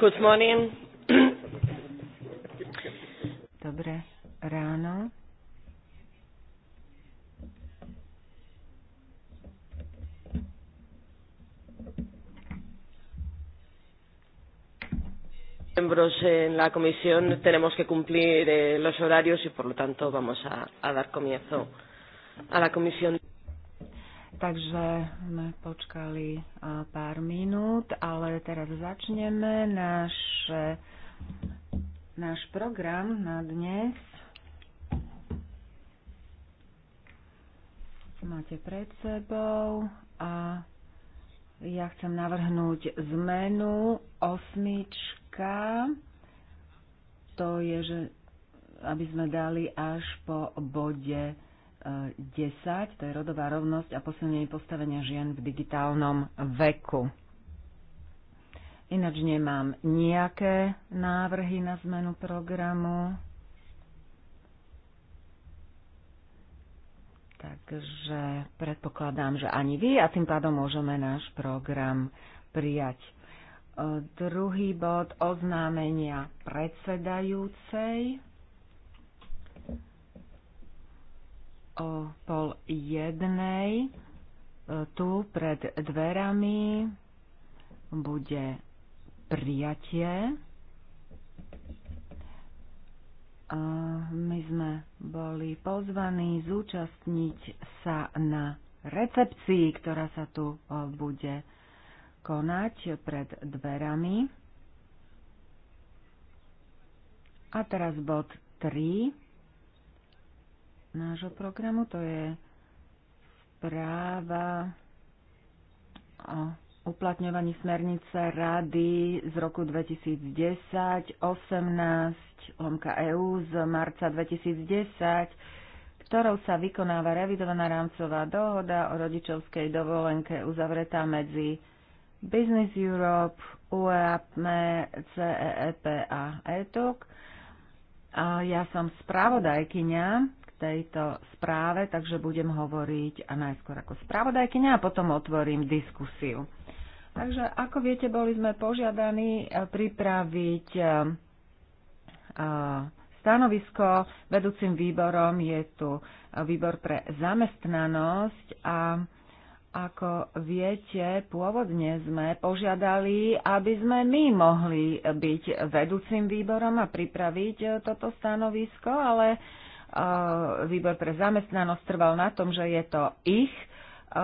Good morning. Dobré ráno. miembros en la comisión tenemos que cumplir eh, los horarios y por lo tanto vamos a, a dar comienzo a la comisión Takže sme počkali pár minút, ale teraz začneme náš, náš program na dnes. Máte pred sebou a ja chcem navrhnúť zmenu osmička. To je, že aby sme dali až po bode 10, to je rodová rovnosť a posilnenie postavenia žien v digitálnom veku. Ináč nemám nejaké návrhy na zmenu programu. Takže predpokladám, že ani vy a tým pádom môžeme náš program prijať. Druhý bod oznámenia predsedajúcej. o pol jednej e, tu pred dverami bude prijatie. My sme boli pozvaní zúčastniť sa na recepcii, ktorá sa tu e, bude konať pred dverami. A teraz bod 3 nášho programu. To je správa o uplatňovaní smernice Rady z roku 2010 18 lomka EU z marca 2010, ktorou sa vykonáva revidovaná rámcová dohoda o rodičovskej dovolenke uzavretá medzi Business Europe, UEAPME, CEEP a e a Ja som spravodajkyňa tejto správe, takže budem hovoriť a najskôr ako spravodajkyňa a potom otvorím diskusiu. Takže ako viete, boli sme požiadaní eh, pripraviť eh, eh, stanovisko. Vedúcim výborom je tu výbor pre zamestnanosť a ako viete, pôvodne sme požiadali, aby sme my mohli byť vedúcim výborom a pripraviť toto stanovisko, ale uh, Eh, výbor pre zamestnanosť trval na tom, že je to ich eh,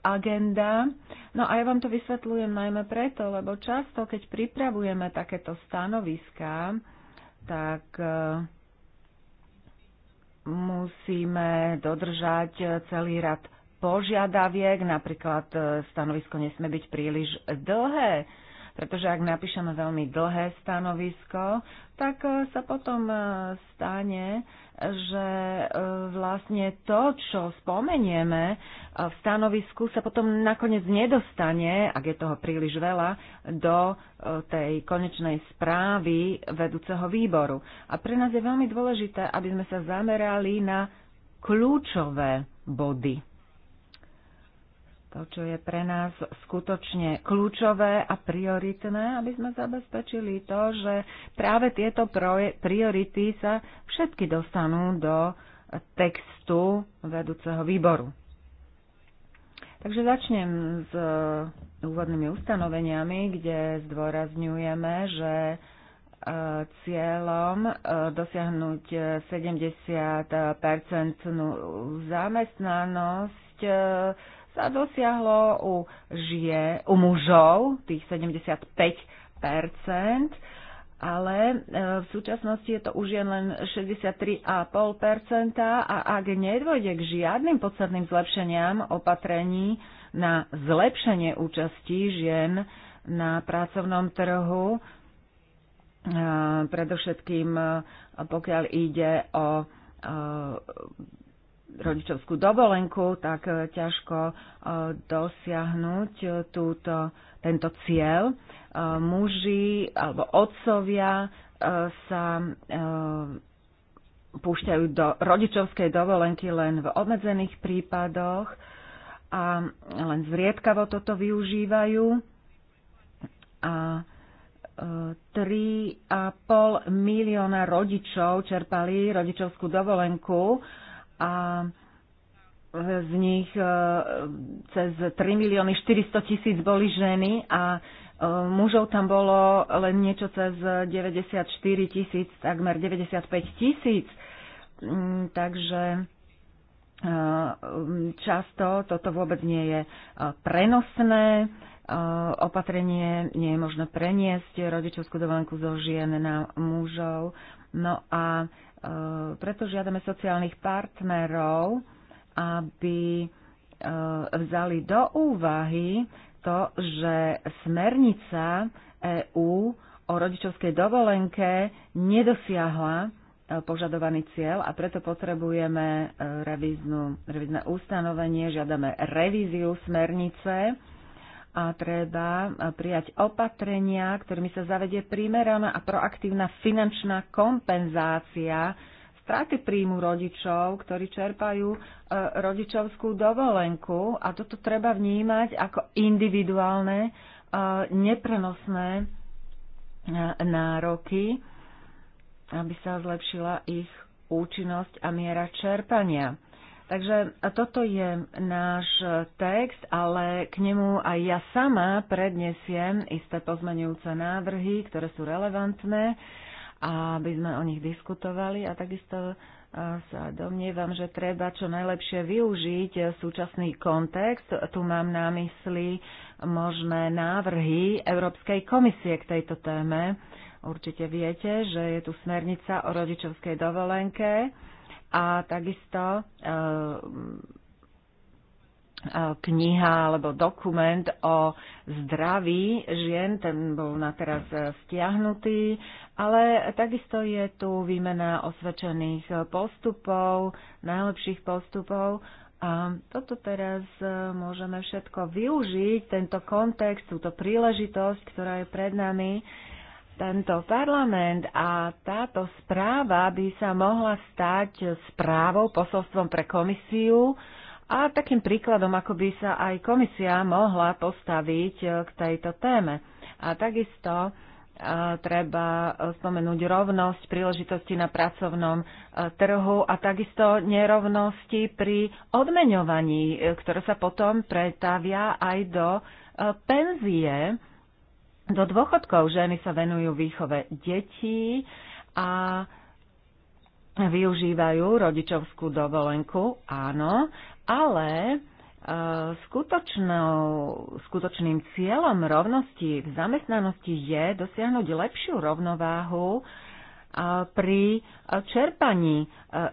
agenda. No a ja vám to vysvetľujem najmä preto, lebo často, keď pripravujeme takéto stanoviská, tak eh, musíme dodržať celý rad požiadaviek, napríklad stanovisko nesme byť príliš dlhé, pretože ak napíšeme veľmi dlhé stanovisko, tak sa potom stane, že e, vlastne to, čo spomenieme e, v stanovisku, sa potom nakoniec nedostane, ak je toho príliš veľa, do e, tej konečnej správy vedúceho výboru. A pre nás je veľmi dôležité, aby sme sa zamerali na kľúčové body to, čo je pre nás skutočne kľúčové a prioritné, aby sme zabezpečili to, že práve tieto priority sa všetky dostanú do textu vedúceho výboru. Takže začnem s e, úvodnými ustanoveniami, kde zdôrazňujeme, že e, cieľom e, dosiahnuť 70-percentnú zamestnanosť sa dosiahlo u, žie, u mužov, tých 75 ale e, v súčasnosti je to už jen len 63,5% a ak nedôjde k žiadnym podstatným zlepšeniam opatrení na zlepšenie účasti žien na pracovnom trhu, e, predovšetkým e, pokiaľ ide o rodičovskú dovolenku, tak e, ťažko e, dosiahnuť e, túto, tento cieľ. Muži alebo otcovia sa púšťajú do rodičovskej dovolenky len v obmedzených prípadoch a len zriedkavo toto využívajú. A 3,5 milióna rodičov čerpali rodičovskú dovolenku a z nich e, cez 3 milióny 400 tisíc boli ženy a e, mužov tam bolo len niečo cez 94 tisíc, takmer 95 tisíc. Mm, takže e, často toto vôbec nie je prenosné opatrenie, nie je možné preniesť rodičovskú dovolenku zo žien na mužov. No a Eh, preto žiadame sociálnych partnerov, aby eh, vzali do úvahy to, že smernica EÚ o rodičovskej dovolenke nedosiahla eh, požadovaný cieľ a preto potrebujeme revíznu, revízne ustanovenie, žiadame revíziu smernice a treba prijať opatrenia, ktorými sa zavedie primeraná a proaktívna finančná kompenzácia straty príjmu rodičov, ktorí čerpajú e, rodičovskú dovolenku a toto treba vnímať ako individuálne, e, neprenosné e, nároky, aby sa zlepšila ich účinnosť a miera čerpania. Takže toto je náš text, ale k nemu aj ja sama prednesiem isté pozmenujúce návrhy, ktoré sú relevantné, aby sme o nich diskutovali a takisto e, sa domnievam, že treba čo najlepšie využiť súčasný kontext. Tu mám na mysli možné návrhy Európskej komisie k tejto téme. Určite viete, že je tu smernica o rodičovskej dovolenke a takisto e, e, kniha alebo dokument o zdraví žien, ten bol na teraz e, stiahnutý, ale takisto je tu výmena osvedčených postupov, najlepších postupov a toto teraz môžeme všetko využiť, tento kontext, túto príležitosť, ktorá je pred nami, tento parlament a táto správa by sa mohla stať správou, posolstvom pre komisiu a takým príkladom, ako by sa aj komisia mohla postaviť eh, k tejto téme. A takisto eh, treba spomenúť rovnosť príležitosti na pracovnom eh, trhu a takisto nerovnosti pri odmeňovaní, ktoré sa potom pretavia aj do penzie do dôchodkov. Ženy sa venujú výchove detí a využívajú rodičovskú dovolenku, áno, ale e, skutočným cieľom rovnosti v zamestnanosti je dosiahnuť lepšiu rovnováhu pri čerpaní e,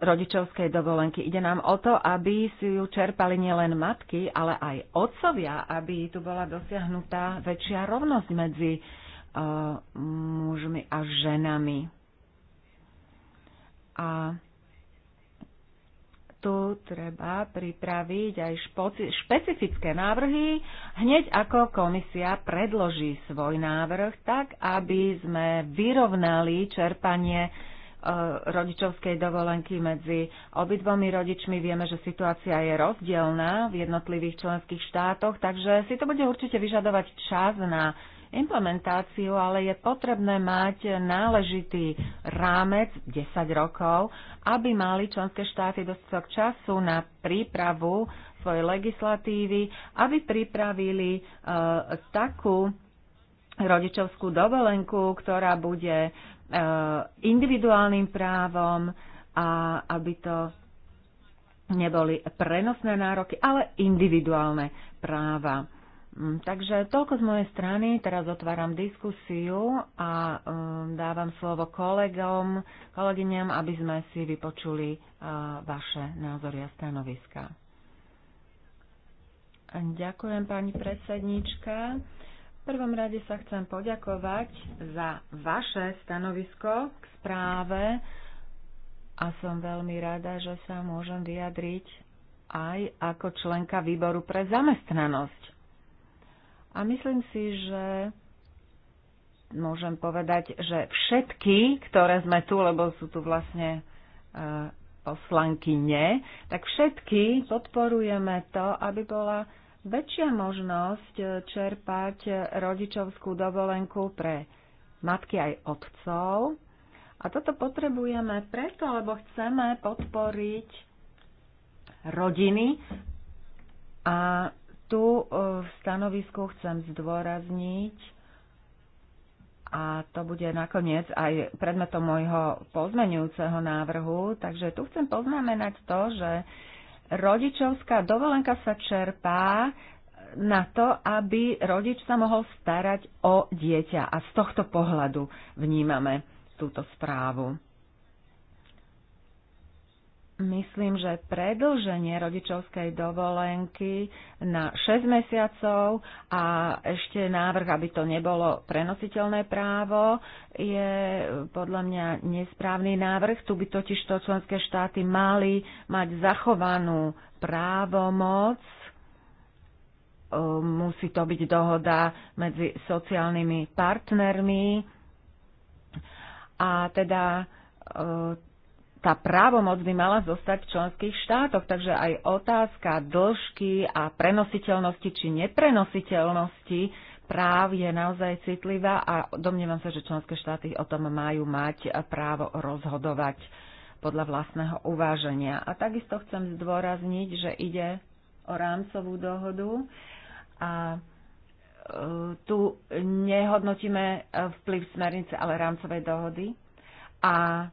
rodičovskej dovolenky. Ide nám o to, aby si ju čerpali nielen matky, ale aj otcovia, aby tu bola dosiahnutá väčšia rovnosť medzi e, mužmi a ženami. A tu treba pripraviť aj špecifické návrhy, hneď ako komisia predloží svoj návrh, tak aby sme vyrovnali čerpanie e, rodičovskej dovolenky medzi obidvomi rodičmi. Vieme, že situácia je rozdielna v jednotlivých členských štátoch, takže si to bude určite vyžadovať čas na implementáciu, ale je potrebné mať náležitý rámec 10 rokov, aby mali členské štáty dostatok času na prípravu svojej legislatívy, aby pripravili e, takú rodičovskú dovolenku, ktorá bude e, individuálnym právom a aby to neboli prenosné nároky, ale individuálne práva Mm, takže toľko z mojej strany, teraz otváram diskusiu a um, dávam slovo kolegom, kolegyňam, aby sme si vypočuli uh, vaše názory a stanoviska. Ďakujem pani predsednička. V prvom rade sa chcem poďakovať za vaše stanovisko k správe a som veľmi rada, že sa môžem vyjadriť aj ako členka výboru pre zamestnanosť a myslím si, že môžem povedať, že všetky, ktoré sme tu, lebo sú tu vlastne nie, tak všetky podporujeme to, aby bola väčšia možnosť e, čerpať rodičovskú dovolenku pre matky aj otcov. A toto potrebujeme preto, lebo chceme podporiť rodiny a tu e, v stanovisku chcem zdôrazniť, a to bude nakoniec aj predmetom môjho pozmenujúceho návrhu, takže tu chcem poznamenať to, že rodičovská dovolenka sa čerpá na to, aby rodič sa mohol starať o dieťa. A z tohto pohľadu vnímame túto správu myslím, že predlženie rodičovskej dovolenky na 6 mesiacov a ešte návrh, aby to nebolo prenositeľné právo, je podľa mňa nesprávny návrh. Tu by totiž to členské štáty mali mať zachovanú právomoc musí to byť dohoda medzi sociálnymi partnermi a teda tá právomoc by mala zostať v členských štátoch, takže aj otázka dĺžky a prenositeľnosti či neprenositeľnosti práv je naozaj citlivá a domnievam sa, že členské štáty o tom majú mať právo rozhodovať podľa vlastného uváženia. A takisto chcem zdôrazniť, že ide o rámcovú dohodu a e, tu nehodnotíme vplyv smernice, ale rámcovej dohody. A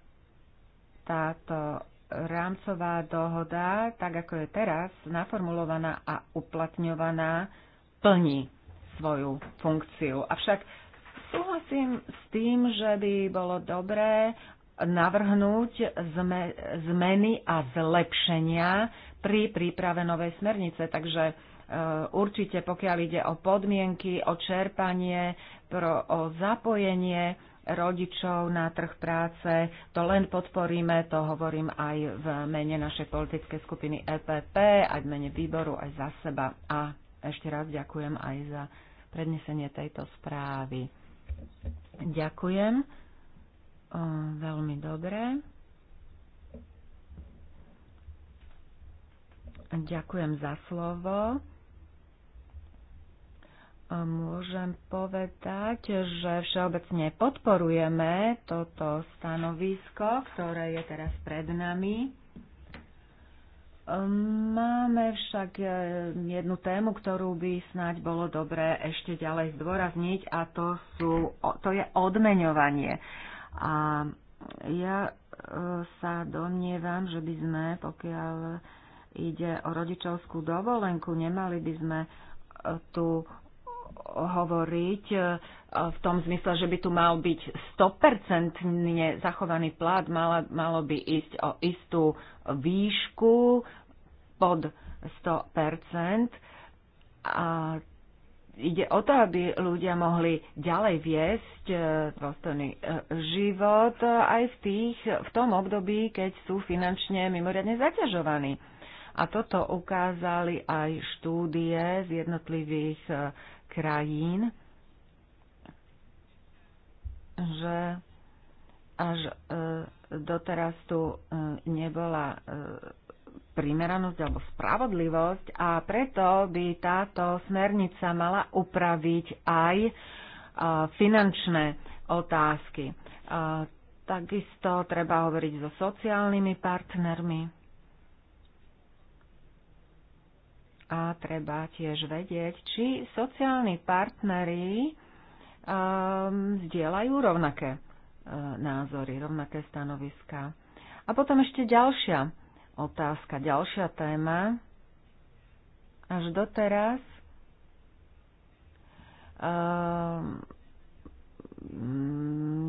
táto rámcová dohoda, tak ako je teraz naformulovaná a uplatňovaná, plní svoju funkciu. Avšak súhlasím s tým, že by bolo dobré navrhnúť zmeny a zlepšenia pri príprave novej smernice. Takže e, určite pokiaľ ide o podmienky, o čerpanie, pro, o zapojenie rodičov na trh práce. To len podporíme, to hovorím aj v mene našej politickej skupiny EPP, aj v mene výboru, aj za seba. A ešte raz ďakujem aj za prednesenie tejto správy. Ďakujem. O, veľmi dobre. Ďakujem za slovo. Môžem povedať, že všeobecne podporujeme toto stanovisko, ktoré je teraz pred nami. Máme však e, jednu tému, ktorú by snáď bolo dobré ešte ďalej zdôrazniť a to, sú, to je odmeňovanie. A ja e, sa domnievam, že by sme, pokiaľ ide o rodičovskú dovolenku, nemali by sme e, tu hovoriť e, v tom zmysle, že by tu mal byť 100% zachovaný plat, malo, malo by ísť o istú výšku pod 100%. A ide o to, aby ľudia mohli ďalej viesť e, dôstojný e, život aj v, tých, v tom období, keď sú finančne mimoriadne zaťažovaní. A toto ukázali aj štúdie z jednotlivých krajín, že až e, doteraz tu e, nebola e, primeranosť alebo spravodlivosť a preto by táto smernica mala upraviť aj finančné otázky. Takisto treba hovoriť so sociálnymi partnermi. A treba tiež vedieť, či sociálni partneri um, zdieľajú rovnaké uh, názory, rovnaké stanoviská. A potom ešte ďalšia otázka, ďalšia téma. Až doteraz um,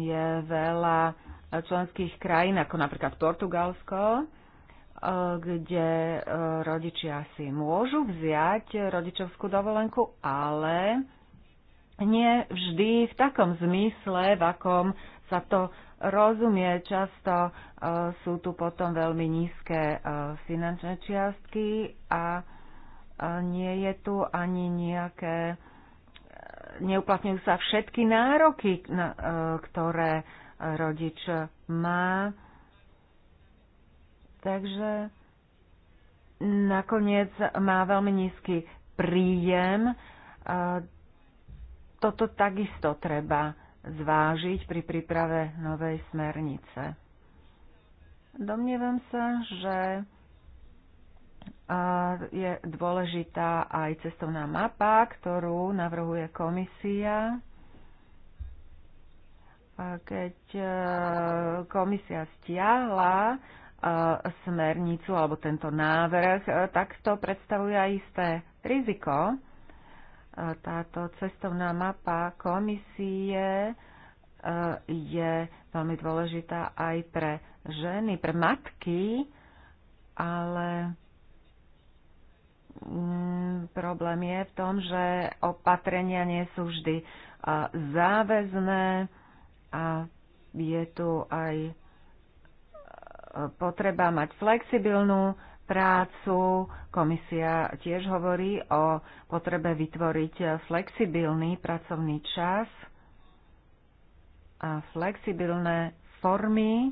je veľa členských krajín, ako napríklad Portugalsko, E, kde e, rodičia si môžu vziať rodičovskú dovolenku, ale nie vždy v takom zmysle, v akom sa to rozumie. Často e, sú tu potom veľmi nízke finančné čiastky a nie je tu ani nejaké, neuplatňujú sa všetky nároky, ktoré rodič má Takže nakoniec má veľmi nízky príjem. Toto takisto treba zvážiť pri príprave novej smernice. Domnievam sa, že je dôležitá aj cestovná mapa, ktorú navrhuje komisia keď e, komisia stiahla smernicu alebo tento návrh, tak to predstavuje aj isté riziko. Táto cestovná mapa komisie je veľmi dôležitá aj pre ženy, pre matky, ale mm, problém je v tom, že opatrenia nie sú vždy záväzné a je tu aj potreba mať flexibilnú prácu. Komisia tiež hovorí o potrebe vytvoriť flexibilný pracovný čas a flexibilné formy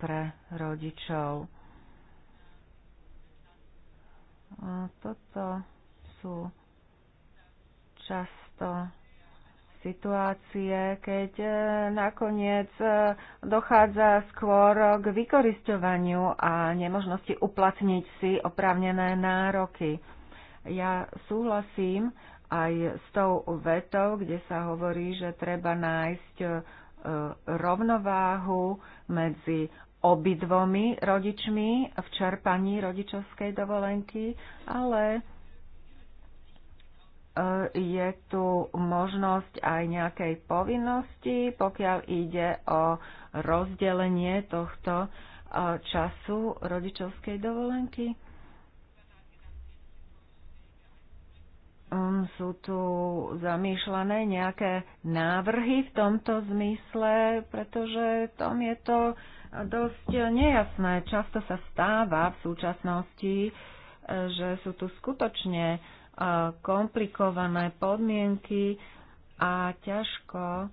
pre rodičov. Toto sú často situácie, keď e, nakoniec e, dochádza skôr k vykorisťovaniu a nemožnosti uplatniť si oprávnené nároky. Ja súhlasím aj s tou vetou, kde sa hovorí, že treba nájsť e, rovnováhu medzi obidvomi rodičmi v čerpaní rodičovskej dovolenky, ale je tu možnosť aj nejakej povinnosti, pokiaľ ide o rozdelenie tohto e, času rodičovskej dovolenky? Um, sú tu zamýšľané nejaké návrhy v tomto zmysle, pretože tom je to dosť nejasné. Často sa stáva v súčasnosti, e, že sú tu skutočne komplikované podmienky a ťažko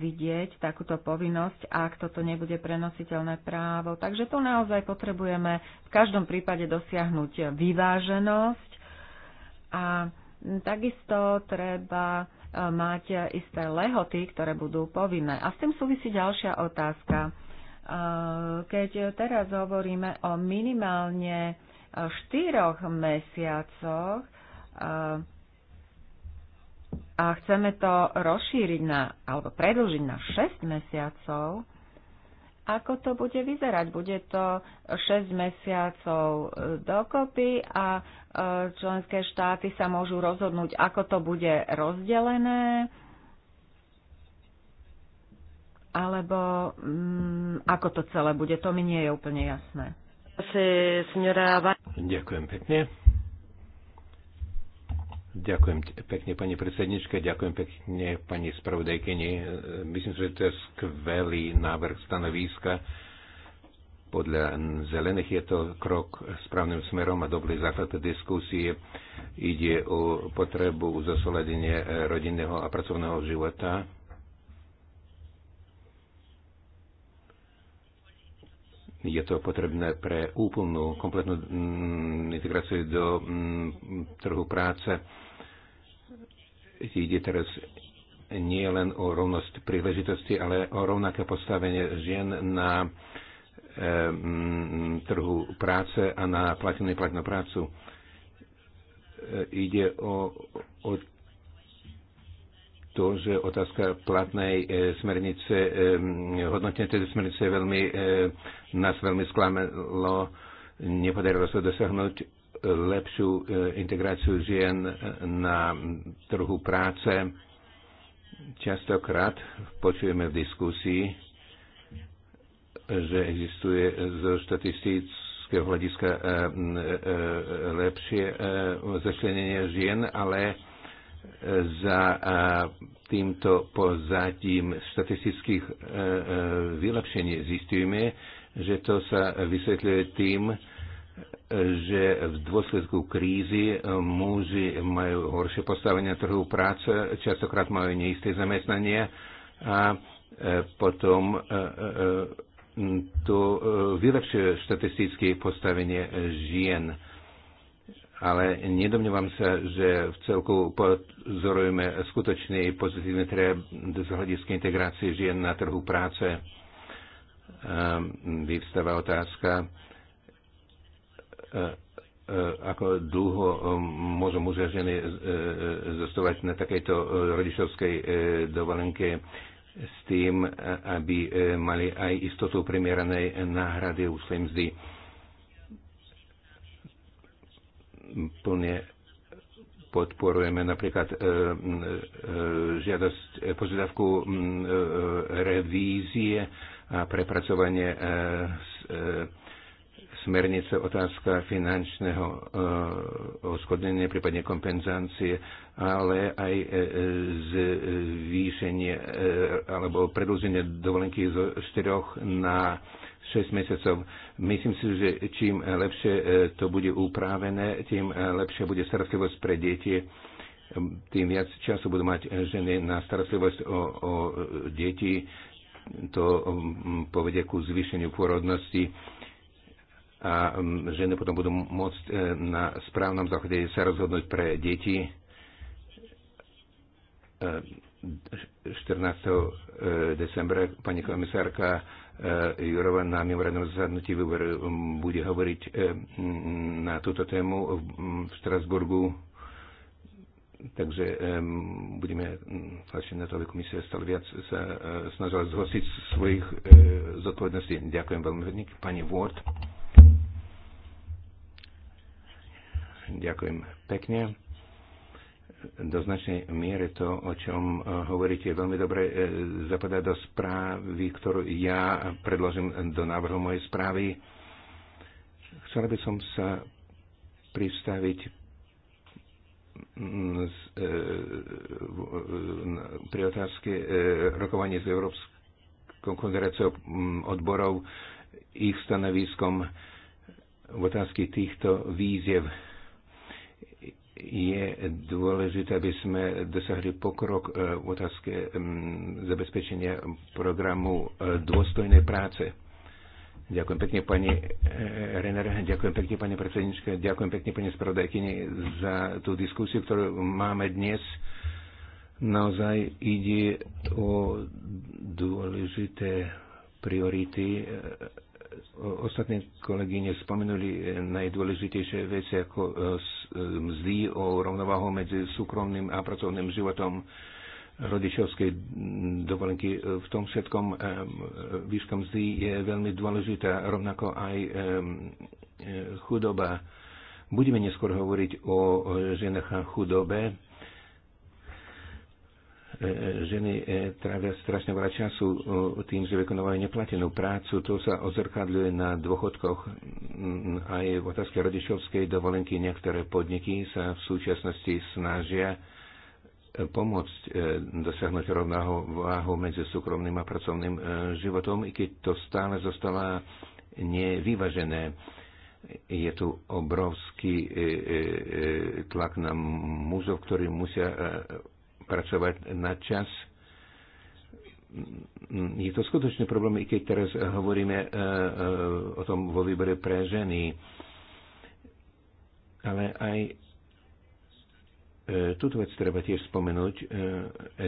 vidieť takúto povinnosť, ak toto nebude prenositeľné právo. Takže tu naozaj potrebujeme v každom prípade dosiahnuť vyváženosť a takisto treba mať isté lehoty, ktoré budú povinné. A s tým súvisí ďalšia otázka. Keď teraz hovoríme o minimálne štyroch mesiacoch a chceme to rozšíriť na, alebo predlžiť na 6 mesiacov, ako to bude vyzerať? Bude to 6 mesiacov e, dokopy a e, členské štáty sa môžu rozhodnúť, ako to bude rozdelené, alebo mm, ako to celé bude. To mi nie je úplne jasné. Ďakujem pekne. Ďakujem pekne pani predsedničke, ďakujem pekne pani spravodajkyni. Myslím, že to je skvelý návrh stanoviska. Podľa zelených je to krok správnym smerom a dobrý základ diskusie. Ide o potrebu zosledenia rodinného a pracovného života Je to potrebné pre úplnú, kompletnú mm, integráciu do mm, trhu práce. Ide teraz nie len o rovnosť príležitosti, ale o rovnaké postavenie žien na e, mm, trhu práce a na platenú platnú prácu. E, ide o, o to, že otázka platnej e, smernice, e, hodnotenie tejto smernice veľmi, e, nás veľmi sklamelo. Nepodarilo sa dosiahnuť lepšiu integráciu žien na trhu práce. Častokrát počujeme v diskusii, že existuje zo štatistického hľadiska lepšie zašlenenie žien, ale za týmto pozadím štatistických e, e, vylepšení zistujeme, že to sa vysvetľuje tým, že v dôsledku krízy muži majú horšie postavenie na trhu práce, častokrát majú neisté zamestnanie a e, potom to vylepšuje štatistické postavenie žien ale nedomňujem sa, že v celku pozorujeme skutočný pozitívny trend z hľadiska integrácie žien na trhu práce. Ehm, vyvstáva otázka, e, e, ako dlho e, môžu muži a ženy zostávať na takejto rodičovskej dovolenke s tým, aby mali aj istotu primieranej náhrady u svojej mzdy plne podporujeme napríklad e, e, e žiadosť, e, požiadavku e, e, revízie a prepracovanie e, e, smernice otázka finančného e, oskodnenia, prípadne kompenzácie, ale aj e, zvýšenie e, alebo predlženie dovolenky zo 4 na 6 mesiacov. Myslím si, že čím lepšie e, to bude upravené, tým e, lepšie bude starostlivosť pre deti e, tým viac času budú mať ženy na starostlivosť o, o deti. To povedie ku zvýšeniu porodnosti a ženy potom budú môcť na správnom záchode sa rozhodnúť pre deti. 14. decembra pani komisárka E, Jurova na mimoriadnom zasadnutí výboru e, bude hovoriť e, na túto tému v Strasburgu. Takže budeme tlačiť na to, aby komisia stále viac sa snažila zhostiť svojich zodpovedností. Ďakujem veľmi pekne. Pani Ward. Ďakujem pekne do značnej miery to, o čom e, hovoríte, veľmi dobre e, zapadá do správy, ktorú ja predložím do návrhu mojej správy. Chcela by som sa pristaviť mm, e, pri otázke rokovania s Európskou konferenciou mm, odborov ich stanoviskom v otázke týchto výziev je dôležité, aby sme dosahli pokrok e, v otázke zabezpečenia programu e, dôstojnej práce. Ďakujem pekne, pani e, Renner, ďakujem pekne, pani predsednička, ďakujem pekne, pani spravodajkyni za tú diskusiu, ktorú máme dnes. Naozaj ide o dôležité priority ostatní kolegy nespomenuli najdôležitejšie veci ako e, e, mzdy o rovnováhu medzi súkromným a pracovným životom rodičovskej dovolenky. V tom všetkom e, výška mzdy je veľmi dôležitá, rovnako aj chudoba. Budeme neskôr hovoriť o ženách a chudobe E, e, ženy e, trávia strašne veľa času tým, že vykonávajú neplatenú prácu. To sa ozrkadľuje na dôchodkoch. Mm, Aj v otázke rodičovskej dovolenky niektoré podniky sa v súčasnosti snažia pomôcť dosiahnuť rovnáho váhu medzi súkromným a pracovným životom, i keď to stále zostáva nevyvažené. Je tu obrovský tlak na mužov, ktorí musia pracovať na čas. Je to skutočný problém, i keď teraz hovoríme e, e, o tom vo výbore pre ženy. Ale aj E, Tuto vec treba tiež spomenúť. E,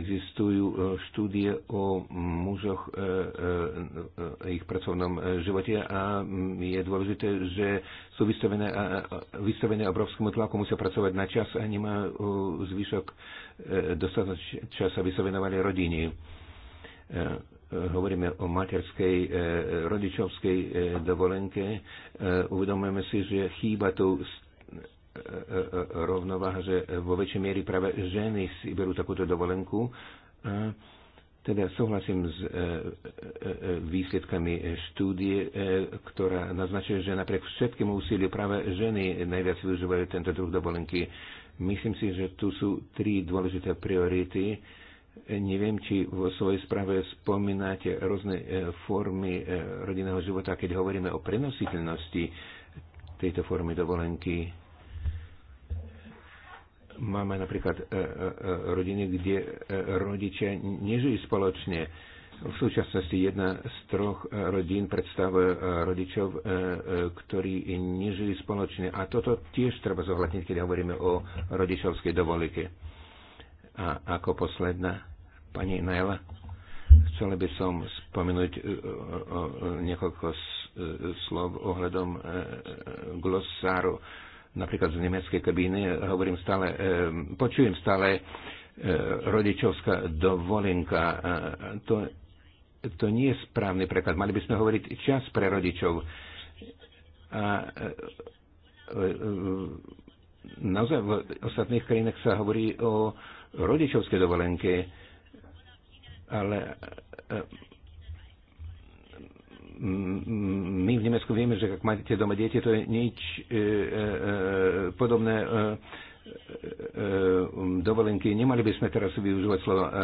existujú e, štúdie o mužoch a ich pracovnom živote a je dôležité, že sú vystavené, vystavené obrovskému tlaku, musia pracovať na čas a nemá zvyšok dostatok čas, aby sa venovali rodine. Hovoríme o materskej, rodičovskej dovolenke. Uvedomujeme si, že chýba tu rovnováha, že vo väčšej miery práve ženy si berú takúto dovolenku. Teda súhlasím s e, e, e, výsledkami štúdie, ktorá naznačuje, že napriek všetkému úsiliu práve ženy najviac využívajú tento druh dovolenky. Myslím si, že tu sú tri dôležité priority. Neviem, či vo svojej správe spomínate rôzne formy rodinného života, keď hovoríme o prenositeľnosti tejto formy dovolenky Máme napríklad e, e, e, rodiny, kde rodičia nežijú spoločne. V súčasnosti jedna z troch rodín predstavuje rodičov, ktorí nežijú spoločne. A toto tiež treba zohľadniť, keď hovoríme o rodičovskej dovolike. A ako posledná, pani Naila, chcela by som spomenúť niekoľko slov ohľadom glosáru napríklad z nemeckej kabíny, hovorím stále, e, počujem stále e, rodičovská dovolenka. E, to, to nie je správny preklad. Mali by sme hovoriť čas pre rodičov. A naozaj v ostatných krajinách sa hovorí o rodičovskej dovolenke, ale my v Nemecku vieme, že ak máte doma dieťa, to je nič e, e, e podobné e, e, e, dovolenky. Nemali by sme teraz využívať slovo e, e,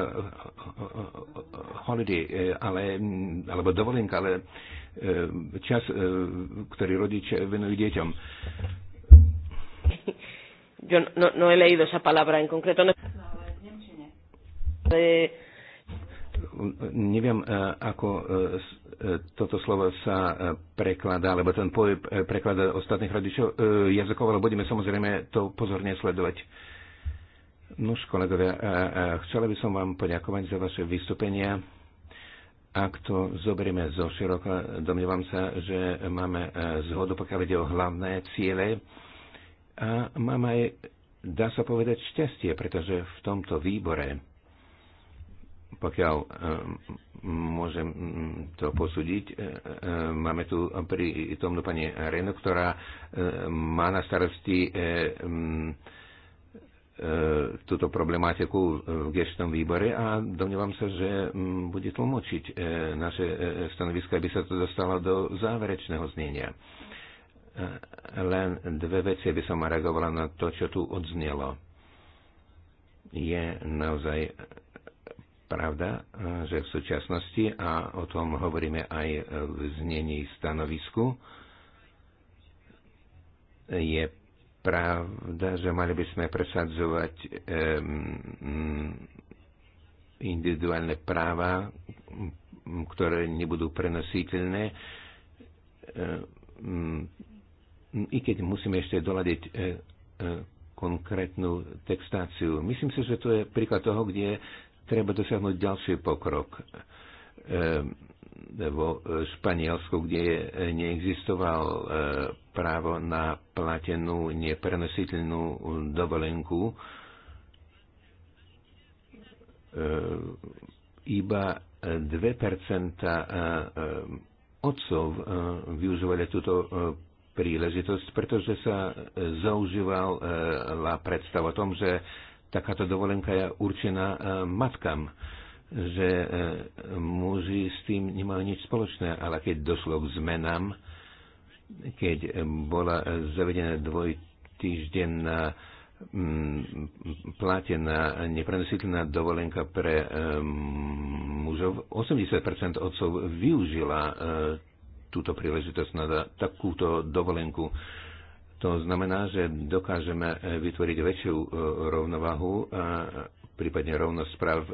holiday, ale, alebo dovolenka, ale e, čas, e, ktorý rodič venujú dieťom. Yo no, no he leído esa palabra en concreto. No, no, neviem, e, ako e, e, toto slovo sa prekladá, alebo ten pojem prekladá ostatných rodičov jazykov, ale budeme samozrejme to pozorne sledovať. Nuž, kolegovia, chcela by som vám poďakovať za vaše vystúpenia. Ak to zoberieme zo široka, domnievam sa, že máme zhodu, pokiaľ ide o hlavné ciele a máme aj, dá sa povedať, šťastie, pretože v tomto výbore pokiaľ eh, môžem mm, to posúdiť, eh, eh, máme tu pri tomu pani Reno, ktorá má na starosti mm, túto problematiku v gestnom výbore a domnievam sa, že mm, bude tlmočiť naše stanovisko, aby sa to dostalo do záverečného znenia. Len dve veci by som reagovala na to, čo tu odznelo. Je naozaj pravda, e, že v súčasnosti, a o tom hovoríme aj v znení stanovisku, je pravda, že mali by sme presadzovať individuálne práva, ktoré nebudú prenositeľné, i keď musíme ešte doľadiť e, e, konkrétnu textáciu. Myslím si, že to je príklad toho, kde treba dosiahnuť ďalší pokrok. Ehm, vo Španielsku, kde neexistoval ehm, právo na platenú neprenositeľnú dovolenku, ehm, iba 2% otcov využívali túto príležitosť, pretože sa zaužívala predstava o tom, že takáto dovolenka je určená e, matkám, že e, muži s tým nemajú nič spoločné, ale keď došlo k zmenám, keď bola zavedená dvojtýždenná mm, platená neprenositeľná dovolenka pre e, mužov, 80% otcov využila túto príležitosť na takúto dovolenku to znamená, že dokážeme eh, vytvoriť väčšiu eh, rovnovahu, eh, prípadne rovnosť práv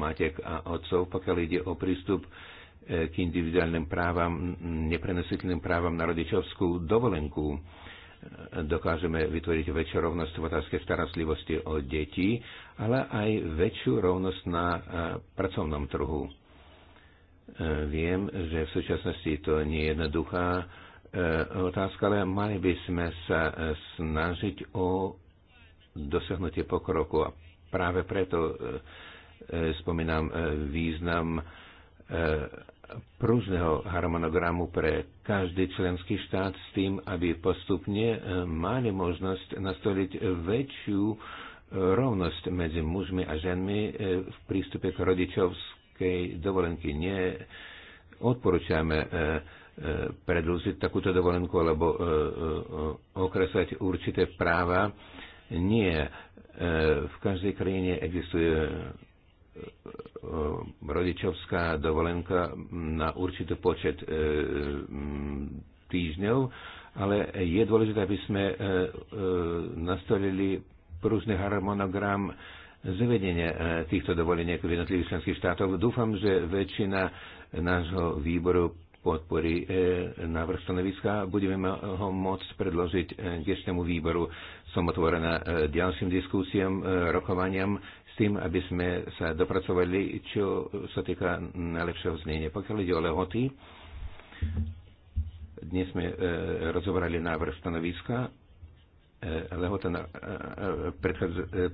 matiek a otcov, pokiaľ ide o prístup k individuálnym právam, neprenositeľným právam na rodičovskú dovolenku. Dokážeme vytvoriť väčšiu rovnosť v otázke starostlivosti o deti, ale aj väčšiu rovnosť na pracovnom trhu. Viem, že v súčasnosti to nie je jednoduchá E, otázka, ale mali by sme sa e, snažiť o dosiahnutie pokroku a práve preto e, spomínam význam prúžneho harmonogramu pre každý členský štát s tým, aby postupne mali možnosť nastoliť väčšiu rovnosť medzi mužmi a ženmi v prístupe k rodičovskej dovolenky. Nie odporúčame E, predlžiť takúto dovolenku alebo e, e, okresať určité práva. Nie. V každej krajine existuje rodičovská dovolenka na určitý počet týždňov, ale je dôležité, aby sme nastolili prúžny harmonogram zavedenia týchto dovoleniek v jednotlivých členských štátoch. Dúfam, že väčšina nášho výboru podpory e, návrh stanoviska. Budeme ho môcť predložiť e, dnešnému výboru. Som otvorená e, ďalším diskusiam, rokovaniam s tým, aby sme sa dopracovali, čo sa týka najlepšieho znenia. Pokiaľ ide o lehoty, dnes sme rozobrali návrh stanoviska lehota na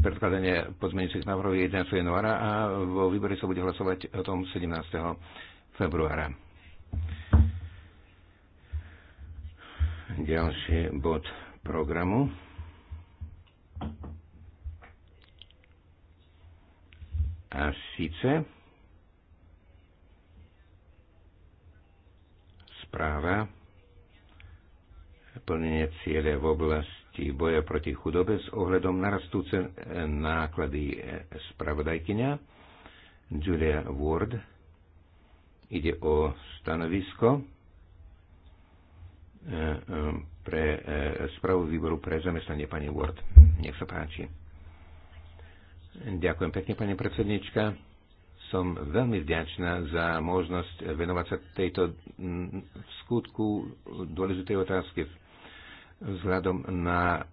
predkladanie pozmeňujúcich návrhov je 11. januára a vo výbore sa bude hlasovať o tom 17. februára. Ďalší bod programu. A síce správa plnenie cieľe v oblasti boja proti chudobe s ohľadom na rastúce náklady e, spravodajkynia Julia Ward Ide o stanovisko e, e, pre e, správu výboru pre zamestnanie pani Ward. Nech sa páči. Ďakujem pekne, pani predsednička. Som veľmi vďačná za možnosť venovať sa tejto v skutku dôležitej otázky vzhľadom na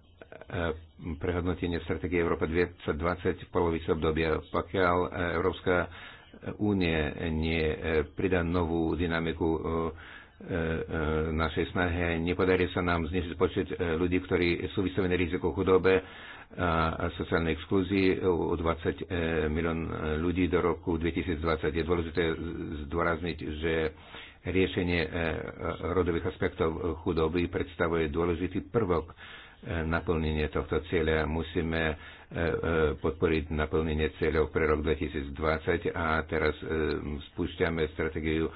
prehodnotenie stratégie Európa 2020 v polovici obdobia. Pokiaľ Európska únie nie e, pridá novú dynamiku e, e, našej snahe. Nepodarí sa nám znižiť počet ľudí, ktorí sú vystavení riziku chudobe a sociálnej exkluzii o 20 milión ľudí do roku 2020. Je dôležité zdôrazniť, že riešenie rodových aspektov chudoby predstavuje dôležitý prvok naplnenie tohto cieľa. Musíme e, e, podporiť naplnenie cieľov pre rok 2020 a teraz e, spúšťame stratégiu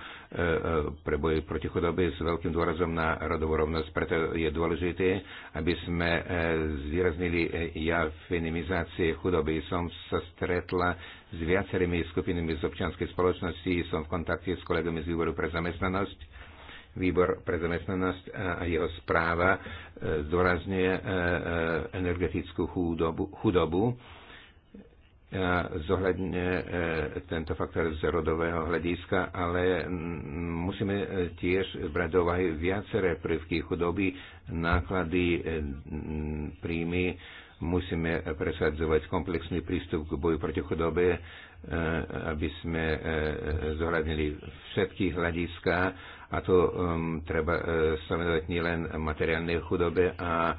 pre boj proti chudobe s veľkým dôrazom na rodovú rovnosť. Preto je dôležité, aby sme zvýraznili v minimizácie chudoby. Som sa stretla s viacerými skupinami z občianskej spoločnosti, som v kontakte s kolegami z výboru pre zamestnanosť Výbor pre zamestnanosť e, a jeho správa e, zdôrazňuje e, energetickú chudobu, chudobu zohľadne tento faktor z rodového hľadiska, ale musíme tiež brať do úvahy viaceré prvky chudoby, náklady, príjmy, musíme presadzovať komplexný prístup k boju proti chudobe, aby sme zohľadnili všetky hľadiska a to um, treba uh, sa venovať nielen materiálnej chudobe a uh,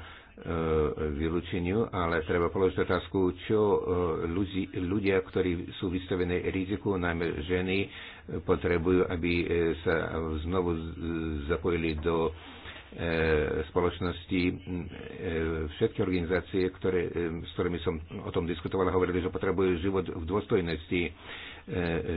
vylúčeniu, ale treba položiť otázku, čo uh, e, ľudí, ľudia, ktorí sú vystavení riziku, najmä ženy, potrebujú, aby e, sa znovu zapojili do uh, E, spoločnosti, e, všetky organizácie, ktoré, e, s ktorými som o tom diskutovala, hovorili, že potrebujú život v dôstojnosti.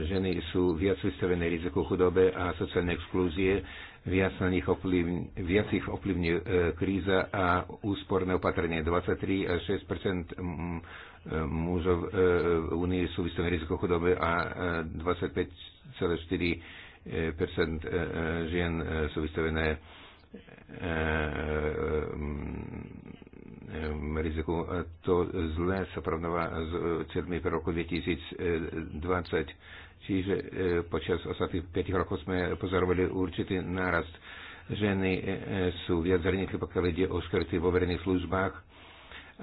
Ženy sú viac vystavené riziku chudobe a sociálne exklúzie, viac, na nich ovplyvň, viac ich ovplyvní kríza a úsporné opatrenie. 23 a 6 mužov v Unii sú vystavené riziku chudobe a 25,4 žien sú vystavené Eh, eh, riziku. To zlé sa porovnáva s eh, cieľmi pre roku 2020. Čiže počas ostatných 5 rokov sme pozorovali určitý nárast. Ženy sú viac zraniteľné, pokiaľ ide o skryty vo verejných službách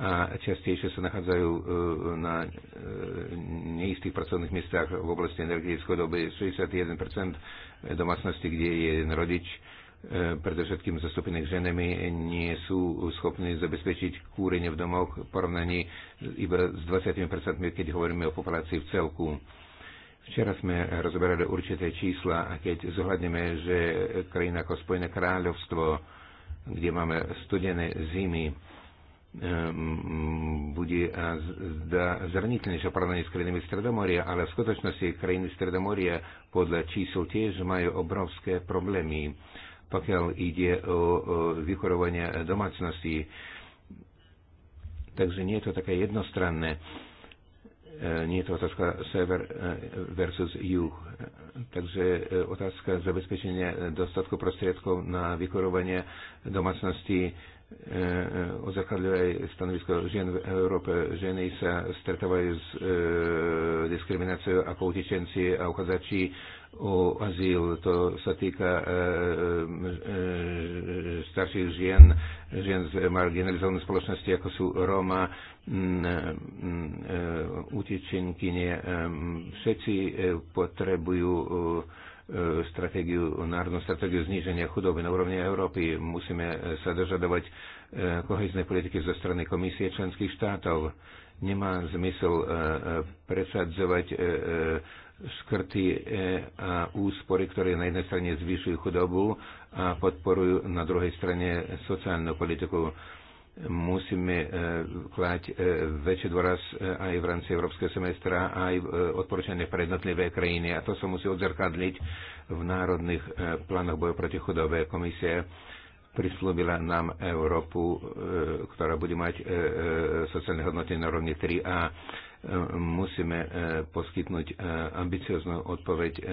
a častejšie sa nachádzajú na neistých pracovných miestach v oblasti energetickej doby. 61% domácnosti, kde je jeden rodič, E, predovšetkým zastúpených ženami, nie sú schopní zabezpečiť kúrenie v domoch v porovnaní iba s 20%, keď hovoríme o populácii v celku. Včera sme rozoberali určité čísla a keď zohľadneme, že krajina ako Spojené kráľovstvo, kde máme studené zimy, e, bude zraniteľnejšie porovnanie s krajinami Stredomoria, ale v skutočnosti krajiny Stredomoria podľa čísel tiež majú obrovské problémy pokiaľ ide o vychorovanie domácnosti. Takže nie je to také jednostranné. E, nie je to otázka sever e, versus juh. Takže e, otázka zabezpečenia dostatku prostriedkov na vychorovanie domácnosti ozrkadľuje aj stanovisko žien v Európe. Ženy sa stretávajú s diskrimináciou ako utečenci a uchádzači o azyl. To sa týka e, e, e, starších žien, žien z marginalizovanej spoločnosti, ako sú Roma, E, Všetci potrebujú stratégiu, národnú stratégiu zníženia chudoby na úrovni Európy. Musíme sa dožadovať kohezné politiky zo strany komisie členských štátov. Nemá zmysel presadzovať škrty e, a úspory, ktoré na jednej strane zvyšujú chudobu a podporujú na druhej strane sociálnu politiku. Musíme e, klať e, väčší dôraz aj v rámci Európskeho semestra, aj odporúčania pre jednotlivé krajiny. A to sa musí odzrkadliť v národných plánoch boja proti chudobe. Komisie prislúbila nám Európu, ktorá bude mať sociálne hodnoty na rovni 3A musíme e, poskytnúť e, ambicioznú odpoveď. E,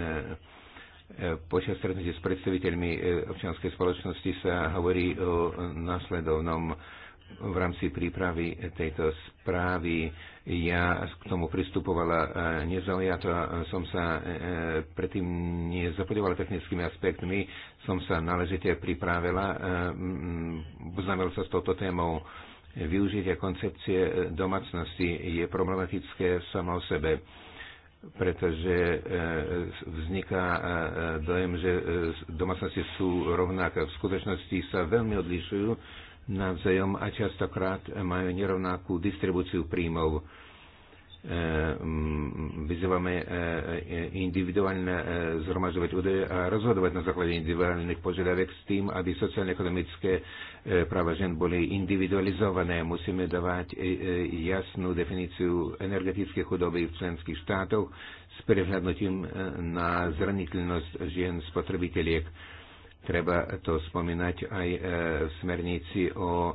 počas stretnutia s predstaviteľmi občianskej spoločnosti sa hovorí o následovnom v rámci prípravy tejto správy. Ja k tomu pristupovala nezaujato, som sa predtým nezapodovala technickými aspektmi, som sa náležite pripravila, poznamenal sa s touto témou Využitie koncepcie domácnosti je problematické samo o sebe, pretože e, vzniká e, dojem, že e, domácnosti sú rovnaké. V skutočnosti sa veľmi odlišujú navzájom a častokrát majú nerovnakú distribúciu príjmov vyzývame individuálne zhromažďovať údaje a rozhodovať na základe individuálnych požiadaviek s tým, aby sociálne-ekonomické E, práva žen boli individualizované. Musíme dávať e, e, jasnú definíciu energetickej chudoby v členských štátoch s prehľadnutím na zraniteľnosť žien spotrebiteliek. Treba to spomínať aj v smernici o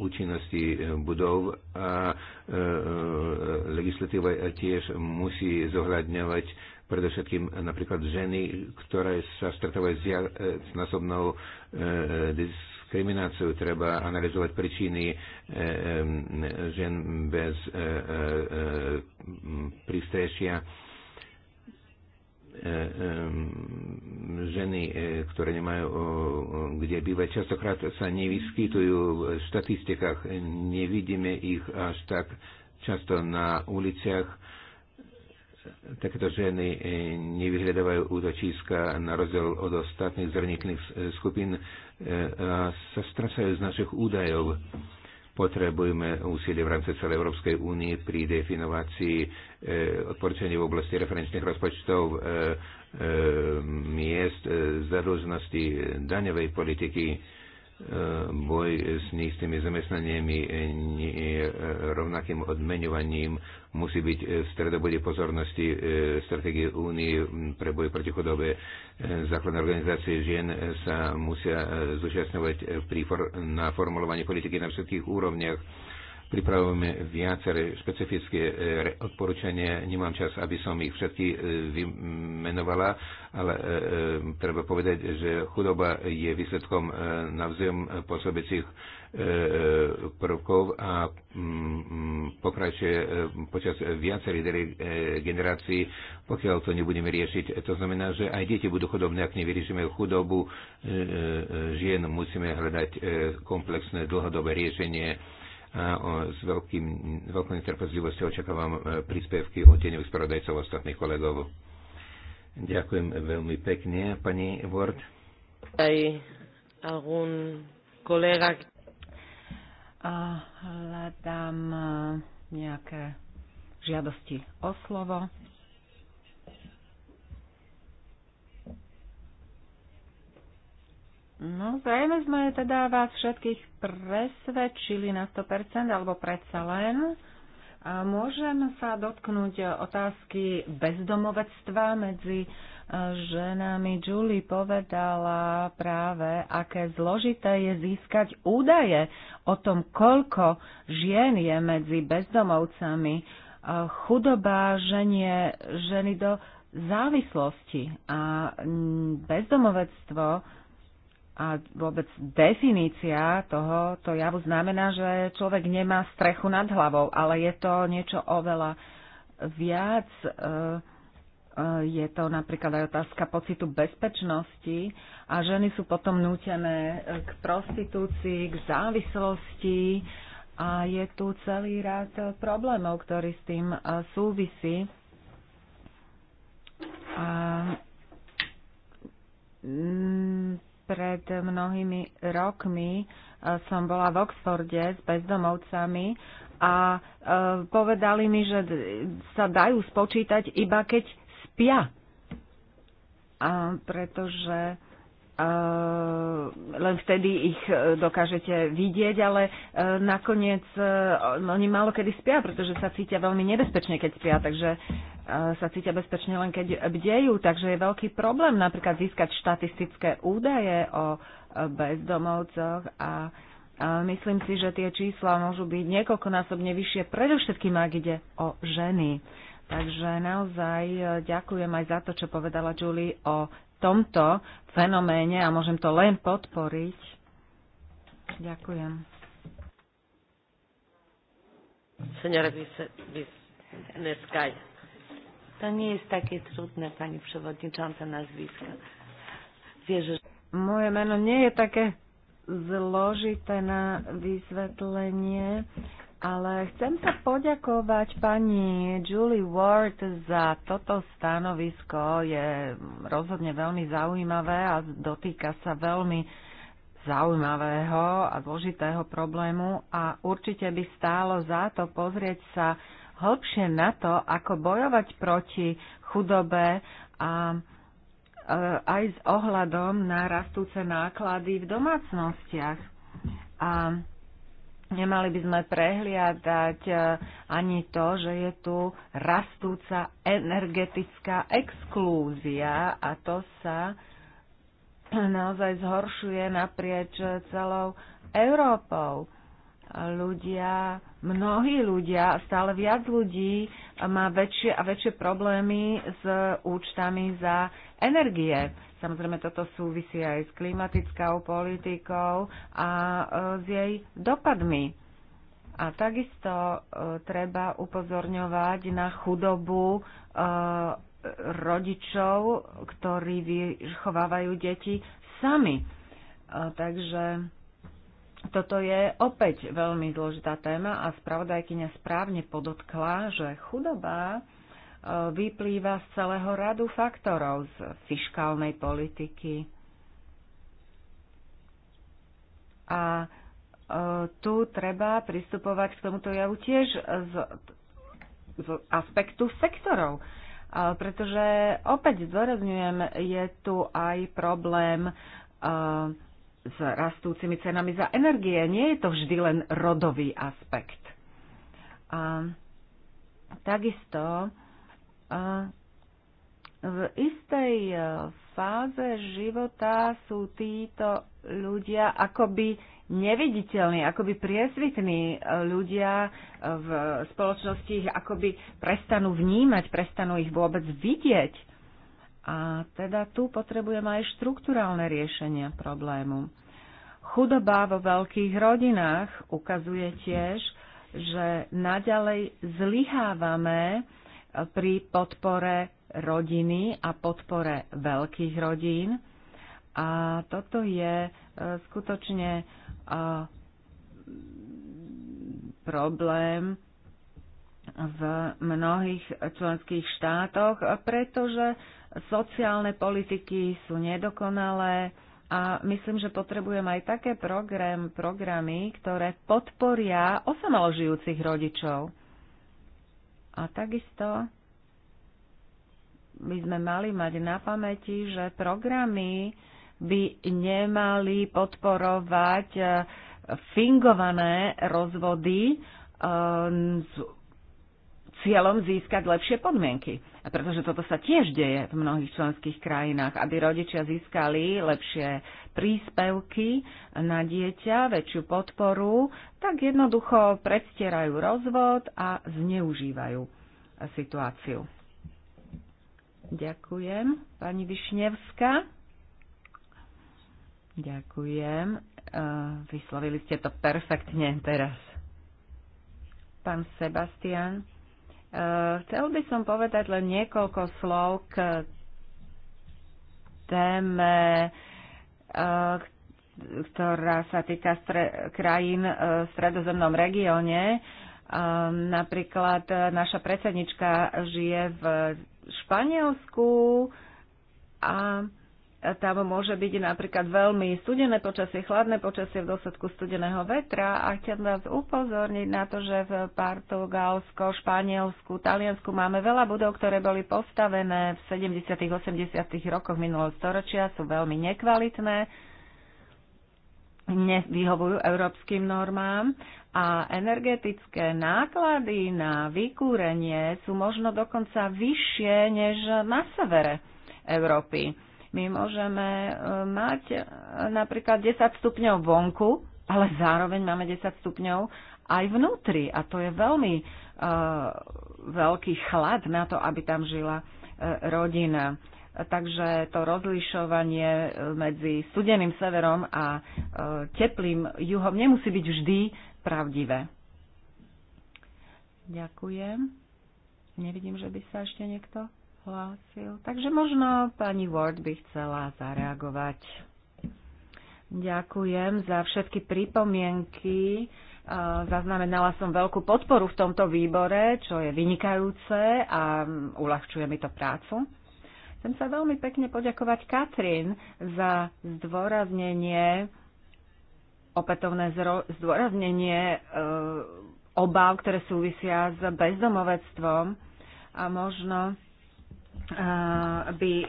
účinnosti budov a legislatíva tiež musí zohľadňovať predovšetkým napríklad ženy, ktoré sa stretávajú s, e, násobnou e, e, diskrimináciou. Treba analyzovať príčiny žen bez prístrešia. ženy, ktoré nemajú kde bývať, častokrát sa nevyskytujú v štatistikách. Nevidíme ich až tak často na uliciach takéto ženy eh, nevyhľadávajú útočiska na rozdiel od ostatných zraniteľných eh, skupín eh, a sa strasajú z našich údajov. Potrebujeme úsilie v rámci celej Európskej únie pri definovácii odporúčaní v oblasti referenčných rozpočtov miest, zadlženosti daňovej politiky boj s neistými zamestnaniami, rovnakým odmeňovaním musí byť v stredobode pozornosti e, stratégie únie pre boj proti chudobe. E, základné organizácie žien sa musia zúčastňovať na formulovanie politiky na všetkých úrovniach pripravujeme viaceré špecifické e, odporúčania. Nemám čas, aby som ich všetky e, vymenovala, ale e, treba povedať, že chudoba je výsledkom navzájom pôsobecích prvkov a mm, mm, pokračuje počas viacerých generácií, pokiaľ to nebudeme riešiť. To znamená, že aj deti budú chudobné, ak nevyriešime chudobu žien, musíme hľadať komplexné dlhodobé riešenie s veľkým, veľkou netrpezlivosťou očakávam e, príspevky od tieňových spravodajcov ostatných kolegov. Ďakujem veľmi pekne, pani Ward. Aj algún kolega. hľadám e, nejaké žiadosti o slovo. No, zrejme sme teda vás všetkých presvedčili na 100%, alebo predsa len. A môžem sa dotknúť otázky bezdomovectva medzi e, ženami. Julie povedala práve, aké zložité je získať údaje o tom, koľko žien je medzi bezdomovcami. E, chudoba ženie ženy do závislosti a bezdomovectvo a vôbec definícia tohoto javu znamená, že človek nemá strechu nad hlavou, ale je to niečo oveľa viac. E, e, je to napríklad aj otázka pocitu bezpečnosti a ženy sú potom nútené k prostitúcii, k závislosti a je tu celý rád problémov, ktorý s tým e, súvisí. A mm, pred mnohými rokmi e, som bola v Oxforde s bezdomovcami a e, povedali mi, že sa dajú spočítať iba keď spia. A pretože e, len vtedy ich dokážete vidieť, ale nakoniec oni málo kedy spia, pretože sa cítia veľmi nebezpečne, keď spia, takže E, sa cítia bezpečne len keď bdejú, takže je veľký problém napríklad získať štatistické údaje o e, bezdomovcoch a myslím si, že tie čísla môžu byť niekoľkonásobne vyššie, predovšetkým ak ide o ženy. Takže naozaj e, ďakujem aj za to, čo povedala Julie o tomto fenoméne a môžem to len podporiť. Ďakujem. Señora Nescaya. To nie jest takie trudne, pani przewodnicząca, nazwisko. Wierzę, że... Moje meno nie je také zložité na vysvetlenie, ale chcem sa poďakovať pani Julie Ward za toto stanovisko. Je rozhodne veľmi zaujímavé a dotýka sa veľmi zaujímavého a dôležitého problému a určite by stálo za to pozrieť sa hlbšie na to, ako bojovať proti chudobe a e, aj s ohľadom na rastúce náklady v domácnostiach. A nemali by sme prehliadať e, ani to, že je tu rastúca energetická exklúzia a to sa naozaj zhoršuje naprieč celou Európou ľudia, mnohí ľudia, stále viac ľudí má väčšie a väčšie problémy s účtami za energie. Samozrejme, toto súvisí aj s klimatickou politikou a e, s jej dopadmi. A takisto e, treba upozorňovať na chudobu e, rodičov, ktorí vychovávajú deti sami. Takže toto je opäť veľmi zložitá téma a spravodajkyňa správne podotkla, že chudoba e, vyplýva z celého radu faktorov z fiškálnej politiky. A e, tu treba pristupovať k tomuto javu tiež z, z aspektu sektorov. E, pretože opäť zdôrazňujem, je tu aj problém uh, s rastúcimi cenami za energie. Nie je to vždy len rodový aspekt. A takisto a v istej e, fáze života sú títo ľudia akoby neviditeľní, akoby priesvitní e, ľudia e, v spoločnosti ich akoby prestanú vnímať, prestanú ich vôbec vidieť. A teda tu potrebujeme aj štruktúrálne riešenia problému. Chudoba vo veľkých rodinách ukazuje tiež, že naďalej zlyhávame e, pri podpore rodiny a podpore veľkých rodín. A toto je e, skutočne e, problém v mnohých členských štátoch, pretože Sociálne politiky sú nedokonalé a myslím, že potrebujem aj také program, programy, ktoré podporia osamelo rodičov. A takisto by sme mali mať na pamäti, že programy by nemali podporovať e, fingované rozvody e, s cieľom získať lepšie podmienky pretože toto sa tiež deje v mnohých členských krajinách, aby rodičia získali lepšie príspevky na dieťa, väčšiu podporu, tak jednoducho predstierajú rozvod a zneužívajú situáciu. Ďakujem. Pani Višnevská. Ďakujem. E, vyslovili ste to perfektne teraz. Pán Sebastian. Eh, chcel by som povedať len niekoľko slov k téme, eh, ktorá sa týka stre- krajín eh, v stredozemnom regióne. Ehm, napríklad naša predsednička žije v Španielsku a tam môže byť napríklad veľmi studené počasie, chladné počasie v dôsledku studeného vetra a chcem vás upozorniť na to, že v Portugalsko, Španielsku, Taliansku máme veľa budov, ktoré boli postavené v 70. 80. rokoch minulého storočia, sú veľmi nekvalitné, nevyhovujú európskym normám a energetické náklady na vykúrenie sú možno dokonca vyššie než na severe Európy my môžeme e, mať e, napríklad 10 stupňov vonku, ale zároveň máme 10 stupňov aj vnútri. A to je veľmi uh, veľký chlad na to, aby tam žila uh, rodina. Takže to rozlišovanie medzi studeným severom a teplým juhom nemusí byť vždy pravdivé. Ďakujem. Nevidím, že by sa ešte niekto hlásil. Takže možno pani Ward by chcela zareagovať. Ďakujem za všetky pripomienky. Zaznamenala som veľkú podporu v tomto výbore, čo je vynikajúce a uľahčuje mi to prácu. Chcem sa veľmi pekne poďakovať Katrin za zdôraznenie, opätovné zdôraznenie e, obav, ktoré súvisia s bezdomovectvom a možno Eh, by eh,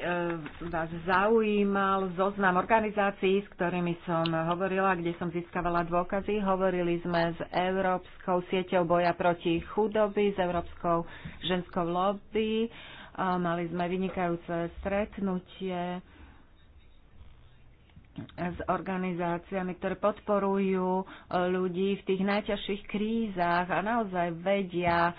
vás zaujímal zoznam organizácií, s ktorými som hovorila, kde som získavala dôkazy. Hovorili sme s Európskou sieťou boja proti chudoby, s Európskou ženskou lobby. Mali sme vynikajúce stretnutie s organizáciami, ktoré podporujú eh, ľudí v tých najťažších krízach a naozaj vedia,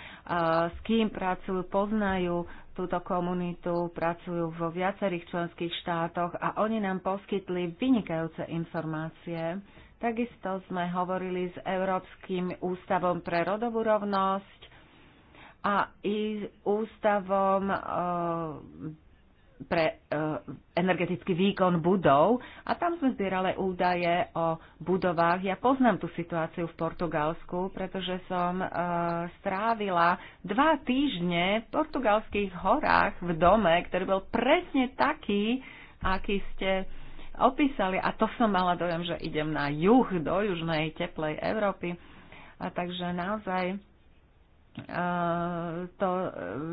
s kým pracujú, poznajú túto komunitu, pracujú vo viacerých členských štátoch a oni nám poskytli vynikajúce informácie. Takisto sme hovorili s Európskym ústavom pre rodovú rovnosť a i s ústavom e, pre e, energetický výkon budov a tam sme zbierali údaje o budovách. Ja poznám tú situáciu v Portugalsku, pretože som e, strávila dva týždne v portugalských horách v dome, ktorý bol presne taký, aký ste opísali a to som mala dojem, že idem na juh, do južnej teplej Európy. A takže naozaj Eh, to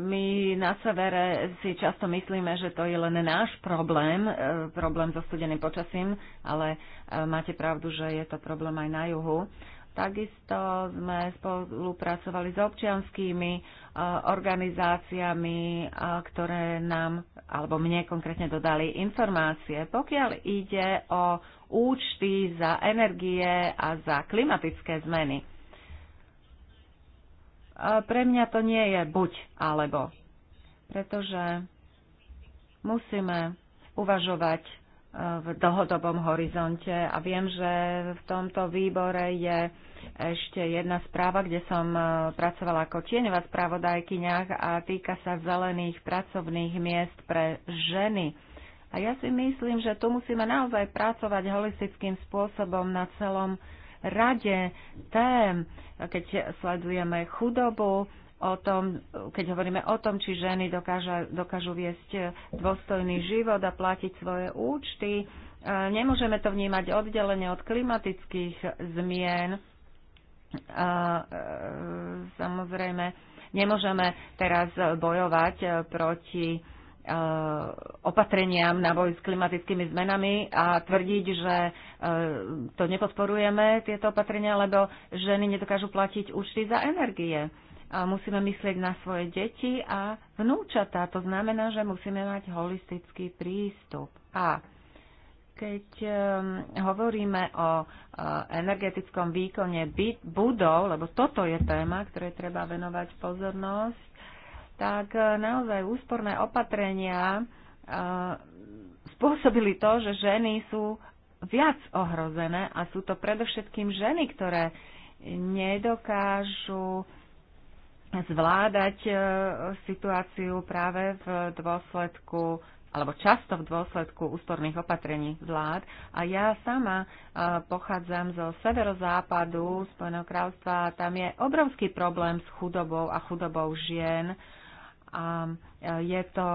my na severe si často myslíme, že to je len náš problém, eh, problém so studeným počasím, ale eh, máte pravdu, že je to problém aj na juhu. Takisto sme spolupracovali s občianskými organizáciami, ktoré nám, alebo mne konkrétne dodali informácie. Pokiaľ ide o účty za energie a za klimatické zmeny, pre mňa to nie je buď alebo. Pretože musíme uvažovať e, v dlhodobom horizonte a viem, že v tomto výbore je ešte jedna správa, kde som e, pracovala ako tieňová správodajkyňa a týka sa zelených pracovných miest pre ženy. A ja si myslím, že tu musíme naozaj pracovať holistickým spôsobom na celom rade tém, keď sledujeme chudobu, o tom, keď hovoríme o tom, či ženy dokáža, dokážu viesť dôstojný život a platiť svoje účty. E, nemôžeme to vnímať oddelenie od klimatických zmien. E, e, samozrejme, nemôžeme teraz bojovať proti Eh, opatreniam na boj s klimatickými zmenami a tvrdiť, že eh, to nepodporujeme, tieto opatrenia, lebo ženy nedokážu platiť účty za energie. A musíme myslieť na svoje deti a vnúčatá. To znamená, že musíme mať holistický prístup. A keď eh, hovoríme o energetickom výkone byt, budov, lebo toto je téma, ktoré treba venovať pozornosť, tak e, naozaj úsporné opatrenia e, spôsobili to, že ženy sú viac ohrozené a sú to predovšetkým ženy, ktoré nedokážu zvládať e, situáciu práve v dôsledku alebo často v dôsledku úsporných opatrení vlád. A ja sama pochádzam zo severozápadu Spojeného kráľstva a tam je obrovský problém s chudobou a chudobou žien a e, je to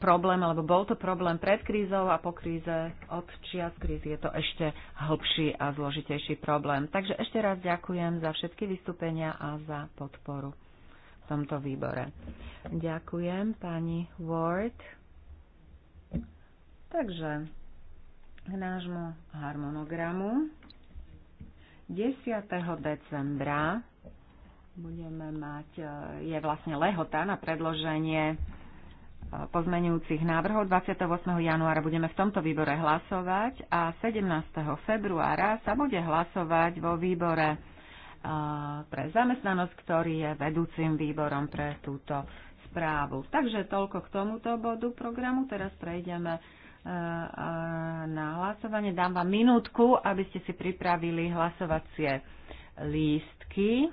problém, alebo bol to problém pred krízou a po kríze od čias krízy je to ešte hĺbší a zložitejší problém. Takže ešte raz ďakujem za všetky vystúpenia a za podporu v tomto výbore. Ďakujem pani Ward. Takže k nášmu harmonogramu 10. decembra budeme mať, e, je vlastne lehota na predloženie e, pozmenujúcich návrhov. 28. januára budeme v tomto výbore hlasovať a 17. februára sa bude hlasovať vo výbore e, pre zamestnanosť, ktorý je vedúcim výborom pre túto správu. Takže toľko k tomuto bodu programu. Teraz prejdeme na hlasovanie. Dám vám minútku, aby ste si pripravili hlasovacie lístky.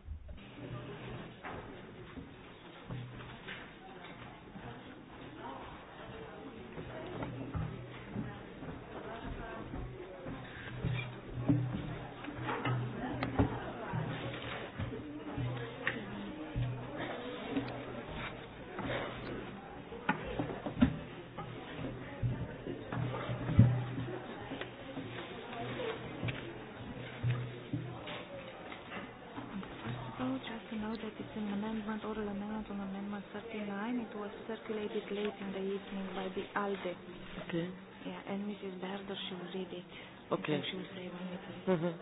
mine. It was circulated late in the evening by the ALDE. Okay. Yeah, and Mrs. Berder, she read it. Okay. And she was saving it Mm-hmm.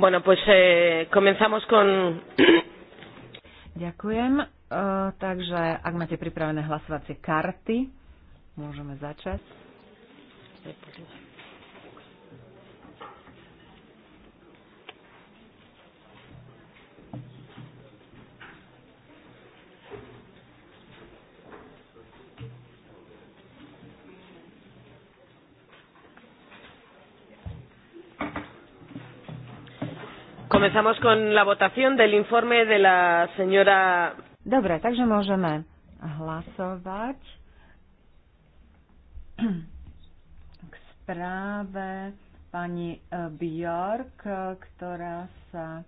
Bueno, pues eh, comenzamos con... Ďakujem. Uh, takže ak máte pripravené hlasovacie karty, môžeme začať. Ďakujem. Comenzamos con la votación del informe de la señora... Dobre, takže môžeme hlasovať k správe pani e, Bjork, e, ktorá sa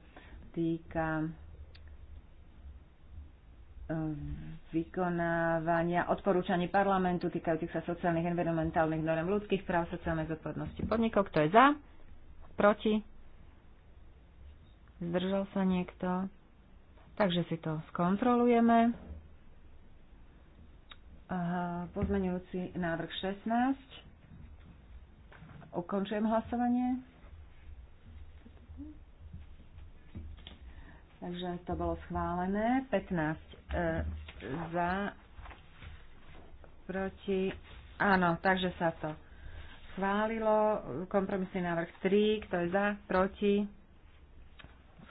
týka e, vykonávania odporúčaní parlamentu týkajúcich sa sociálnych, environmentálnych norm ľudských práv, sociálnej zodpovednosti podnikov. Kto je za? Proti? Zdržal sa niekto? Takže si to skontrolujeme. Pozmeňujúci návrh 16. Ukončujem hlasovanie. Takže to bolo schválené. 15 e, za, proti. Áno, takže sa to schválilo. Kompromisný návrh 3. Kto je za, proti?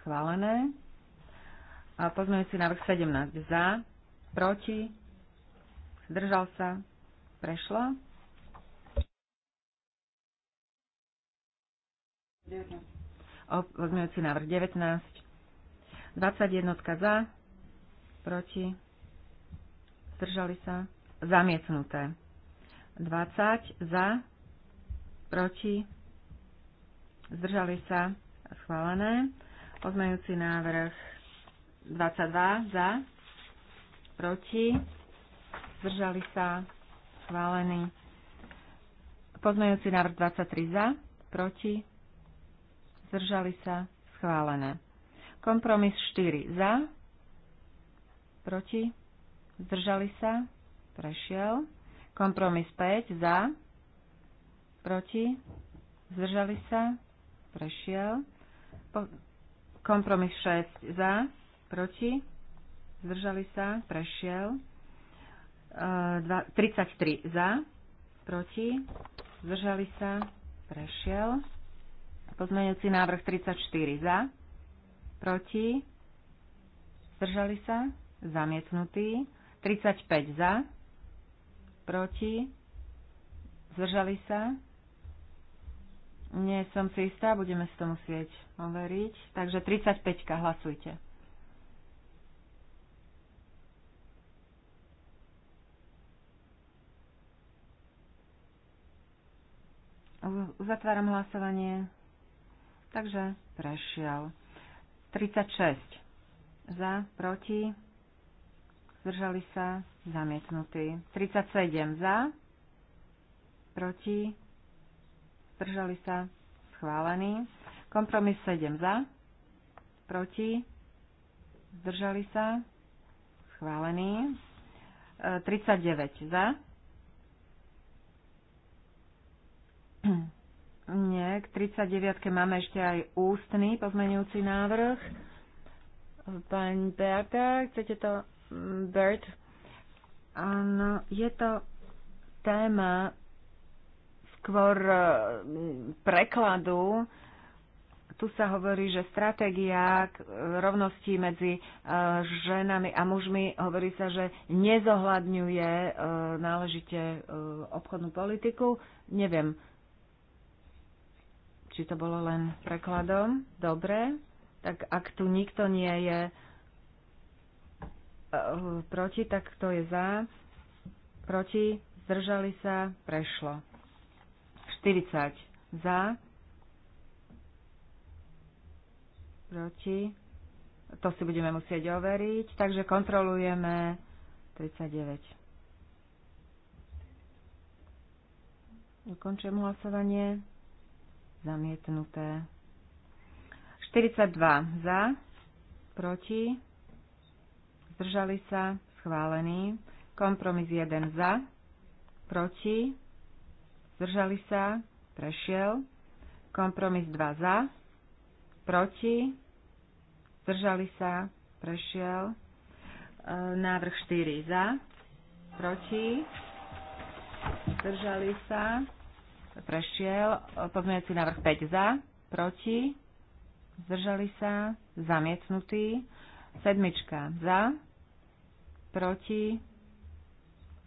schválené. A pozmeňujúci návrh 17 za, proti, zdržal sa, prešlo. 19. Pozmeňujúci návrh 19. 21 za, proti, zdržali sa, zamietnuté. 20 za, proti, zdržali sa, schválené. Pozmejúci návrh 22 za, proti, zdržali sa, schválený. Pozmejúci návrh 23 za, proti, zdržali sa, schválené. Kompromis 4 za, proti, zdržali sa, prešiel. Kompromis 5 za, proti, zdržali sa, prešiel. Po, Kompromis 6 za, proti, zdržali sa, prešiel. 33 e, za, proti, zdržali sa, prešiel. Pozmeňujúci návrh 34 za, proti, zdržali sa, zamietnutý. 35 za, proti, zdržali sa, nie som si istá, budeme si to musieť overiť. Takže 35 hlasujte. Uzatváram hlasovanie. Takže prešiel. 36 za, proti, zdržali sa, zamietnutý. 37 za, proti, zdržali sa, schválený. Kompromis 7 za, proti, zdržali sa, schválený. 39 e, za. Nie, k 39 máme ešte aj ústny pozmenujúci návrh. Pani Beata, chcete to, mm, Bert? Áno, je to téma skôr e, prekladu. Tu sa hovorí, že stratégia e, rovnosti medzi e, ženami a mužmi hovorí sa, že nezohľadňuje náležite obchodnú politiku. Neviem, či to bolo len prekladom. Dobre. Tak ak tu nikto nie je proti, tak kto je za? Proti? Zdržali sa? Prešlo. 40 za, proti, to si budeme musieť overiť, takže kontrolujeme 39. Ukončujem hlasovanie. Zamietnuté. 42 za, proti, zdržali sa, schválený. Kompromis 1 za, proti, zdržali sa, prešiel. Kompromis 2 za, proti, zdržali sa, prešiel. E, návrh 4 za, proti, zdržali sa, prešiel. E, pozmeňujúci návrh 5 za, proti, zdržali sa, zamietnutý. Sedmička za, proti,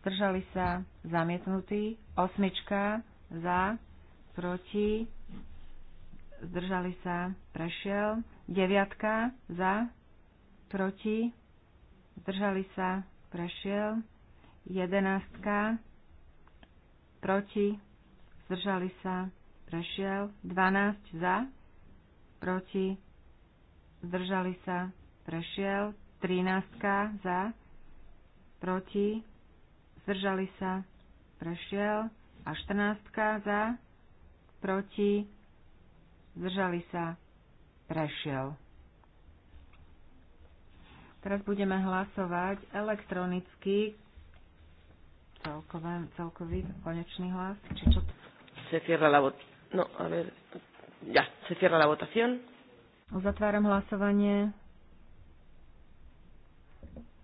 zdržali sa, zamietnutý. Osmička za, proti, zdržali sa, prešiel. Deviatka za, proti, zdržali sa, prešiel. Jedenáctka proti, zdržali sa, prešiel. Dvanásť za, proti, zdržali sa, prešiel. Trináctka za, proti, zdržali sa, prešiel. A 14 za, proti, zdržali sa, prešiel. Teraz budeme hlasovať elektronicky celkový, celkový konečný hlas. Či čo? Se cierra la vot. No, a ver. Ja, se cierra la votación. Uzatváram hlasovanie.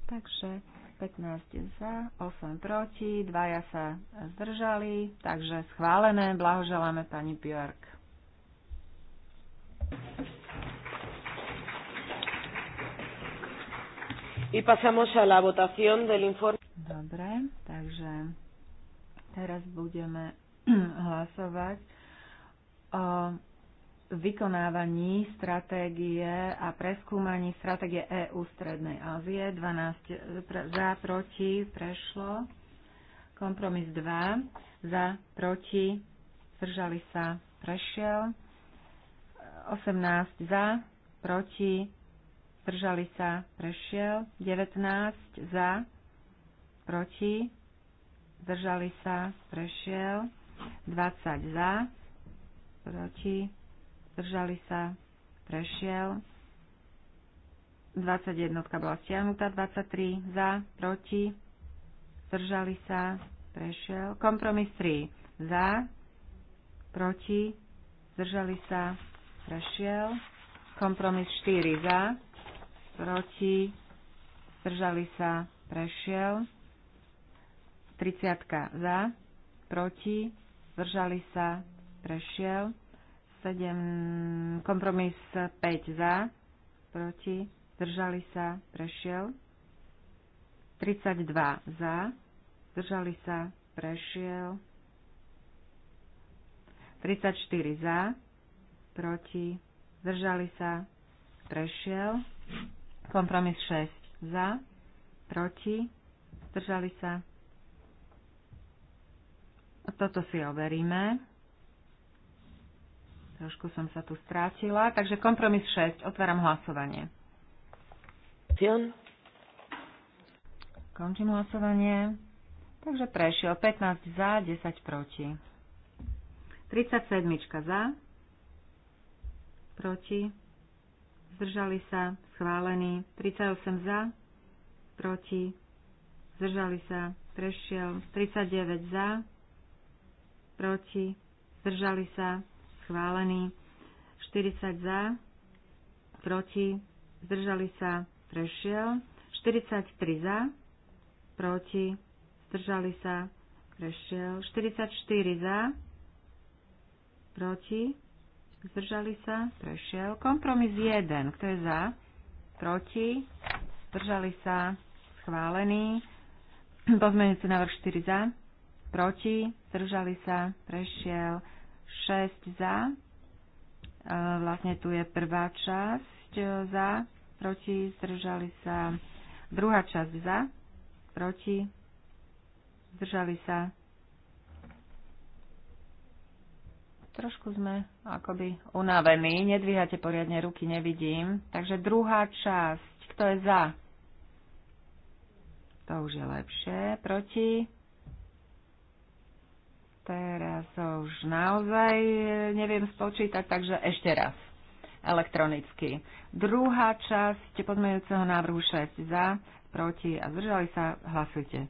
Takže 15 za, 8 proti, dvaja sa zdržali, takže schválené, blahoželáme pani Björk. Y pasamos a la votación del informe. Dobre, takže teraz budeme hlasovať o vykonávaní stratégie a preskúmaní stratégie EÚ Strednej Ázie. 12 za, proti, prešlo. Kompromis 2 za, proti, zdržali sa, prešiel. 18 za, proti, zdržali sa, prešiel. 19 za, proti, zdržali sa, prešiel. 20 za, proti, zdržali sa, prešiel. 21 bola stiahnutá, 23 za, proti, zdržali sa, prešiel. Kompromis 3 za, proti, zdržali sa, prešiel. Kompromis 4 za, proti, zdržali sa, prešiel. 30 za, proti, zdržali sa, prešiel. 7, kompromis 5 za, proti, zdržali sa, prešiel. 32 za, zdržali sa, prešiel. 34 za, proti, zdržali sa, prešiel. Kompromis 6 za, proti, zdržali sa. Toto si overíme. Trošku som sa tu strátila. Takže kompromis 6. Otváram hlasovanie. Pion. Končím hlasovanie. Takže prešiel 15 za, 10 proti. 37 za, proti, zdržali sa, schválený. 38 za, proti, zdržali sa, prešiel. 39 za, proti, zdržali sa, schválený. 40 za, proti, zdržali sa, prešiel. 43 za, proti, zdržali sa, prešiel. 44 za, proti, zdržali sa, prešiel. Kompromis 1, kto je za, proti, zdržali sa, schválený. Pozmeňujúci návrh 4 za, proti, zdržali sa, prešiel. 6 za. E, vlastne tu je prvá časť e, za, proti, zdržali sa. Druhá časť za, proti, zdržali sa. Trošku sme akoby unavení, nedvíhate poriadne ruky, nevidím. Takže druhá časť, kto je za? To už je lepšie. Proti? Teraz už naozaj neviem spočítať, takže ešte raz elektronicky. Druhá časť podmenujúceho návrhu 6 za, proti a zdržali sa, hlasujte.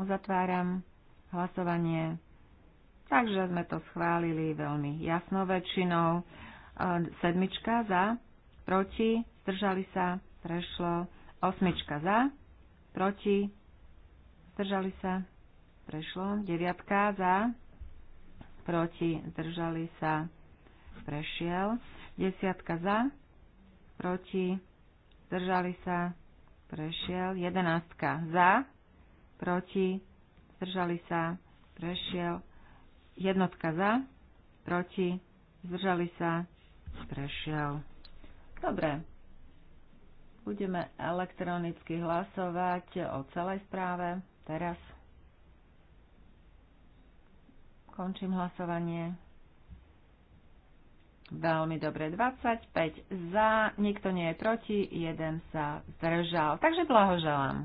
Uzatváram hlasovanie. Takže sme to schválili veľmi jasnou väčšinou. Sedmička za, proti, zdržali sa, prešlo. Osmička za, proti, zdržali sa, prešlo. Deviatka za, proti, zdržali sa, prešiel. Desiatka za, proti, zdržali sa, prešiel. Jedenáctka za, proti, zdržali sa, prešiel. Jednotka za, proti, zdržali sa, prešiel. Dobre. Budeme elektronicky hlasovať o celej správe. Teraz končím hlasovanie. Veľmi dobre, 25 za, nikto nie je proti, jeden sa zdržal. Takže blahoželám.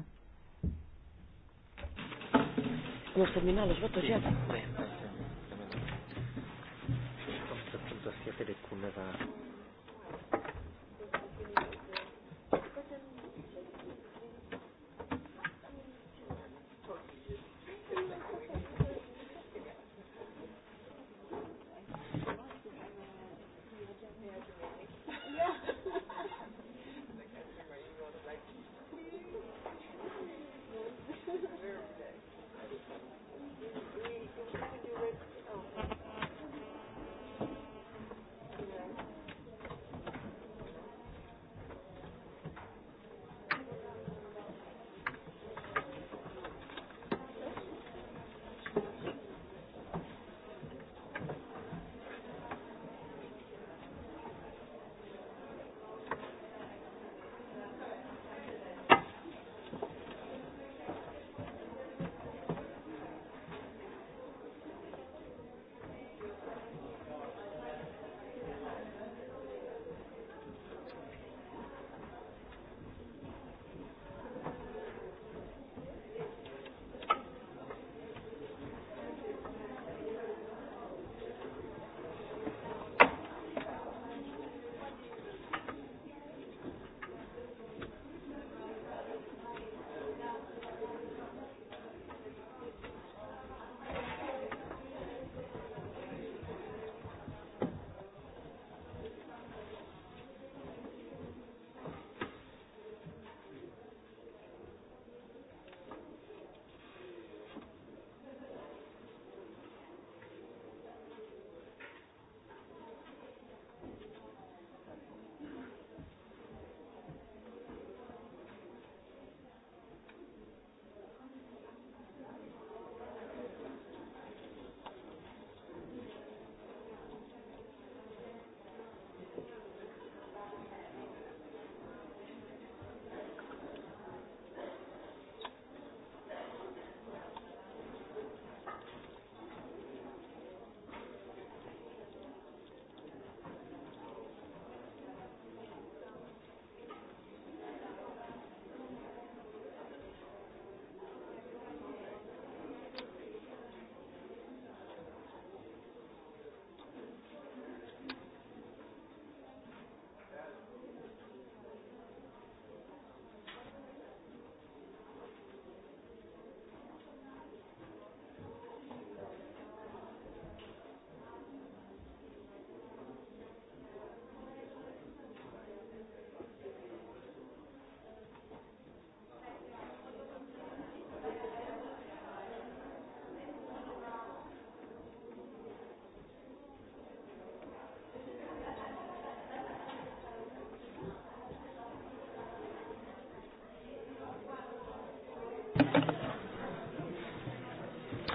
Hemos terminado los votos ya. Bueno.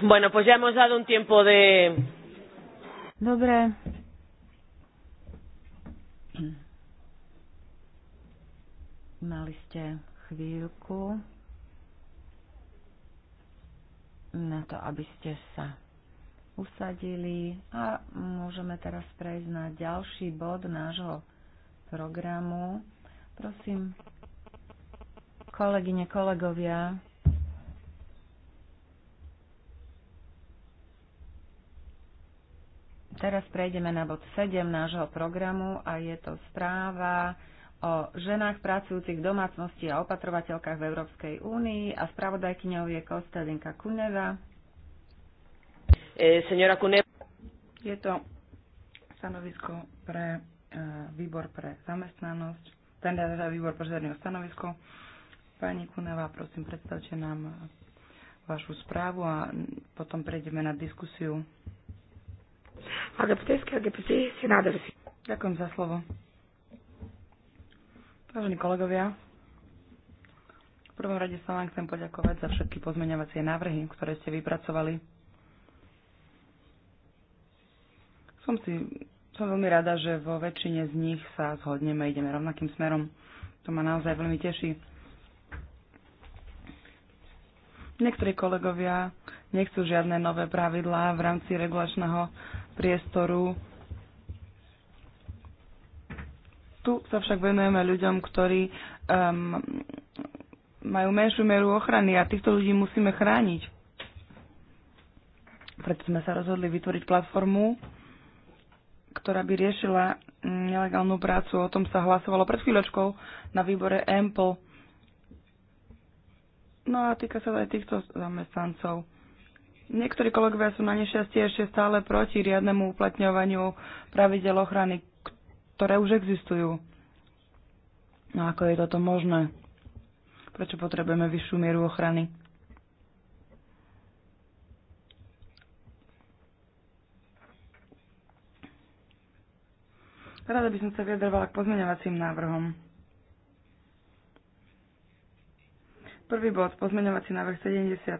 Bueno, pues ya hemos dado un tiempo de... Dobre. Mali ste chvíľku na to, aby ste sa usadili a môžeme teraz prejsť na ďalší bod nášho programu. Prosím, kolegyne, kolegovia, teraz prejdeme na bod 7 nášho programu a je to správa o ženách pracujúcich v domácnosti a opatrovateľkách v Európskej únii a spravodajkyňou je Kostelinka eh, Kuneva. Je to stanovisko pre eh, výbor pre zamestnanosť, ten teda výbor pre stanovisko. Pani Kuneva, prosím, predstavte nám vašu správu a potom prejdeme na diskusiu Αγαπητές και αγαπητοί Ďakujem za slovo. Vážení kolegovia, v prvom rade sa vám chcem poďakovať za všetky pozmeňovacie návrhy, ktoré ste vypracovali. Som si som veľmi rada, že vo väčšine z nich sa zhodneme, ideme rovnakým smerom. To ma naozaj veľmi teší. Niektorí kolegovia nechcú žiadne nové pravidlá v rámci regulačného priestoru. Tu sa však venujeme ľuďom, ktorí um, majú menšiu mieru ochrany a týchto ľudí musíme chrániť. Preto sme sa rozhodli vytvoriť platformu, ktorá by riešila nelegálnu prácu. O tom sa hlasovalo pred chvíľočkou na výbore EMPL. No a týka sa aj týchto zamestnancov. Niektorí kolegovia sú na nešťastie ešte stále proti riadnemu uplatňovaniu pravidel ochrany, ktoré už existujú. No ako je toto možné? Prečo potrebujeme vyššiu mieru ochrany? Rada by som sa vyjadrovala k pozmeňovacím návrhom. Prvý bod, pozmeňovací návrh 78.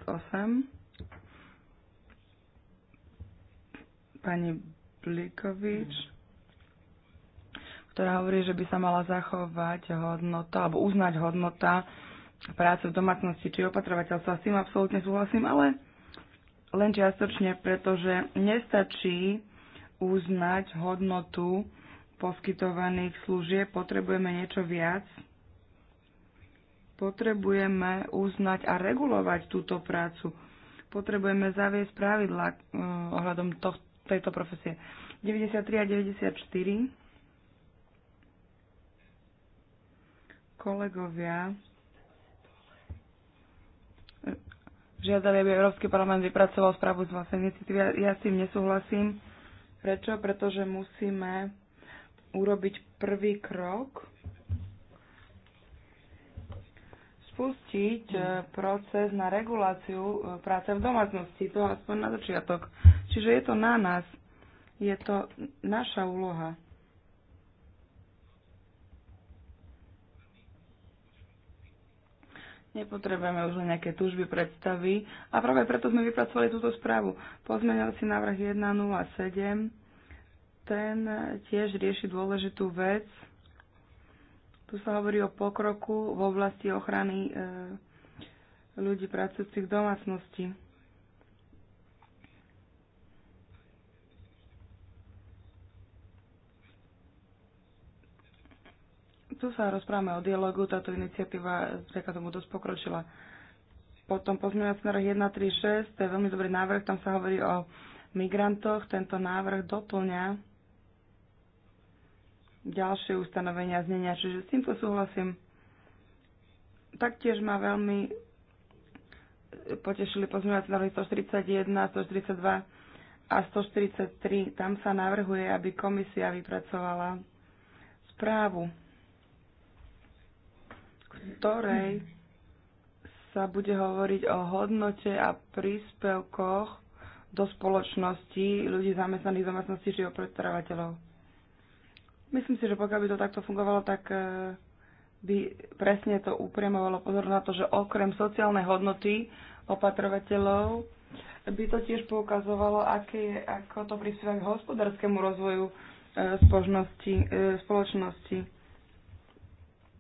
pani Blikovič, ktorá hovorí, že by sa mala zachovať hodnota alebo uznať hodnota práce v domácnosti či opatrovateľstva. S tým absolútne súhlasím, ale len čiastočne, pretože nestačí uznať hodnotu poskytovaných služieb, potrebujeme niečo viac. Potrebujeme uznať a regulovať túto prácu. Potrebujeme zaviesť pravidla eh, ohľadom tohto tejto profesie. 93 a 94 kolegovia eh, žiadali, aby Európsky parlament vypracoval správu z vlastnej iniciatívy. Ja, ja s tým nesúhlasím. Prečo? Pretože musíme urobiť prvý krok spustiť e, proces na reguláciu e, práce v domácnosti, to aspoň na začiatok. Čiže je to na nás, je to naša úloha. Nepotrebujeme už len nejaké tužby, predstavy a práve preto sme vypracovali túto správu. Pozmenil si návrh 107, ten tiež rieši dôležitú vec, tu sa hovorí o pokroku v oblasti ochrany e, ľudí pracujúcich v domácnosti. Tu sa rozprávame o dialogu, táto iniciatíva vďaka tomu dosť pokročila. Potom pozmeňovací návrh 136, to je veľmi dobrý návrh, tam sa hovorí o migrantoch. Tento návrh doplňa ďalšie ustanovenia znenia, čiže s týmto súhlasím. Taktiež ma veľmi potešili pozmeňovací návrhy 141, 142 a 143. Tam sa navrhuje, aby komisia vypracovala správu, ktorej sa bude hovoriť o hodnote a príspevkoch do spoločnosti ľudí zamestnaných v domácnosti či opetrovateľov. Myslím si, že pokiaľ by to takto fungovalo, tak e, by presne to upriamovalo pozor na to, že okrem sociálnej hodnoty opatrovateľov by to tiež poukazovalo, aké, ako to prispieva k hospodárskému rozvoju e, e, spoločnosti.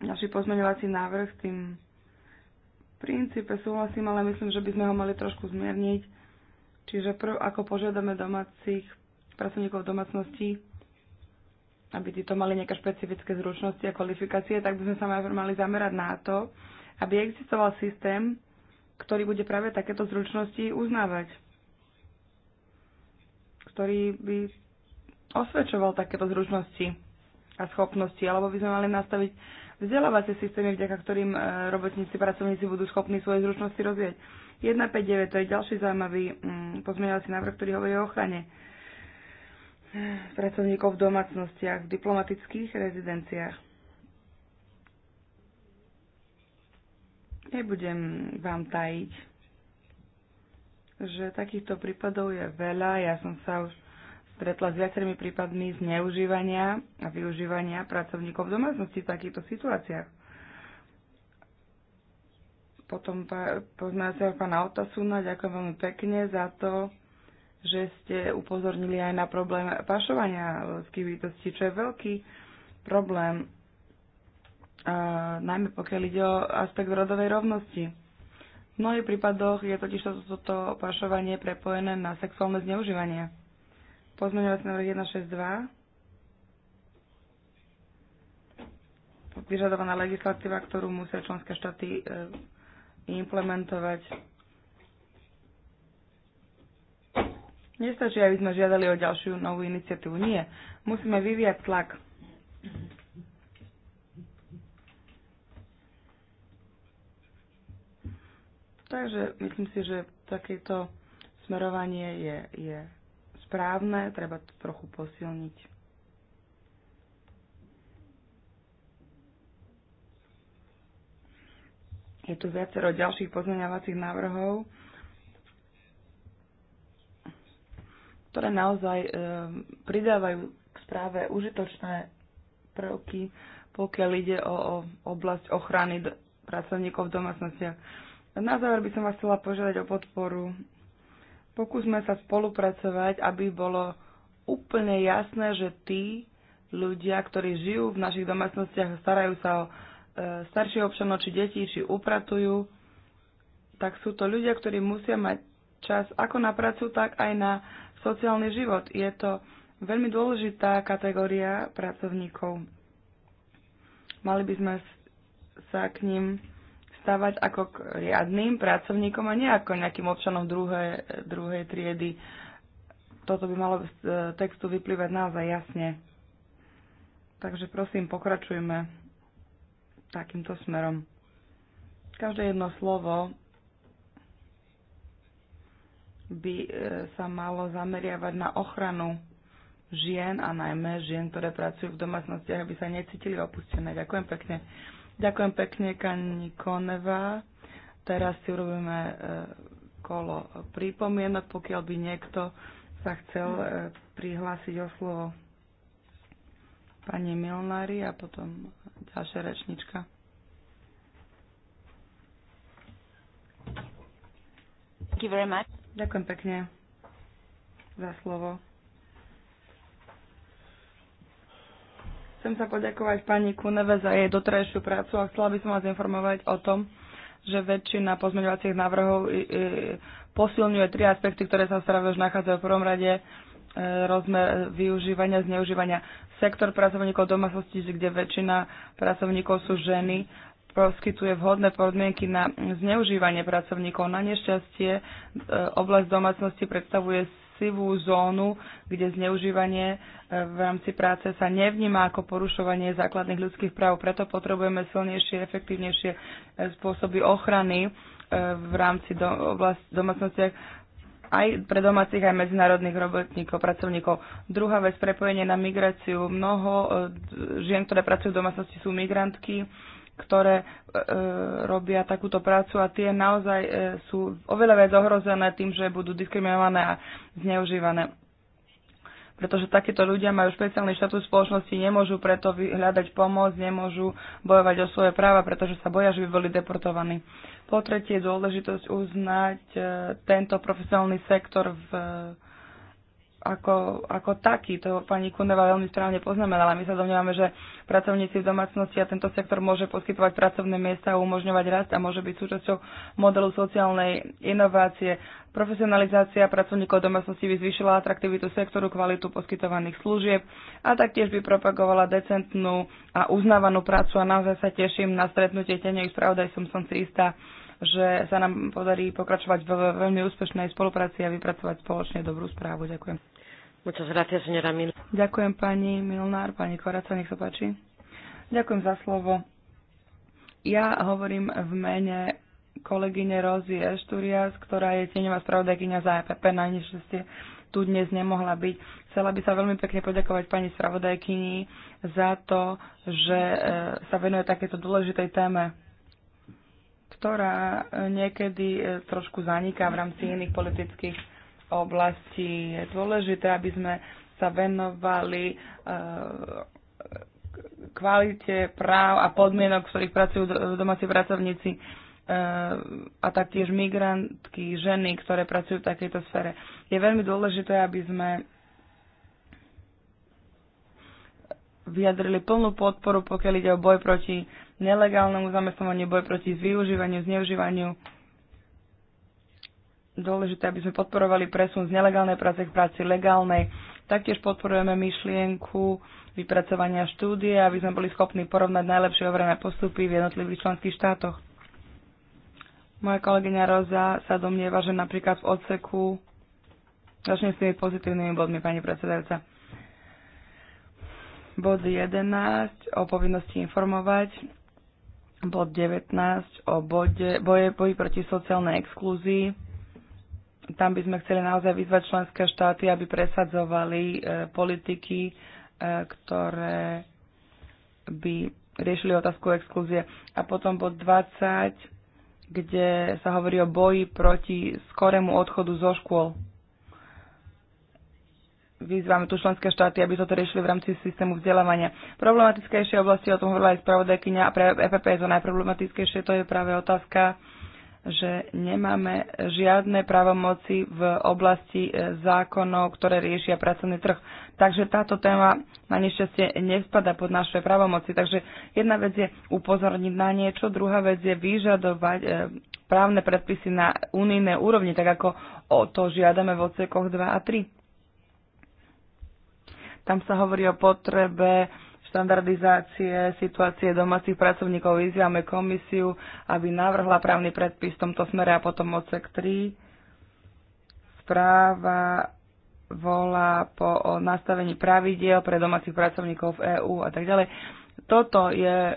Naši pozmeňovací návrh s tým v princípe súhlasím, ale myslím, že by sme ho mali trošku zmierniť. Čiže prv, ako požiadame domácich pracovníkov domácnosti, aby títo mali nejaké špecifické zručnosti a kvalifikácie, tak by sme sa mali zamerať na to, aby existoval systém, ktorý bude práve takéto zručnosti uznávať. Ktorý by osvedčoval takéto zručnosti a schopnosti, alebo by sme mali nastaviť vzdelávacie systémy, vďaka ktorým e, robotníci, pracovníci budú schopní svoje zručnosti rozvieť. 159, to je ďalší zaujímavý mm, pozmeňovací návrh, ktorý hovorí o ochrane pracovníkov v domácnostiach, v diplomatických rezidenciách. Nebudem vám tajiť, že takýchto prípadov je veľa. Ja som sa už stretla s viacerými prípadmi zneužívania a využívania pracovníkov v domácnosti v takýchto situáciách. Potom poďme sa pána Otasuna, ďakujem veľmi pekne za to, že ste upozornili aj na problém pašovania ľudských bytostí, čo je veľký problém, uh, najmä pokiaľ ide o aspekt rodovej rovnosti. V mnohých prípadoch je totiž toto, toto pašovanie prepojené na sexuálne zneužívanie. Pozmeňovací návrh 162. Vyžadovaná legislatíva, ktorú musia členské štáty e, implementovať Nestačí, aby sme žiadali o ďalšiu novú iniciatívu. Nie. Musíme vyvíjať tlak. Takže myslím si, že takéto smerovanie je, je správne, treba to trochu posilniť. Je tu viacero ďalších pozmeňovacích návrhov ktoré naozaj eh, pridávajú k správe užitočné prvky, pokiaľ ide o, o oblasť ochrany pracovníkov v domácnostiach. Na záver by som vás chcela požiadať o podporu. Pokúsme sa spolupracovať, aby bolo úplne jasné, že tí ľudia, ktorí žijú v našich domácnostiach, a starajú sa o e, starších občanov, či deti, či upratujú, tak sú to ľudia, ktorí musia mať čas ako na prácu, tak aj na sociálny život. Je to veľmi dôležitá kategória pracovníkov. Mali by sme sa k ním stávať ako k riadným pracovníkom a nie ako nejakým občanom druhej, druhej triedy. Toto by malo z e, textu vyplývať naozaj jasne. Takže prosím, pokračujme takýmto smerom. Každé jedno slovo by e, sa malo zameriavať na ochranu žien a najmä žien, ktoré pracujú v domácnostiach, aby sa necítili opustené. Ďakujem pekne. Ďakujem pekne, Kani Koneva. Teraz si urobíme e, kolo pripomienok, pokiaľ by niekto sa chcel e, prihlásiť o slovo pani Milnári a potom ďalšia rečnička. Thank you very much. Ďakujem pekne za slovo. Chcem sa poďakovať pani Kuneve za jej dotrajšiu prácu a chcela by som vás informovať o tom, že väčšina pozmeňovacích návrhov posilňuje tri aspekty, ktoré sa stále už nachádzajú v prvom rade e, rozmer využívania, zneužívania. Sektor pracovníkov domácnosti, kde väčšina pracovníkov sú ženy poskytuje vhodné podmienky na zneužívanie pracovníkov. Na nešťastie e, oblasť domácnosti predstavuje sivú zónu, kde zneužívanie e, v rámci práce sa nevníma ako porušovanie základných ľudských práv. Preto potrebujeme silnejšie, efektívnejšie e, spôsoby ochrany v rámci domácnosti domácnostiach aj pre domácich, aj medzinárodných robotníkov, pracovníkov. Druhá vec, prepojenie na migráciu. Mnoho žien, ktoré pracujú v domácnosti, sú migrantky ktoré e, e, robia takúto prácu a tie naozaj e, sú oveľa viac ohrozené tým, že budú diskriminované a zneužívané. Pretože takíto ľudia majú špeciálny štatus spoločnosti, nemôžu preto hľadať pomoc, nemôžu bojovať o svoje práva, pretože sa boja, že by boli deportovaní. Po tretie je dôležitosť uznať e, tento profesionálny sektor v e, ako, ako taký. To pani Kuneva veľmi správne poznamenala. My sa domnievame, že pracovníci v domácnosti a tento sektor môže poskytovať pracovné miesta a umožňovať rast a môže byť súčasťou modelu sociálnej inovácie. Profesionalizácia pracovníkov domácnosti by zvýšila atraktivitu sektoru, kvalitu poskytovaných služieb a taktiež by propagovala decentnú a uznávanú prácu a naozaj sa teším na stretnutie tenej spravodaj som, som si istá, že sa nám podarí pokračovať v veľmi úspešnej spolupráci a vypracovať spoločne dobrú správu. Ďakujem. Muchas gracias, señora Mil. Ďakujem pani Milnár, pani Koraca, nech sa páči. Ďakujem za slovo. Ja hovorím v mene kolegyne Rozie Šturias, ktorá je tieňová spravodajkynia za EPP. Na nešťastie tu dnes nemohla byť. Chcela by sa veľmi pekne poďakovať pani spravodajkyni za to, že e, sa venuje takéto dôležitej téme ktorá e, niekedy e, trošku zaniká v rámci iných politických oblastí. Je dôležité, aby sme sa venovali e, kvalite práv a podmienok, v ktorých pracujú domáci pracovníci a taktiež migrantky, ženy, ktoré pracujú v takejto sfere. Je veľmi dôležité, aby sme vyjadrili plnú podporu, pokiaľ ide o boj proti nelegálnemu zamestnávaniu, boj proti využívaniu, zneužívaniu. Dôležité, aby sme podporovali presun z nelegálnej práce k práci legálnej. Taktiež podporujeme myšlienku vypracovania štúdie, aby sme boli schopní porovnať najlepšie overené postupy v jednotlivých členských štátoch. Moja kolegyňa Roza sa domnieva, že napríklad v odseku Začne s tými pozitívnymi bodmi, pani predsedajúca. Bod 11 o povinnosti informovať bod 19 o bode, boje, boji proti sociálnej exklúzii. Tam by sme chceli naozaj vyzvať členské štáty, aby presadzovali e, politiky, e, ktoré by riešili otázku exklúzie. A potom bod 20, kde sa hovorí o boji proti skorému odchodu zo škôl vyzývame tu členské štáty, aby toto riešili v rámci systému vzdelávania. Problematickejšie oblasti, o tom hovorila aj spravodajkynia, a pre EPP je to najproblematickejšie, to je práve otázka, že nemáme žiadne právomoci v oblasti e, zákonov, ktoré riešia pracovný trh. Takže táto téma na nešťastie nespada pod naše právomoci. Takže jedna vec je upozorniť na niečo, druhá vec je vyžadovať e, právne predpisy na unijnej úrovni, tak ako o to žiadame v odsekoch 2 a 3. Tam sa hovorí o potrebe štandardizácie situácie domácich pracovníkov. Vyzývame komisiu, aby navrhla právny predpis v tomto smere a potom odsek 3. Správa volá po o nastavení pravidiel pre domácich pracovníkov v EÚ a tak ďalej. Toto je,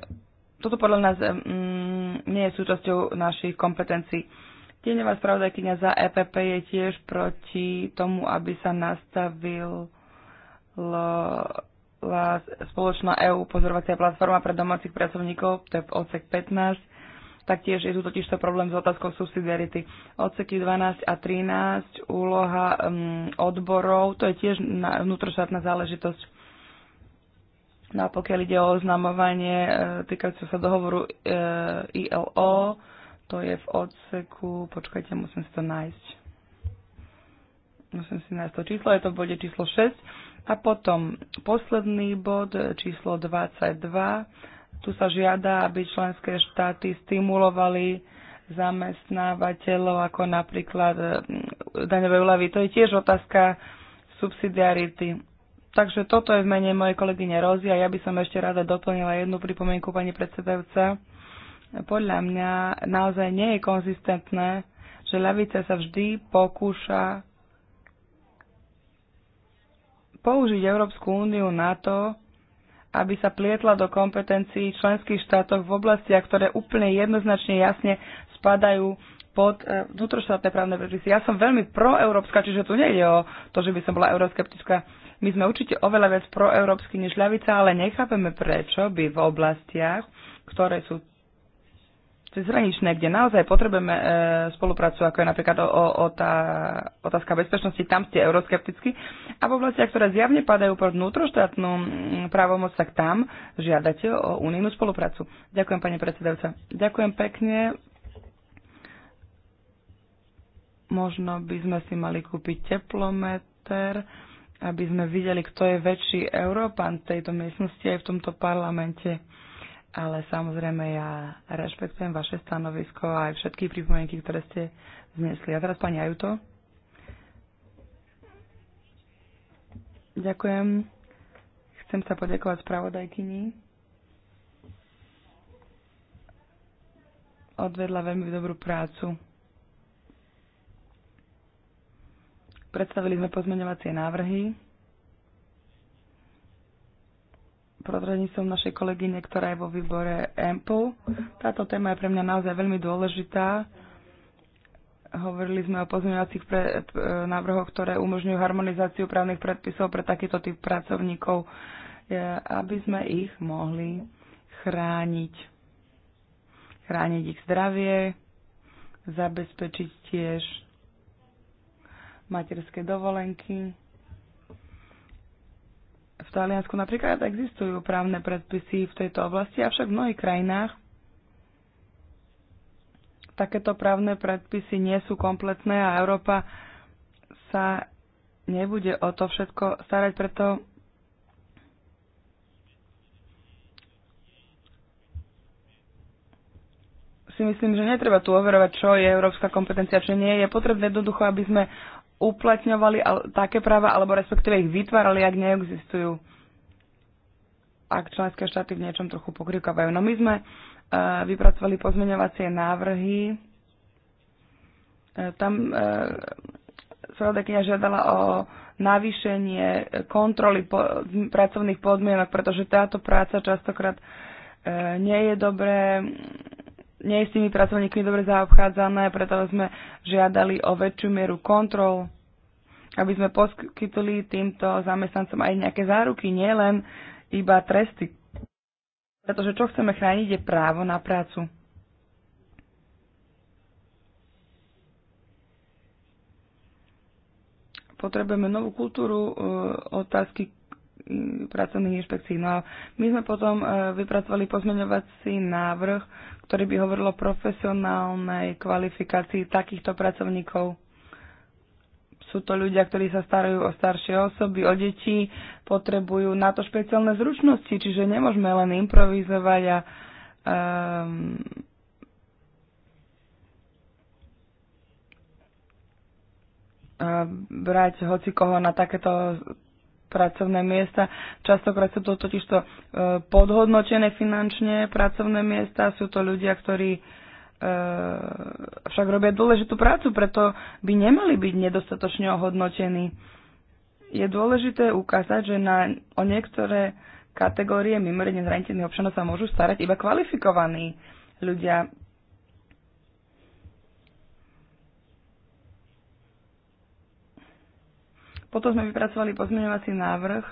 toto podľa nás mm, nie je súčasťou našich kompetencií. Tieňová spravodajkynia za EPP je tiež proti tomu, aby sa nastavil spoločná EU pozorovacia platforma pre domácich pracovníkov, to je odsek 15. Taktiež je tu totižto problém s otázkou subsidiarity. Odseky 12 a 13, úloha um, odborov, to je tiež na, vnútroštátna záležitosť. No a pokiaľ ide o oznamovanie e, týkajúce sa dohovoru e, ILO, to je v odseku, počkajte, musím si to nájsť. Musím si nájsť to číslo, je to v bode číslo 6 a potom posledný bod, číslo 22. Tu sa žiada, aby členské štáty stimulovali zamestnávateľov, ako napríklad mm, daňové úľavy. To je tiež otázka subsidiarity. Takže toto je v mene mojej kolegyne Rozy a ja by som ešte rada doplnila jednu pripomienku pani predsedajúca. Podľa mňa naozaj nie je konzistentné, že ľavica sa vždy pokúša použiť Európsku úniu na to, aby sa plietla do kompetencií členských štátov v oblastiach, ktoré úplne jednoznačne jasne spadajú pod e, vnútroštátne právne predpisy. Ja som veľmi proeurópska, čiže tu nejde o to, že by som bola euroskeptická. My sme určite oveľa viac proeurópsky než ľavica, ale nechápeme, prečo by v oblastiach, ktoré sú cezhraničné, kde naozaj potrebujeme e, spoluprácu, ako je napríklad o, o, o tá, otázka bezpečnosti, tam ste euroskepticky. A v oblastiach, ktoré zjavne padajú pod vnútroštátnu právomoc, tak tam žiadate o unijnú spoluprácu. Ďakujem, pani predsedajúca. Ďakujem pekne. Možno by sme si mali kúpiť teplometer, aby sme videli, kto je väčší Európan v tejto miestnosti aj v tomto parlamente ale samozrejme ja rešpektujem vaše stanovisko a aj všetky pripomienky, ktoré ste znesli. A teraz pani Ajuto. Ďakujem. Chcem sa poďakovať spravodajkyni. Odvedla veľmi dobrú prácu. Predstavili sme pozmeňovacie návrhy. prostredníctvom našej kolegyne, ktorá je vo výbore EMPL. Táto téma je pre mňa naozaj veľmi dôležitá. Hovorili sme o pozmeňovacích pre, e, návrhoch, ktoré umožňujú harmonizáciu právnych predpisov pre takýto typ pracovníkov, aby sme ich mohli chrániť. Chrániť ich zdravie, zabezpečiť tiež materské dovolenky v Taliansku napríklad existujú právne predpisy v tejto oblasti, avšak v mnohých krajinách takéto právne predpisy nie sú kompletné a Európa sa nebude o to všetko starať, preto si myslím, že netreba tu overovať, čo je európska kompetencia, čo nie. Je potrebné jednoducho, aby sme uplatňovali také práva, alebo respektíve ich vytvárali, ak neexistujú, ak členské štáty v niečom trochu pokrývkavajú. No my sme e, vypracovali pozmeňovacie návrhy. E, tam e, spravodajkynia žiadala o navýšenie kontroly po, pracovných podmienok, pretože táto práca častokrát e, nie je dobré nie je s tými pracovníkmi dobre zaobchádzané, preto sme žiadali o väčšiu mieru kontrol, aby sme poskytli týmto zamestnancom aj nejaké záruky, nielen iba tresty. Pretože čo chceme chrániť je právo na prácu. Potrebujeme novú kultúru e, otázky pracovných inšpekcií. No a my sme potom e, vypracovali pozmeňovací návrh, ktorý by hovoril o profesionálnej kvalifikácii takýchto pracovníkov. Sú to ľudia, ktorí sa starajú o staršie osoby, o deti, potrebujú na to špeciálne zručnosti, čiže nemôžeme len improvizovať a um, brať hoci koho na takéto pracovné miesta. Častokrát sú to totižto e, podhodnotené finančne pracovné miesta, sú to ľudia, ktorí e, však robia dôležitú prácu, preto by nemali byť nedostatočne ohodnotení. Je dôležité ukázať, že na, o niektoré kategórie mimoriadne zraniteľných občanov sa môžu starať iba kvalifikovaní ľudia. Potom sme vypracovali pozmeňovací návrh,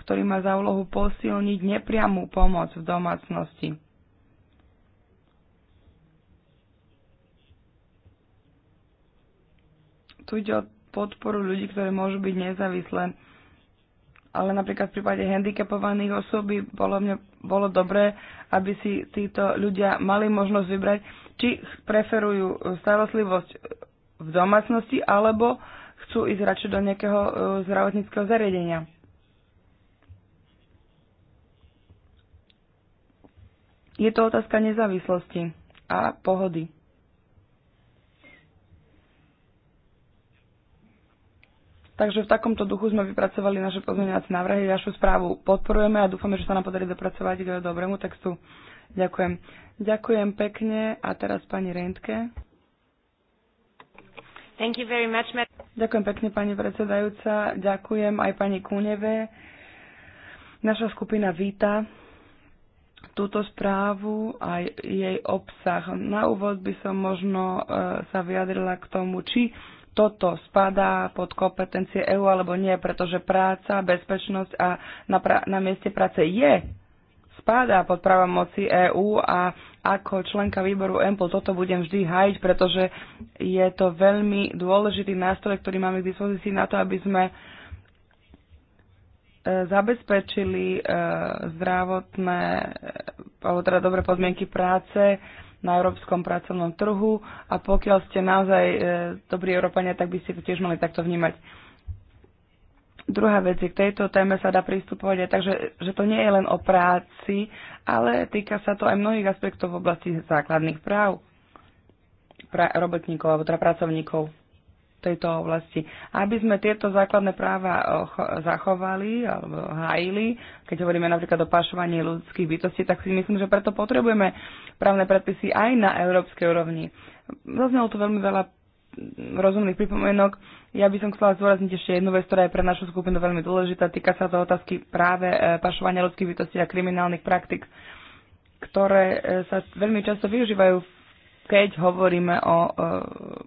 ktorý má za úlohu posilniť nepriamú pomoc v domácnosti. Tu ide o podporu ľudí, ktorí môžu byť nezávislé, ale napríklad v prípade handicapovaných osôb by bolo, mne, bolo dobré, aby si títo ľudia mali možnosť vybrať, či preferujú starostlivosť v domácnosti alebo uh, chcú ísť radšej do nejakého e, zdravotníckého zariadenia. Je to otázka nezávislosti a pohody. Takže v takomto duchu sme vypracovali naše pozmeňovacie návrhy, našu správu podporujeme a dúfame, že sa nám podarí dopracovať k dobrému textu. Ďakujem. Ďakujem pekne a teraz pani Rentke. Thank you very much, Ďakujem pekne, pani predsedajúca. Ďakujem aj pani Kuneve. Naša skupina víta túto správu a jej obsah. Na úvod by som možno e, sa vyjadrila k tomu, či toto spadá pod kompetencie EÚ alebo nie, pretože práca, bezpečnosť a na, na mieste práce je spadá pod moci EÚ a ako členka výboru EMPL toto budem vždy hajiť, pretože je to veľmi dôležitý nástroj, ktorý máme k dispozícii na to, aby sme e, zabezpečili e, zdravotné, e, alebo teda dobré podmienky práce na európskom pracovnom trhu a pokiaľ ste naozaj dobrí Európania, tak by ste to tiež mali takto vnímať. Druhá vec je, k tejto téme sa dá pristupovať aj tak, že, že to nie je len o práci, ale týka sa to aj mnohých aspektov v oblasti základných práv pra, robotníkov alebo teda pracovníkov tejto oblasti. Aby sme tieto základné práva zachovali alebo hájili, keď hovoríme napríklad o pašovaní ľudských bytostí, tak si myslím, že preto potrebujeme právne predpisy aj na európskej úrovni. Zaznelo tu veľmi veľa rozumných pripomienok. Ja by som chcela zdôrazniť ešte jednu vec, ktorá je pre našu skupinu veľmi dôležitá. Týka sa to otázky práve e, pašovania ľudských bytostí a kriminálnych praktik, ktoré e, sa veľmi často využívajú, keď hovoríme o e,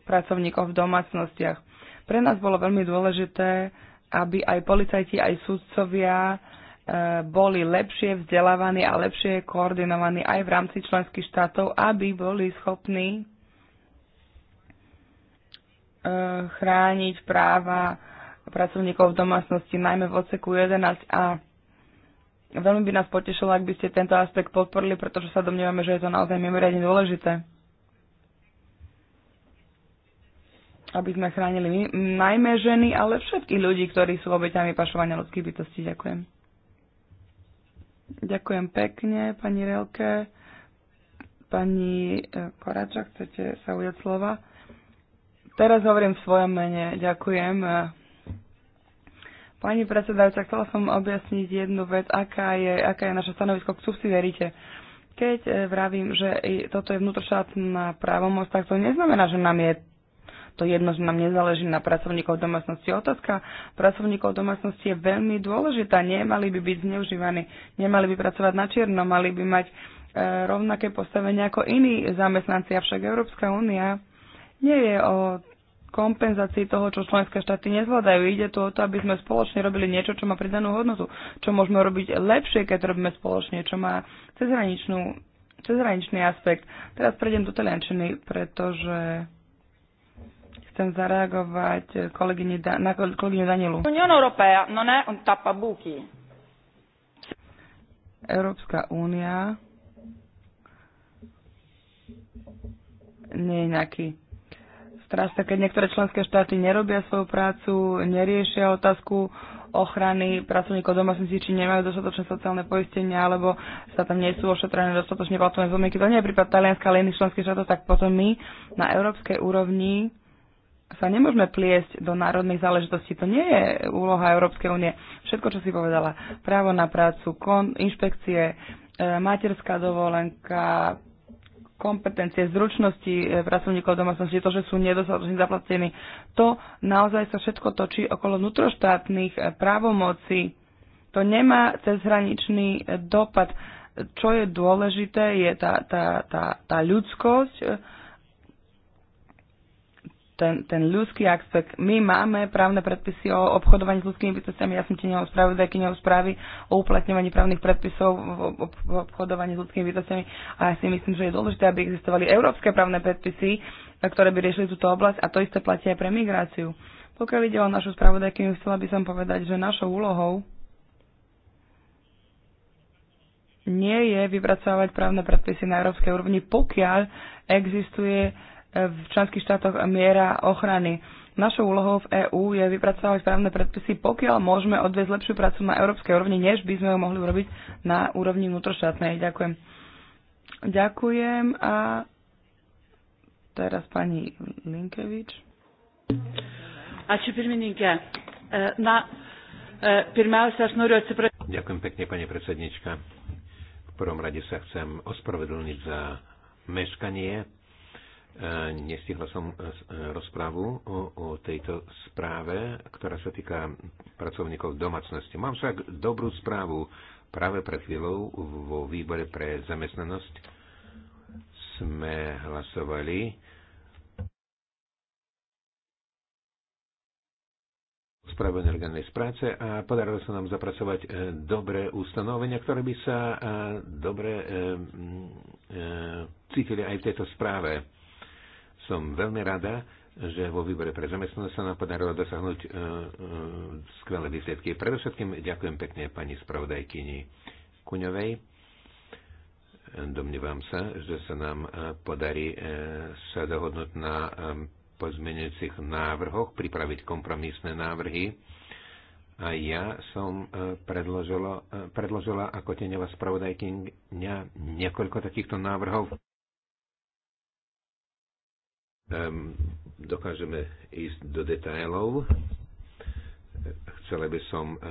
pracovníkoch v domácnostiach. Pre nás bolo veľmi dôležité, aby aj policajti, aj sudcovia boli lepšie vzdelávaní a lepšie koordinovaní aj v rámci členských štátov, aby boli schopní chrániť práva pracovníkov v domácnosti, najmä v odseku 11a. Veľmi by nás potešilo, ak by ste tento aspekt podporili, pretože sa domnievame, že je to naozaj mimoriadne dôležité. aby sme chránili najmä ženy, ale všetkých ľudí, ktorí sú obeťami pašovania ľudských bytostí. Ďakujem. Ďakujem pekne, pani Relke. Pani eh, Koráča, chcete sa ujať slova? Teraz hovorím v svojom mene. Ďakujem. Pani predsedajúca, chcela som objasniť jednu vec, aká je, aká je naše stanovisko k subsidiarite. Keď e, vravím, že toto je vnútroštátna právomoc, tak to neznamená, že nám je to jedno, že nám nezáleží na pracovníkov domácnosti. Otázka pracovníkov domácnosti je veľmi dôležitá. Nemali by byť zneužívaní, nemali by pracovať na čierno, mali by mať e, rovnaké postavenie ako iní zamestnanci. Avšak Európska únia nie je o kompenzácii toho, čo členské štáty nezvládajú. Ide tu o to, aby sme spoločne robili niečo, čo má pridanú hodnotu, čo môžeme robiť lepšie, keď robíme spoločne, čo má cezhraničnú, cezhraničný aspekt. Teraz prejdem do Taliančiny, pretože chcem zareagovať kolegyni, na kolegyňu Danielu. Unión no ne, on tapa tappabuchi. Európska únia nie je nejaký Teraz keď niektoré členské štáty nerobia svoju prácu, neriešia otázku ochrany pracovníkov domácnosti, či nemajú dostatočné sociálne poistenia alebo sa tam nie sú ošetrené dostatočne platové zlomienky. To nie je prípad Talianska, ale iných členských štátov, tak potom my na európskej úrovni sa nemôžeme pliesť do národných záležitostí. To nie je úloha Európskej únie. Všetko, čo si povedala, právo na prácu, kon, inšpekcie, e, materská dovolenka, kompetencie, zručnosti e, pracovníkov domácnosti, to, že sú nedostatočne zaplatení. To naozaj sa všetko točí okolo vnútroštátnych e, právomocí. To nemá cezhraničný e, dopad. Čo je dôležité, je tá, tá, tá, tá ľudskosť, ten, ten ľudský aspekt. My máme právne predpisy o obchodovaní s ľudskými bytostiami, ja som ti neho správy, dajky neho správy o uplatňovaní právnych predpisov v obchodovaní s ľudskými bytostiami a ja si myslím, že je dôležité, aby existovali európske právne predpisy, ktoré by riešili túto oblasť a to isté platí aj pre migráciu. Pokiaľ ide o našu spravodajkyňu, chcela by som povedať, že našou úlohou nie je vypracovať právne predpisy na európskej úrovni, pokiaľ existuje v členských štátoch miera ochrany. Našou úlohou v EÚ je vypracovať právne predpisy, pokiaľ môžeme odviesť lepšiu prácu na európskej úrovni, než by sme ho mohli urobiť na úrovni vnútroštátnej. Ďakujem. Ďakujem a teraz pani Linkevič. E, e, Ďakujem pekne, pani predsednička. V prvom rade sa chcem ospravedlniť za meškanie Nestihla som e, e, rozprávu o, o tejto správe, ktorá sa týka pracovníkov domácnosti. Mám však dobrú správu. Práve pred chvíľou vo výbore pre zamestnanosť sme hlasovali správe energetnej práce a podarilo sa nám zapracovať e, dobré ustanovenia, ktoré by sa dobre cítili aj v tejto správe som veľmi rada, že vo výbore pre zamestnanosť sa nám podarilo dosahnuť uh, e, uh, e, skvelé výsledky. Predovšetkým ďakujem pekne pani spravodajkyni Kuňovej. Domnievam sa, že sa nám e, podarí uh, sa dohodnúť na um, pozmenujúcich návrhoch, pripraviť kompromisné návrhy. A ja som predložila, predložila ako teňová spravodajkyňa niekoľko takýchto návrhov. Ehm, dokážeme ísť do detailov. Chcela by som eh, eh,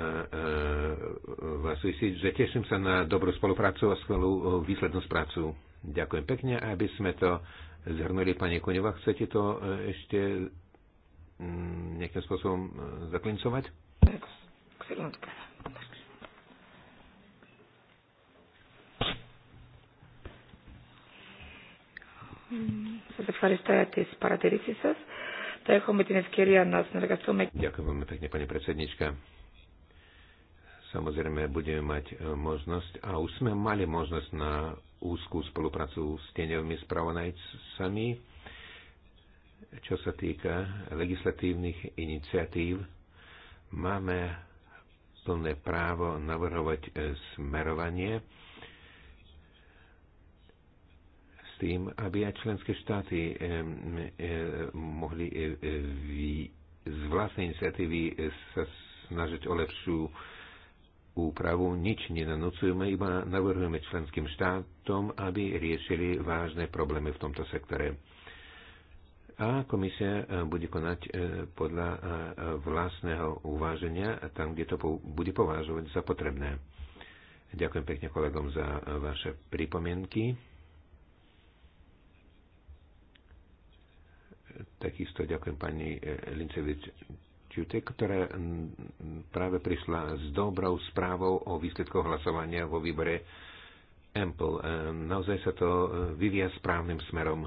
vás uistiť, že teším sa na dobrú spoluprácu a skvelú eh, výslednosť prácu. Ďakujem pekne, aby sme to zhrnuli. Pani Kuneva, chcete to ešte mm, nejakým spôsobom zaklincovať? Mm. Σας ευχαριστώ για τις παρατηρήσεις σας. Θα έχουμε την ευκαιρία να συνεργαστούμε. Ďakujem veľmi pekne, pani predsednička. Samozrejme, budeme mať e, možnosť a už sme mali možnosť na úzkú spoluprácu s tieňovými spravodajcami, čo sa týka legislatívnych iniciatív. Máme plné právo navrhovať e, smerovanie s tým, aby aj členské štáty mohli e, e, z vlastnej iniciatívy e, sa snažiť o lepšiu úpravu. Nič nenanúcujeme, iba navrhujeme členským štátom, aby riešili vážne problémy v tomto sektore. A komisia bude konať podľa vlastného uváženia tam, kde to bude považovať za potrebné. Ďakujem pekne kolegom za vaše pripomienky. Takisto ďakujem pani e, Lincevič Čute, ktorá práve prišla s dobrou správou o výsledkoch hlasovania vo výbore Ample. E, naozaj sa to e, vyvíja správnym smerom.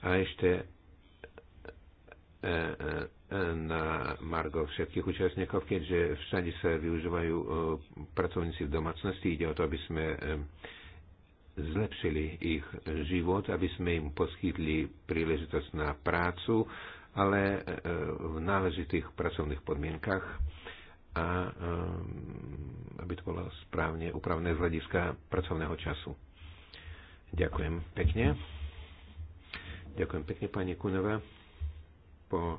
A ešte na Margo všetkých účastníkov, keďže všade sa využívajú pracovníci v domácnosti. Ide o to, aby sme zlepšili ich život, aby sme im poskytli príležitosť na prácu, ale e, v náležitých pracovných podmienkach a e, aby to bolo správne upravné z hľadiska pracovného času. Ďakujem pekne. Ďakujem pekne pani Kunova po e,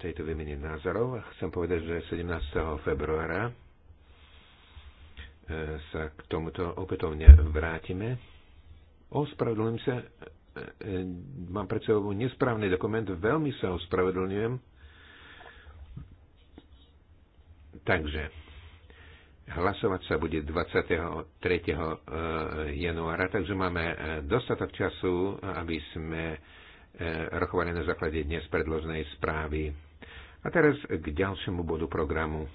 tejto výmene názorov. Chcem povedať, že 17. februára sa k tomuto opätovne vrátime. Ospravedlňujem sa, e, mám pred sebou nesprávny dokument, veľmi sa ospravedlňujem. Takže, hlasovať sa bude 23. E, januára, takže máme e, dostatok času, aby sme rokovali na základe dnes predložnej správy. A teraz k ďalšiemu bodu programu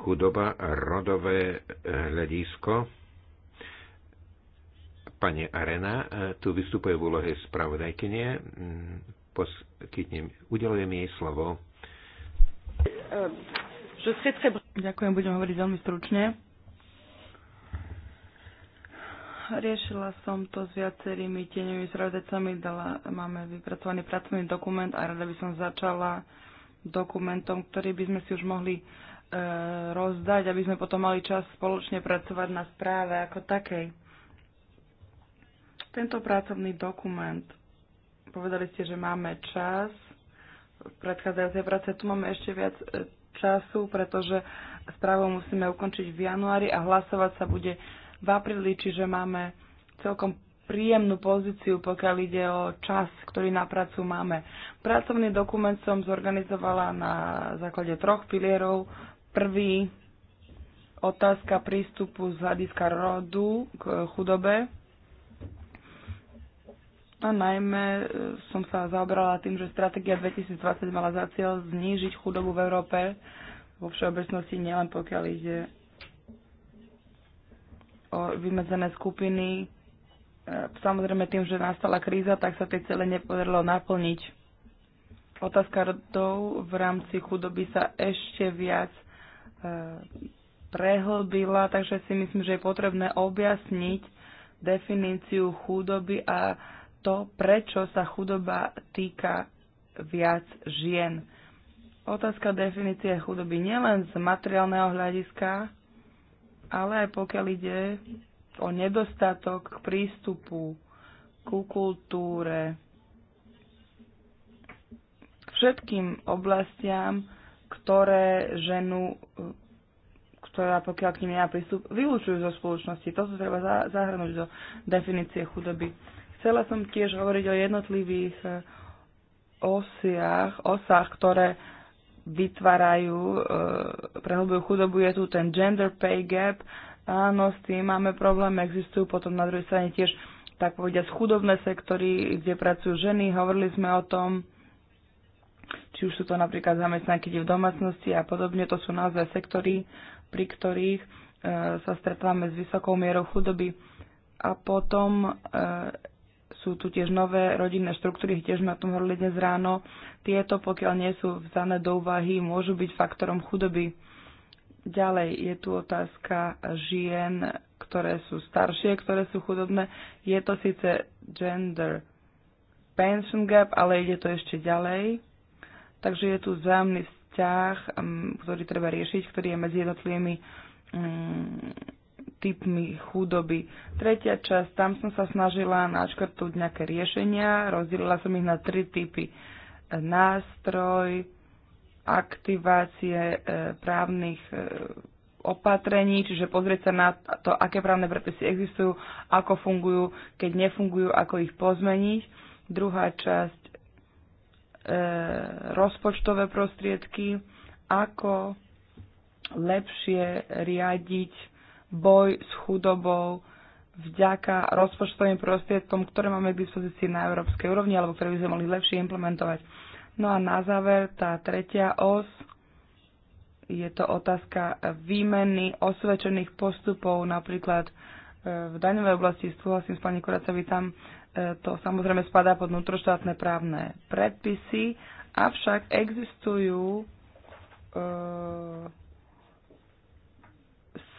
chudoba, rodové e, hľadisko. Pani Arena e, tu vystupuje v úlohe spravodajkynie. Mm, poskytnem, udelujem jej slovo. Ďakujem, budem hovoriť veľmi stručne. Riešila som to s viacerými tieňovými spravodajcami, dala, máme vypracovaný pracovný dokument a rada by som začala dokumentom, ktorý by sme si už mohli uh, E, rozdať, aby sme potom mali čas spoločne pracovať na správe ako takej. Tento pracovný dokument, povedali ste, že máme čas, v predchádzajúcej práce tu máme ešte viac e, času, pretože správu musíme ukončiť v januári a hlasovať sa bude v apríli, čiže máme celkom príjemnú pozíciu, pokiaľ ide o čas, ktorý na prácu máme. Pracovný dokument som zorganizovala na základe troch pilierov Prvý otázka prístupu z hľadiska rodu k chudobe. A najmä e, som sa zaobrala tým, že stratégia 2020 mala za cieľ znížiť chudobu v Európe vo všeobecnosti, nielen pokiaľ ide o vymedzené skupiny. E, samozrejme tým, že nastala kríza, tak sa tie cele nepodarilo naplniť. Otázka rodov v rámci chudoby sa ešte viac E, prehlbila, takže si myslím, že je potrebné objasniť definíciu chudoby a to, prečo sa chudoba týka viac žien. Otázka definície chudoby nielen z materiálneho hľadiska, ale aj pokiaľ ide o nedostatok k prístupu ku kultúre, k všetkým oblastiam, ktoré ženu, ktorá pokiaľ k nimi nemá prístup, vylúčujú zo spoločnosti. To sa treba zahrnúť do definície chudoby. Chcela som tiež hovoriť o jednotlivých e, osiach, osách, ktoré vytvárajú, e, prehlbujú chudobu. Je tu ten gender pay gap. Áno, s tým máme problém. Existujú potom na druhej strane tiež tak povediať chudobné sektory, kde pracujú ženy. Hovorili sme o tom, či už sú to napríklad zamestnanky v domácnosti a podobne, to sú naozaj sektory, pri ktorých e, sa stretávame s vysokou mierou chudoby. A potom e, sú tu tiež nové rodinné štruktúry, tiež o tom hovorili dnes ráno. Tieto, pokiaľ nie sú vzané do úvahy, môžu byť faktorom chudoby. Ďalej je tu otázka žien, ktoré sú staršie, ktoré sú chudobné. Je to síce gender pension gap, ale ide to ešte ďalej. Takže je tu vzájomný vzťah, mm, ktorý treba riešiť, ktorý je medzi jednotlivými mm, typmi chudoby. Tretia časť, tam som sa snažila načrtnúť nejaké riešenia, rozdielila som ich na tri typy. Nástroj, aktivácie e, právnych e, opatrení, čiže pozrieť sa na to, aké právne predpisy existujú, ako fungujú, keď nefungujú, ako ich pozmeniť. Druhá časť E, rozpočtové prostriedky, ako lepšie riadiť boj s chudobou vďaka rozpočtovým prostriedkom, ktoré máme k dispozícii na európskej úrovni alebo ktoré by sme mohli lepšie implementovať. No a na záver tá tretia os, je to otázka výmeny osvedčených postupov, napríklad e, v daňovej oblasti súhlasím s pani Kuracovi tam to samozrejme spadá pod vnútroštátne právne predpisy, avšak existujú e,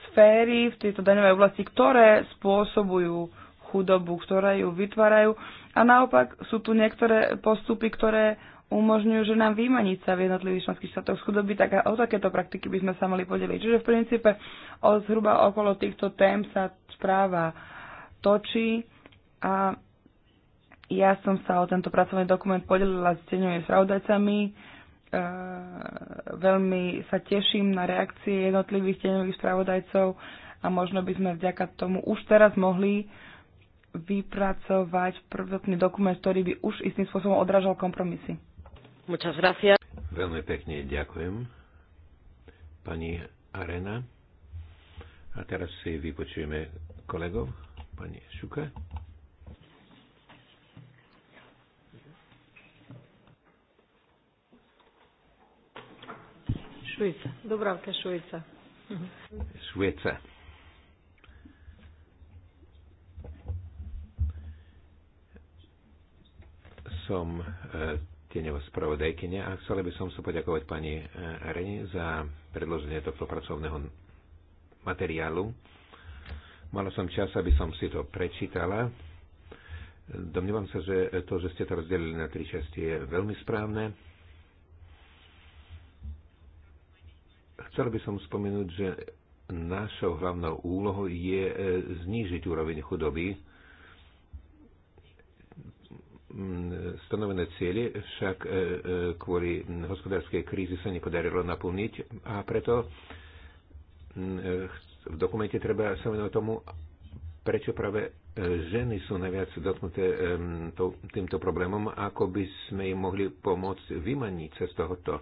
sféry v tejto daňovej oblasti, ktoré spôsobujú chudobu, ktoré ju vytvárajú. A naopak sú tu niektoré postupy, ktoré umožňujú, že nám vymaniť sa v jednotlivých členských štátoch z chudoby, tak o takéto praktiky by sme sa mali podeliť. Čiže v princípe o, zhruba okolo týchto tém sa správa točí a ja som sa o tento pracovný dokument podelila s teňovými spravodajcami. E, veľmi sa teším na reakcie jednotlivých teňových spravodajcov a možno by sme vďaka tomu už teraz mohli vypracovať prvotný dokument, ktorý by už istým spôsobom odrážal kompromisy. Muchas gracias. Veľmi pekne ďakujem. Pani Arena. A teraz si vypočujeme kolegov, pani Šuka. Švica. Dubravka Švica. Mhm. Švica. Som e, tieňová spravodajkynia a chcela by som sa poďakovať pani e, Reni za predloženie tohto pracovného materiálu. Mala som čas, aby som si to prečítala. Domnívam sa, že to, že ste to rozdelili na tri časti, je veľmi správne Chcel by som spomenúť, že našou hlavnou úlohou je e, znížiť úroveň chudoby. Mm, stanovené cieľe však e, e, kvôli hospodárskej krízi sa nepodarilo naplniť a preto mm, v dokumente treba sa venovať tomu, prečo práve ženy sú najviac dotknuté týmto problémom, ako by sme im mohli pomôcť vymaniť sa z tohoto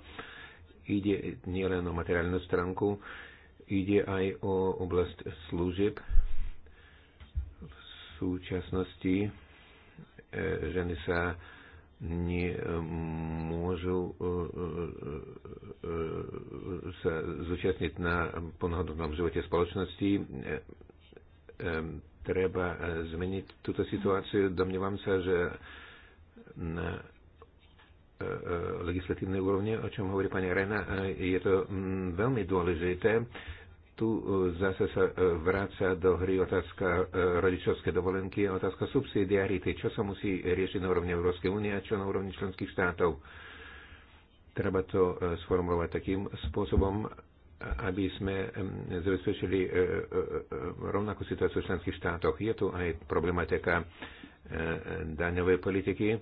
Ide nielen o materiálnu stránku, ide aj o oblasť služieb. V súčasnosti e, ženy sa nemôžu e, e, sa zúčastniť na plnohodnotnom živote spoločnosti. Treba zmeniť túto situáciu. Domnievam sa, že na E, e, legislatívnej úrovne, o čom hovorí pani Rena, e, je to mm, veľmi dôležité. Tu zase sa vráca do hry otázka rodičovskej dovolenky a otázka subsidiarity, čo sa musí riešiť na úrovni Európskej únie a čo na úrovni členských štátov. Treba to sformulovať takým spôsobom, aby sme zabezpečili rovnakú situáciu v členských štátoch. Je tu aj problematika daňovej politiky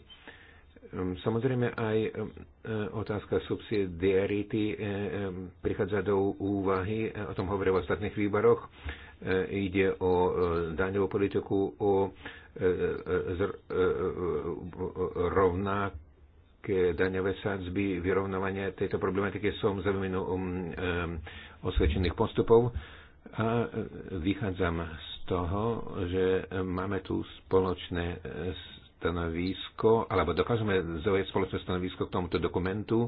Ehm, samozrejme aj ehm, e, otázka subsidiarity e, ehm, prichádza do úvahy, e, o tom hovorím v ostatných výboroch, ide o daňovú politiku, o rovnaké daňové sadzby, vyrovnovanie tejto problematiky som za výmenu um, osvedčených postupov a vychádzam z toho, že máme tu spoločné stanovisko, alebo dokážeme zaujať spoločné stanovisko k tomuto dokumentu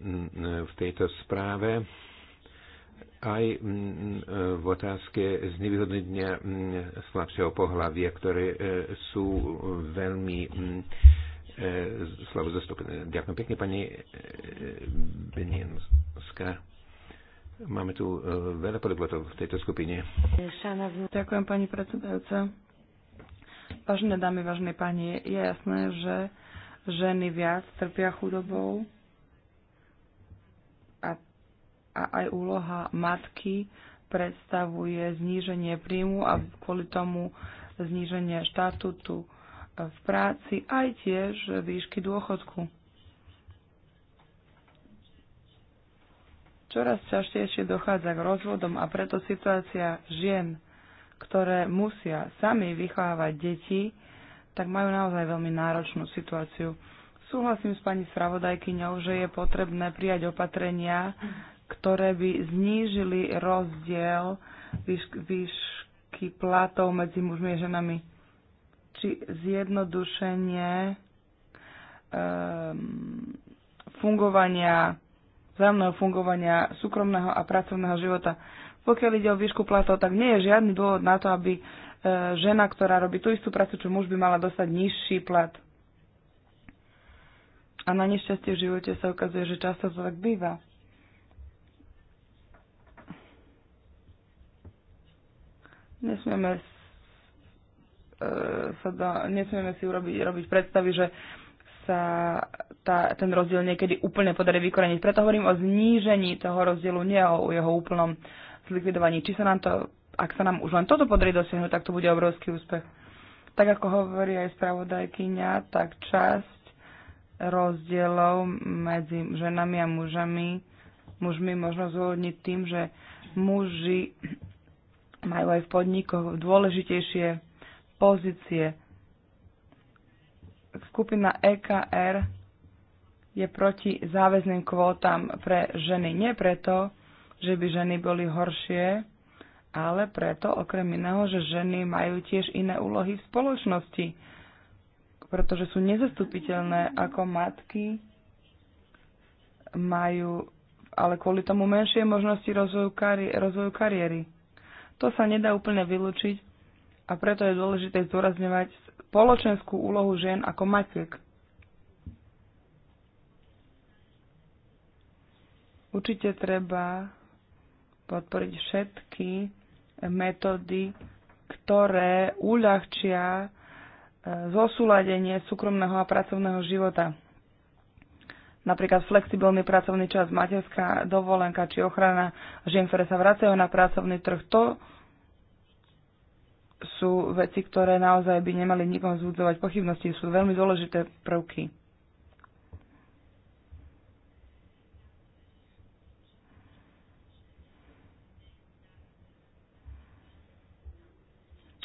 mm, mm, v tejto správe aj mm, v otázke nevyhodnenia slabšieho pohľavia, ktoré e, sú veľmi e, slabo zastúpené. Ďakujem pekne, pani e, Benienská. Máme tu veľa podobotov v tejto skupine. Ďakujem, pani predsedajúca. Vážené dámy, vážené pani, je jasné, že ženy viac trpia chudobou a, a aj úloha matky predstavuje zníženie príjmu a kvôli tomu zníženie štatutu v práci aj tiež výšky dôchodku. Čoraz častejšie dochádza k rozvodom a preto situácia žien ktoré musia sami vychovávať deti, tak majú naozaj veľmi náročnú situáciu. Súhlasím s pani spravodajkyňou, že je potrebné prijať opatrenia, ktoré by znížili rozdiel výšky platov medzi mužmi a ženami. Či zjednodušenie um, fungovania, vzájomného fungovania súkromného a pracovného života. Pokiaľ ide o výšku platov, tak nie je žiadny dôvod na to, aby e, žena, ktorá robí tú istú prácu, čo muž by mala dostať nižší plat. A na nešťastie v živote sa ukazuje, že často to tak býva. Nesmieme e, sa do, nesmieme si urobiť, robiť predstavy, že sa tá, ten rozdiel niekedy úplne podarí vykoreniť. Preto hovorím o znížení toho rozdielu, nie o jeho úplnom zlikvidovaní. Či sa nám to, ak sa nám už len toto podarí dosiahnuť, tak to bude obrovský úspech. Tak ako hovorí aj spravodajkyňa, tak časť rozdielov medzi ženami a mužami, mužmi možno zvolniť tým, že muži majú aj v podnikoch dôležitejšie pozície. Skupina EKR je proti záväzným kvótam pre ženy. Nie preto, že by ženy boli horšie, ale preto okrem iného, že ženy majú tiež iné úlohy v spoločnosti, pretože sú nezastupiteľné ako matky, majú ale kvôli tomu menšie možnosti rozvoju, kari- rozvoju kariéry. To sa nedá úplne vylúčiť a preto je dôležité zdôrazňovať spoločenskú úlohu žien ako matiek. Určite treba podporiť všetky metódy, ktoré uľahčia e, zosúladenie súkromného a pracovného života. Napríklad flexibilný pracovný čas, materská dovolenka či ochrana žien, ktoré sa vracajú na pracovný trh. To sú veci, ktoré naozaj by nemali nikomu zbudzovať pochybnosti. Sú veľmi dôležité prvky.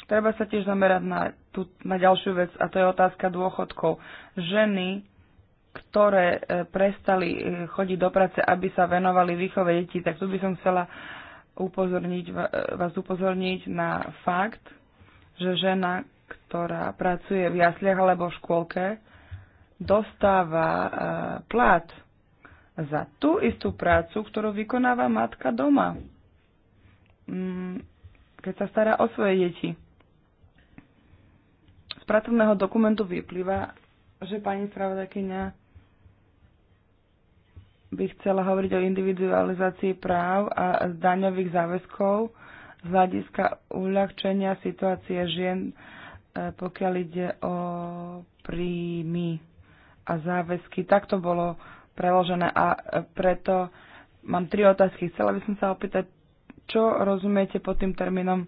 Treba sa tiež zamerať na, tú, na ďalšiu vec a to je otázka dôchodkov. Ženy, ktoré e, prestali e, chodiť do práce, aby sa venovali výchove detí, tak tu by som chcela upozorniť, e, vás upozorniť na fakt, že žena, ktorá pracuje v jasliach alebo v škôlke, dostáva plat za tú istú prácu, ktorú vykonáva matka doma, mm, keď sa stará o svoje deti pracovného dokumentu vyplýva, že pani spravodajkyňa by chcela hovoriť o individualizácii práv a daňových záväzkov z hľadiska uľahčenia situácie žien, e, pokiaľ ide o príjmy a záväzky. Tak to bolo preložené a e, preto mám tri otázky. Chcela by som sa opýtať, čo rozumiete pod tým termínom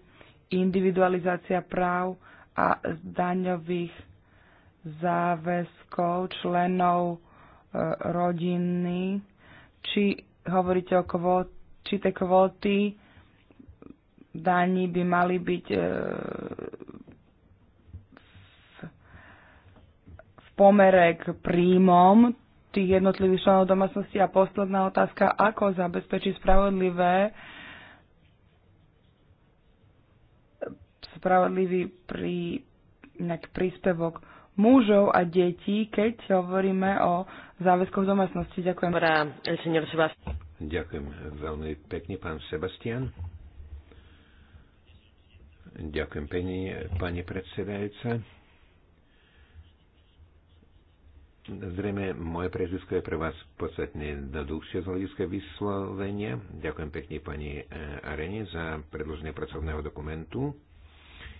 individualizácia práv a z daňových záväzkov členov e, rodiny, či hovoríte o kvót, či tie kvóty daní by mali byť e, v pomere k príjmom tých jednotlivých členov domácnosti. A posledná otázka, ako zabezpečiť spravodlivé spravodlivý prí, príspevok mužov a detí, keď hovoríme o záväzkoch domácnosti. Ďakujem. Ďakujem veľmi pekne, pán Sebastian. Ďakujem pekne, pani predsedajúca. Zrejme, moje prezisko je pre vás podstatne dlhšie z hľadiska vyslovenia. Ďakujem pekne pani eh, Arene za predloženie pracovného dokumentu.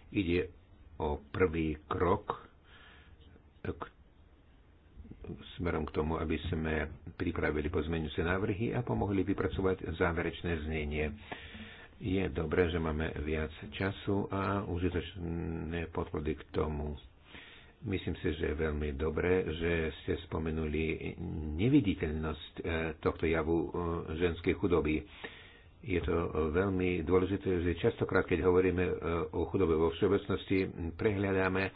Ide o prvý krok k, smerom k tomu, aby sme pripravili pozmeňujúce návrhy a pomohli vypracovať záverečné znenie. Je dobré, že máme viac času a užitočné podklady k tomu. Myslím si, že je veľmi dobré, že ste spomenuli neviditeľnosť eh, tohto javu eh, ženskej chudoby je to e, veľmi dôležité, že častokrát, keď hovoríme e, o chudobe vo všeobecnosti, prehľadáme e,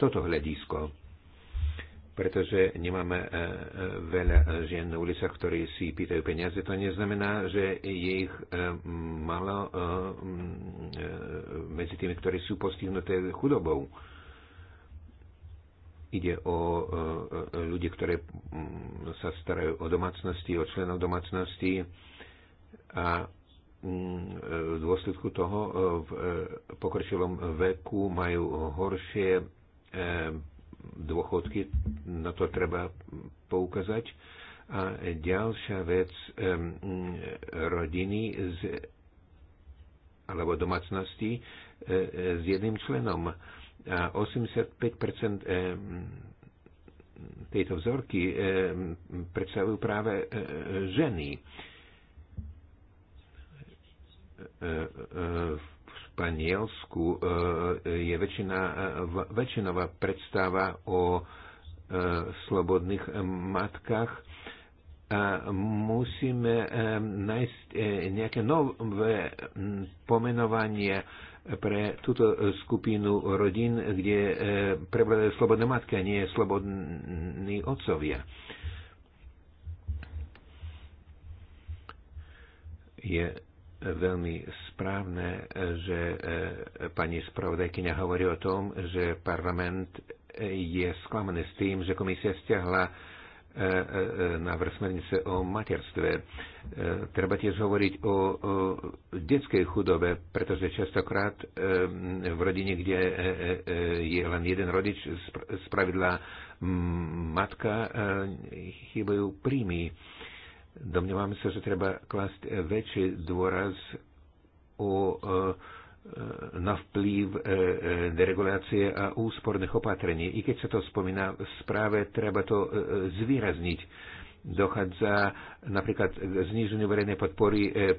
toto hľadisko, pretože nemáme veľa žien na ulicach, ktorí si pýtajú peniaze. To neznamená, že je ich malo medzi tými, ktorí sú postihnuté chudobou. Ide o ľudí, ktorí sa starajú o domácnosti, o členov domácnosti, a mm, v dôsledku toho e, e, v pokročilom veku majú horšie e, dôchodky, na to treba poukázať. A ďalšia vec, rodiny z, alebo domácnosti s jedným členom. A 85 tejto vzorky predstavujú práve ženy v Španielsku e, je väčšina, väčšinová predstava o e, slobodných e, matkách a musíme nájsť nejaké nové pomenovanie pre túto skupinu rodín, kde prevládajú slobodné matky a nie slobodní otcovia. Je veľmi správne, že e, pani spravodajkyňa hovorí o tom, že parlament e, je sklamaný s tým, že komisia stiahla e, návrh smernice o materstve. Treba tiež hovoriť o, detskej chudobe, pretože častokrát v rodine, kde je len jeden rodič, spravidla matka, chýbajú príjmy Domnievame sa, že treba klásť väčší dôraz o, e, e, na vplyv e, deregulácie a úsporných opatrení. I keď sa to spomína v správe, treba to zvýrazniť. Dochádza napríklad k zniženiu verejnej podpory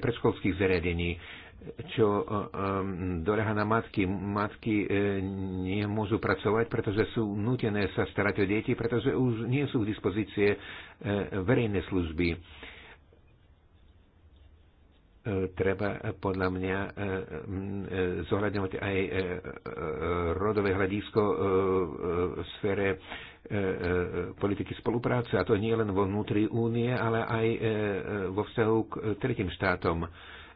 predškolských zariadení čo e, e, doľaha na matky. Matky e, nemôžu pracovať, pretože sú nutené sa starať o deti, pretože už nie sú v dispozície verejné služby. Treba podľa mňa zohľadňovať aj rodové hľadisko v sfére politiky spolupráce, a to nie len vo vnútri únie, ale aj vo vzťahu k tretím štátom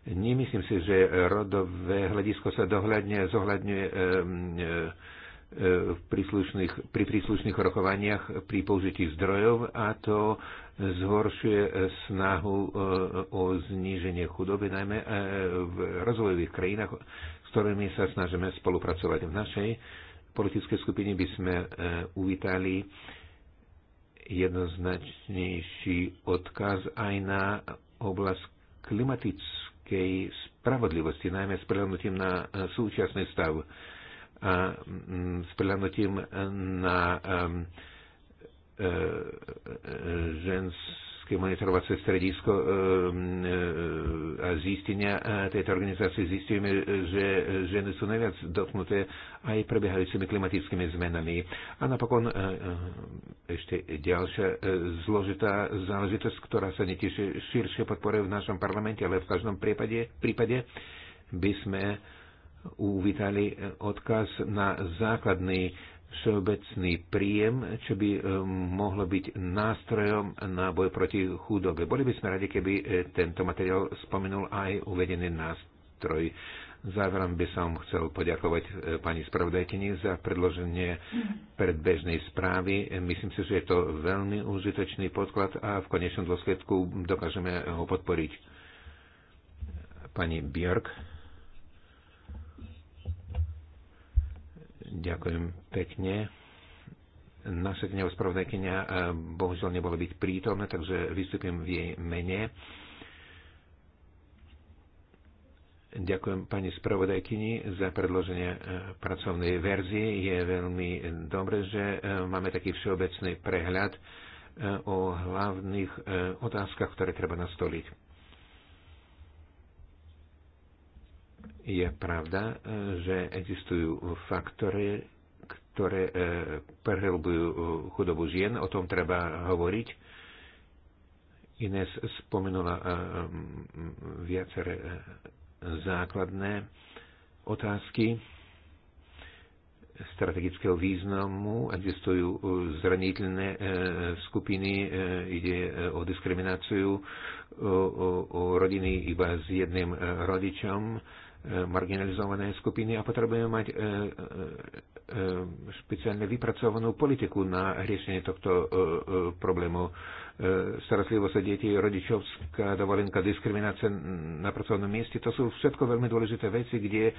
Nemyslím si, že rodové hľadisko sa dohľadne zohľadňuje e, e, v príslušných, pri príslušných rokovaniach pri použití zdrojov a to zhoršuje snahu e, o zníženie chudoby, najmä v rozvojových krajinách, s ktorými sa snažíme spolupracovať. V našej politickej skupine by sme uvítali jednoznačnejší odkaz aj na oblasť klimatickú nejakej spravodlivosti, najmä s prehľadnutím na e, súčasný stav a mm, s prehľadnutím na e, e, ženskú Európske monitorovacie stredisko ehm, ehm, a zistenia e, tejto organizácie zistujeme, že ženy sú najviac dotknuté aj prebiehajúcimi klimatickými zmenami. A napokon e, e, ešte ďalšia zložitá záležitosť, ktorá sa neteší širšie podpore v našom parlamente, ale v každom prípade, prípade by sme uvítali odkaz na základný všeobecný príjem, čo by e, mohlo byť nástrojom na boj proti chudobe. Boli by sme radi, keby e, tento materiál spomenul aj uvedený nástroj. Záverom by som chcel poďakovať e, pani spravodajkyni za predloženie predbežnej správy. Myslím si, že je to veľmi užitočný podklad a v konečnom dôsledku dokážeme ho podporiť. Pani Björk. Ďakujem pekne. Naša kniha ospravedlnenia eh, bohužiaľ nebolo byť prítomné, takže vystúpim v jej mene. Ďakujem pani spravodajkyni za predloženie eh, pracovnej verzie. Je veľmi dobre, že eh, máme taký všeobecný prehľad o hlavných otázkach, ktoré treba nastoliť. Je pravda, e, že existujú faktory, ktoré e, prehlbujú e, chudobu žien, o tom treba hovoriť. Ines spomenula viaceré základné otázky strategického významu, existujú zraniteľné skupiny, ide o diskrimináciu o, o, o rodiny iba s jedným rodičom, marginalizované skupiny a potrebujeme mať e, e, e, špeciálne vypracovanú politiku na riešenie tohto problému. Starostlivosť o deti, rodičovská dovolenka, diskriminácia na pracovnom mieste, to sú všetko veľmi dôležité veci, kde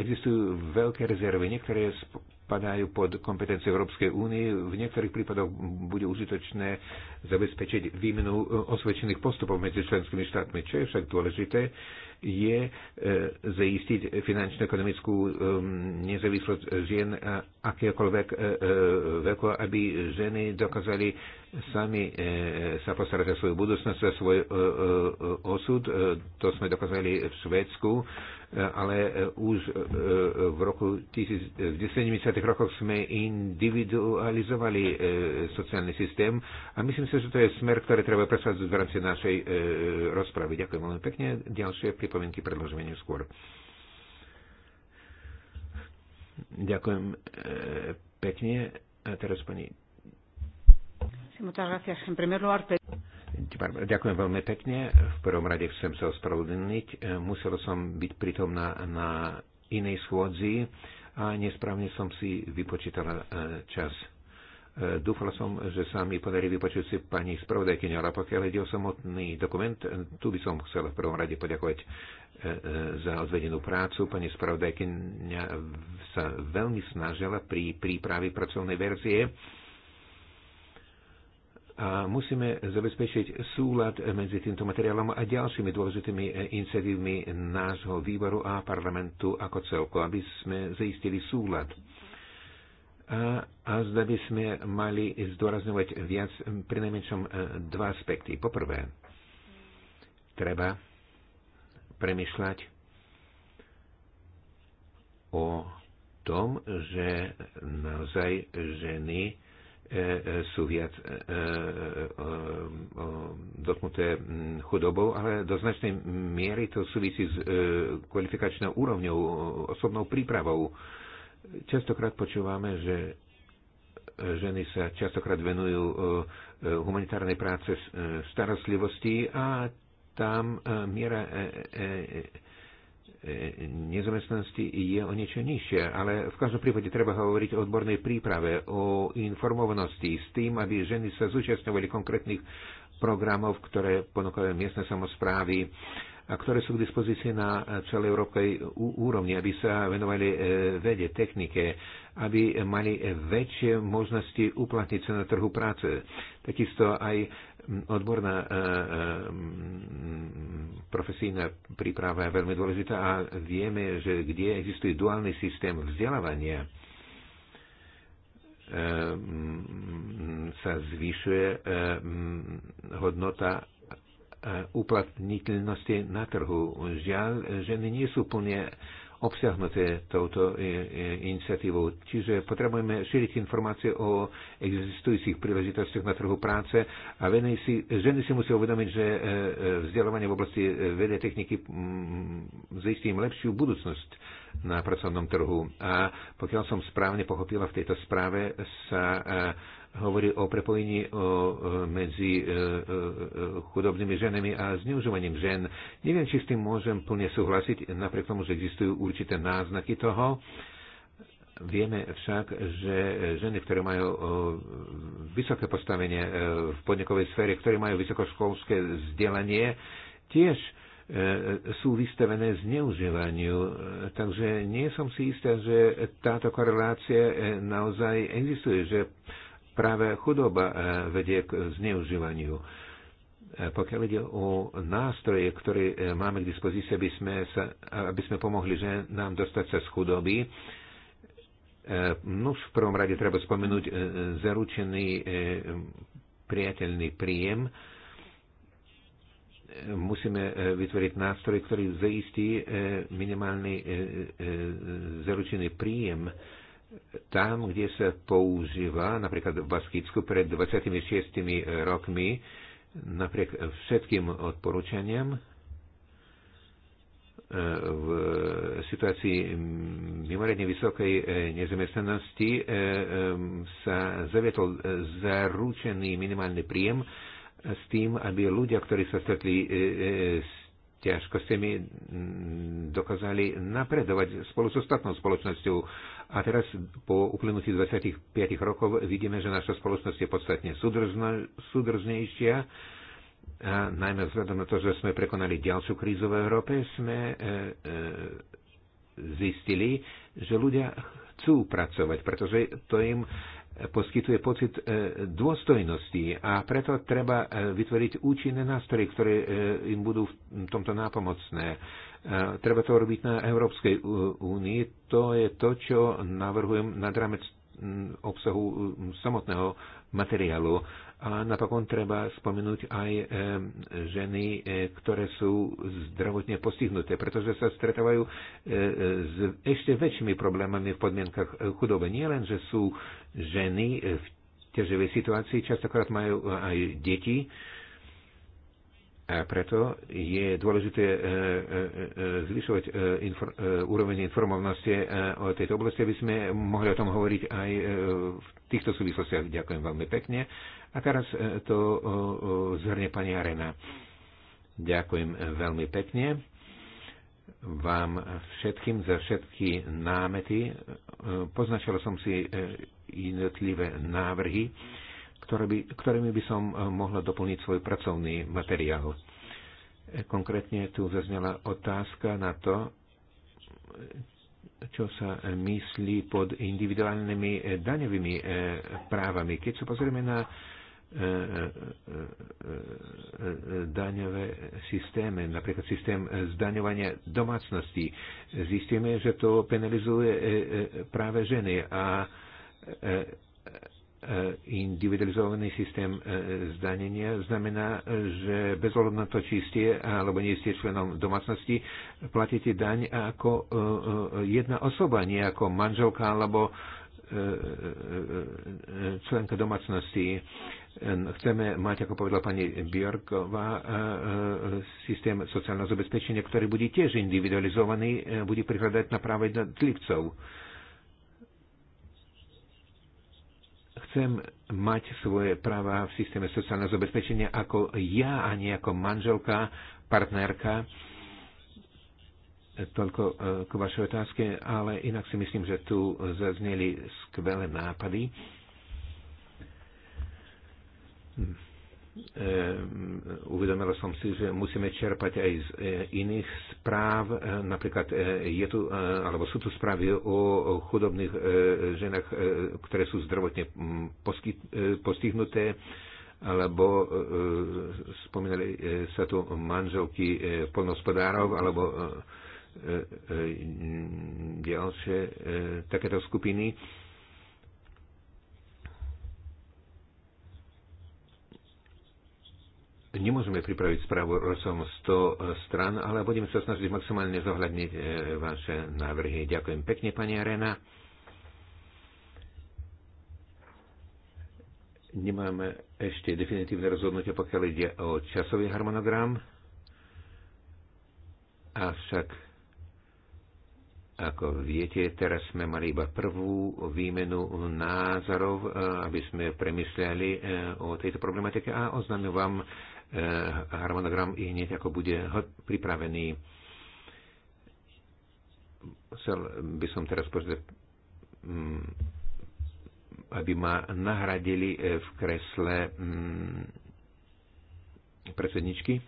existujú veľké rezervy. Niektoré spadajú pod kompetencie Európskej únie, v niektorých prípadoch bude užitočné zabezpečiť výmenu osvedčených postupov medzi členskými štátmi, čo je však dôležité je e, zaistiť finančno-ekonomickú e, nezávislosť žien akékoľvek e, veku, aby ženy dokázali sami sa postarať o svoju budúcnosť, o svoj osud. To sme dokázali v Švedsku ale e, už e, e, v roku tisíc, 70. rokoch sme individualizovali sociálny systém a myslím si, že to je smer, ktorý treba presadzovať v rámci našej rozpravy. Ďakujem veľmi pekne. Ďalšie pripomienky predložíme neskôr. Ďakujem pekne. A teraz pani. muchas gracias. En primer lugar, pero... Ďakujem veľmi pekne. V prvom rade chcem sa ospravedlniť. E, musel som byť pritom na inej schôdzi a nesprávne som si vypočítala e, čas. E, dúfala som, že sa mi podarí vypočuť si pani spravodajkyňa, ale pokiaľ ide o samotný dokument, tu by som chcel v prvom rade poďakovať za odvedenú prácu. Pani spravodajkyňa sa veľmi snažila pri príprave pracovnej verzie a musíme zabezpečiť súlad medzi týmto materiálom a ďalšími dôležitými iniciatívmi nášho výboru a parlamentu ako celku, aby sme zaistili súlad. A, a zda by sme mali zdôrazňovať viac, pri najmenšom e, dva aspekty. Poprvé, treba premyšľať o tom, že naozaj ženy E, sú viac e, e, dotknuté mm, chudobou, ale do značnej miery to súvisí s kvalifikačnou úrovňou, osobnou prípravou. Častokrát počúvame, že ženy sa častokrát venujú humanitárnej práce starostlivosti a tam miera E, nezamestnanosti je o niečo nižšie, ale v každom prípade treba hovoriť o odbornej príprave, o informovanosti s tým, aby ženy sa zúčastňovali konkrétnych programov, ktoré ponúkajú miestne samozprávy, a ktoré sú k dispozícii na e, celej európskej úrovni, aby sa venovali e, vede, technike, aby mali väčšie možnosti uplatniť sa na trhu práce. Takisto aj odborná e, profesijná príprava je veľmi dôležitá a vieme, že kde existuje duálny systém vzdelávania, sa zvyšuje hodnota uplatniteľnosti na trhu. Žiaľ, ženy nie sú plne obsiahnuté touto e, e, iniciatívou. Čiže potrebujeme šíriť informácie o existujúcich príležitostiach na trhu práce a si, ženy si musia uvedomiť, že e, vzdelávanie v oblasti vede techniky mm, zistí im lepšiu budúcnosť na pracovnom trhu. A pokiaľ som správne pochopila, v tejto správe sa hovorí o prepojení o, medzi e, e, e, chudobnými ženami a zneužívaním žen. Neviem, či s tým môžem plne súhlasiť, napriek tomu, že existujú určité náznaky toho. Vieme však, že ženy, ktoré majú vysoké postavenie v podnikovej sfére, ktoré majú vysokoškolské vzdelanie, tiež sú vystavené zneužívaniu. Takže nie som si istá, že táto korelácia naozaj existuje, že práve chudoba e, vedie k zneužívaniu. E, pokiaľ ide o nástroje, ktoré e, máme k dispozícii, aby sme, sa, aby sme pomohli že nám dostať sa z chudoby, no v prvom rade treba spomenúť zaručený priateľný príjem, musíme vytvoriť nástroj, ktorý zaistí minimálny zaručený príjem tam, kde sa používa, napríklad v Baskicku pred 26 rokmi, napriek všetkým odporúčaniam, e, v situácii mimoriadne vysokej e, nezamestnanosti e, sa zavietol zaručený minimálny príjem s tým, aby ľudia, ktorí sa stretli s ťažkostiami, dokázali napredovať spolu s so ostatnou spoločnosťou a teraz po uplynutí 25 rokov vidíme, že naša spoločnosť je podstatne súdrznejšia, a najmä vzhľadom na to, že sme prekonali ďalšiu krízu v Európe, sme e, e, zistili, že ľudia chcú pracovať, pretože to im poskytuje pocit e, dôstojnosti a preto treba e, vytvoriť účinné nástroje, ktoré e, im budú v tomto nápomocné. E, E, treba to robiť na Európskej e, únii. To je to, čo navrhujem nad rámec obsahu samotného materiálu. A napokon treba spomenúť aj e, ženy, ktoré sú zdravotne postihnuté, pretože sa stretávajú s ešte väčšími problémami v podmienkach chudoby. Nie len, že sú ženy v ťaživej situácii, častokrát majú aj deti, a preto je dôležité e, e, e, zvyšovať úroveň informovanosti o tejto oblasti, aby sme mohli o tom hovoriť aj v týchto súvislostiach. Ďakujem veľmi pekne. A teraz to zhrne pani Arena. Ďakujem veľmi pekne vám všetkým za všetky námety. Poznačila som si jednotlivé návrhy ktoré by, ktorými by som eh, mohla doplniť svoj pracovný materiál. Eh, konkrétne tu zaznela otázka na to, eh, čo sa myslí pod individuálnymi daňovými právami. Keď sa pozrieme na daňové systémy, napríklad systém zdaňovania domácností. Zistíme, že to penalizuje práve ženy a individualizovaný systém e, zdanenia znamená, že bez ohľadu na to, či ste alebo nie ste členom domácnosti, platíte daň ako e, e, jedna osoba, nie ako manželka alebo členka domácnosti. Chceme mať, ako povedala pani Bjorková, systém sociálneho zabezpečenia, ktorý bude tiež individualizovaný, bude prihľadať na práve jednotlivcov. chcem mať svoje práva v systéme sociálneho zabezpečenia ako ja a nie ako manželka, partnerka. Toľko e, k vašej otázke, ale inak si myslím, že tu zazneli skvelé nápady. Hm Ehm, uvedomila som si, že musíme čerpať aj z e, iných správ. E, napríklad e, je tu, alebo sú tu správy o chudobných ženách, ktoré sú zdravotne postihnuté, alebo spomínali sa tu manželky polnospodárov, alebo ďalšie takéto skupiny nemôžeme pripraviť správu rozsahom 100 eh, stran, ale budeme sa snažiť maximálne zohľadniť eh, vaše návrhy. Ďakujem pekne, pani Arena. Nemáme ešte definitívne rozhodnutie, pokiaľ ide o časový harmonogram. Avšak, ako viete, teraz sme mali iba prvú výmenu názorov, eh, aby sme premysleli o tejto problematike a oznámil vám Eh, harmonogram i hneď ako bude pripravený. Chcel by som teraz požiadať, mm, aby ma nahradili eh, v kresle mm, predsedničky.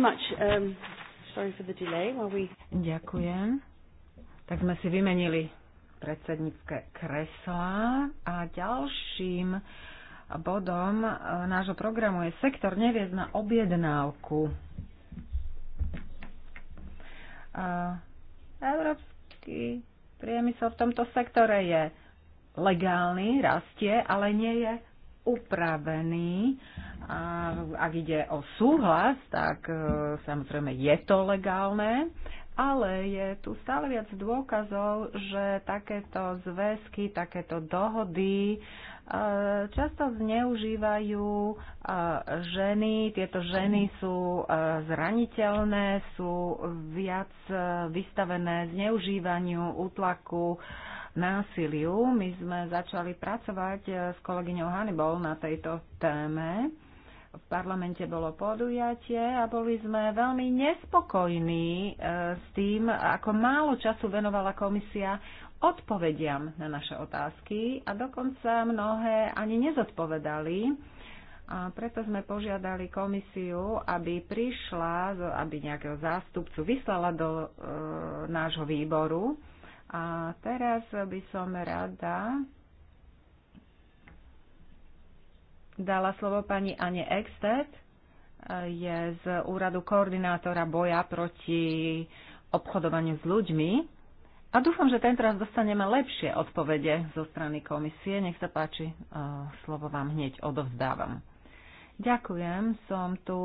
much. Um, sorry for the delay while we... Ďakujem. Tak sme si vymenili predsednícke kreslá a ďalším bodom e, nášho programu je sektor neviez na objednávku. A európsky priemysel v tomto sektore je legálny, rastie, ale nie je upravený a ak ide o súhlas, tak e, samozrejme je to legálne, ale je tu stále viac dôkazov, že takéto zväzky, takéto dohody e, často zneužívajú e, ženy. Tieto ženy sú zraniteľné, sú viac vystavené zneužívaniu, útlaku, násiliu. My sme začali pracovať s kolegyňou Hannibal na tejto téme v parlamente bolo podujatie a boli sme veľmi nespokojní e, s tým, ako málo času venovala komisia odpovediam na naše otázky a dokonca mnohé ani nezodpovedali. A preto sme požiadali komisiu, aby prišla, aby nejakého zástupcu vyslala do e, nášho výboru. A teraz by som rada dala slovo pani Ane Ekstedt, je z úradu koordinátora boja proti obchodovaniu s ľuďmi. A dúfam, že tentoraz dostaneme lepšie odpovede zo strany komisie. Nech sa páči, slovo vám hneď odovzdávam. Ďakujem, som tu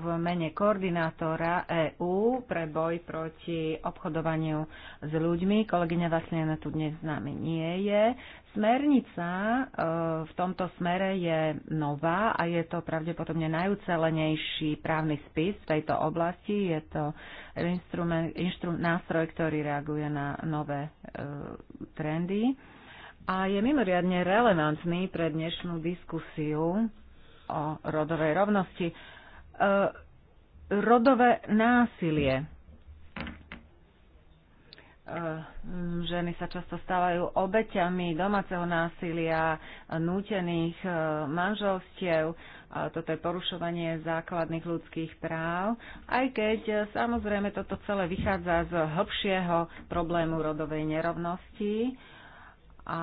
v mene koordinátora EÚ pre boj proti obchodovaniu s ľuďmi. Kolegyňa Vasliana tu dnes s nami nie je. Smernica v tomto smere je nová a je to pravdepodobne najucelenejší právny spis v tejto oblasti. Je to instrument, inštru, nástroj, ktorý reaguje na nové trendy a je mimoriadne relevantný pre dnešnú diskusiu o rodovej rovnosti. E, rodové násilie. E, ženy sa často stávajú obeťami domáceho násilia, nútených e, manželstiev. Toto je porušovanie základných ľudských práv, aj keď samozrejme toto celé vychádza z hĺbšieho problému rodovej nerovnosti. A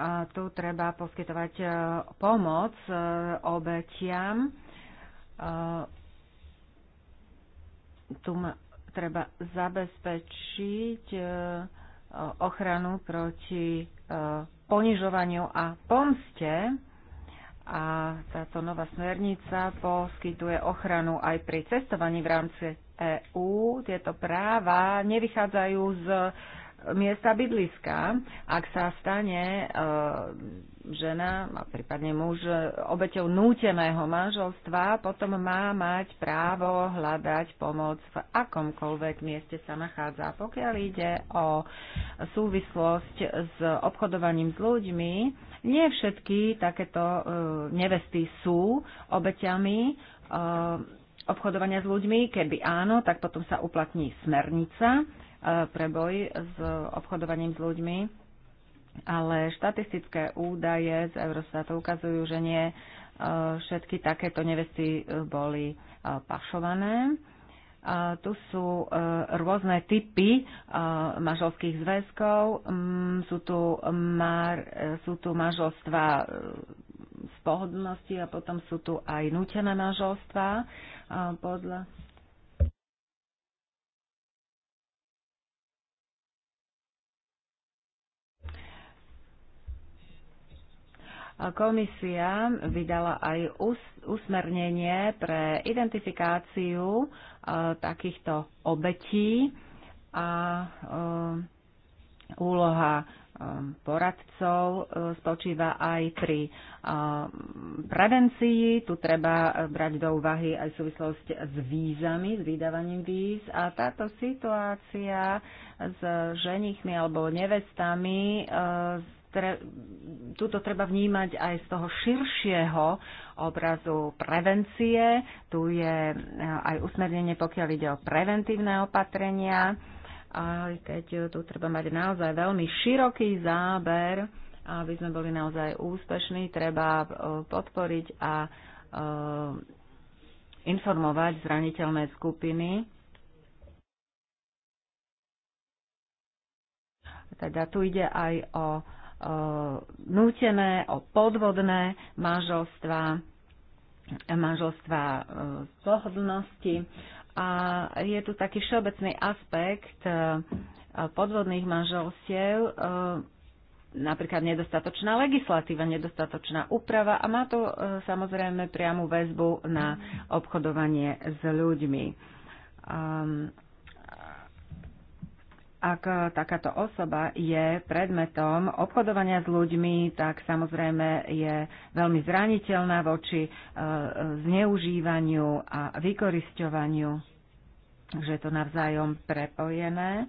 a tu treba poskytovať e, pomoc e, obetiam. E, tu treba zabezpečiť ochranu proti ponižovaniu a pomste a táto nová smernica poskytuje ochranu aj pri cestovaní v rámci EÚ. Tieto práva nevychádzajú z miesta bydliska, ak sa stane eh, žena, a prípadne muž, obeťou núteného manželstva, potom má mať právo hľadať pomoc v akomkoľvek mieste sa nachádza. Pokiaľ ide o súvislosť s obchodovaním s ľuďmi, nie všetky takéto eh, nevesty sú obeťami eh, obchodovania s ľuďmi. Keby áno, tak potom sa uplatní smernica preboj s obchodovaním s ľuďmi, ale štatistické údaje z Eurostatu ukazujú, že nie e, všetky takéto nevesty e, boli e, pašované. Tu sú rôzne typy manželských zväzkov. Mm, sú tu, mar, sú tu manželstva z pohodlnosti a potom sú tu aj nutené manželstva podľa Komisia vydala aj usmernenie pre identifikáciu e, takýchto obetí a e, úloha e, poradcov spočíva aj pri prevencii. Tu treba brať do úvahy aj súvislosť s vízami, s vydávaním víz. A táto situácia s ženichmi alebo nevestami tre, túto treba vnímať aj z toho širšieho obrazu prevencie. Tu je e, aj usmernenie, pokiaľ ide o preventívne opatrenia, aj keď tu treba mať naozaj veľmi široký záber, aby sme boli naozaj úspešní, treba e, podporiť a e, informovať zraniteľné skupiny. Teda tu ide aj o Eh, nútené, o podvodné manželstva, manželstva z eh, pohodlnosti. A je tu taký všeobecný aspekt eh, podvodných manželstiev, napríklad nedostatočná legislatíva, nedostatočná úprava a má to samozrejme priamu väzbu na obchodovanie s ľuďmi. Ehm, ak eh, takáto osoba je predmetom obchodovania s ľuďmi, tak samozrejme je veľmi zraniteľná voči eh, zneužívaniu a vykorisťovaniu. Takže je to navzájom prepojené. Eh,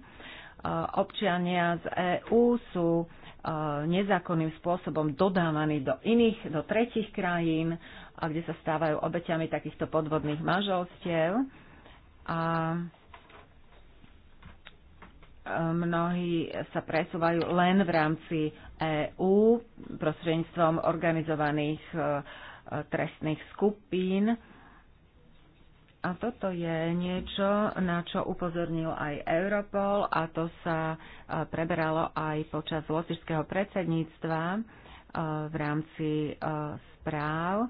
občania z EÚ sú nezákonným spôsobom dodávaní do iných, do tretich krajín, kde sa stávajú obeťami takýchto podvodných manželstiev. A mnohí sa presúvajú len v rámci EÚ prostredníctvom organizovaných e, trestných skupín. A toto je niečo, na čo upozornil aj Europol a to sa e, preberalo aj počas lotišského predsedníctva e, v rámci správ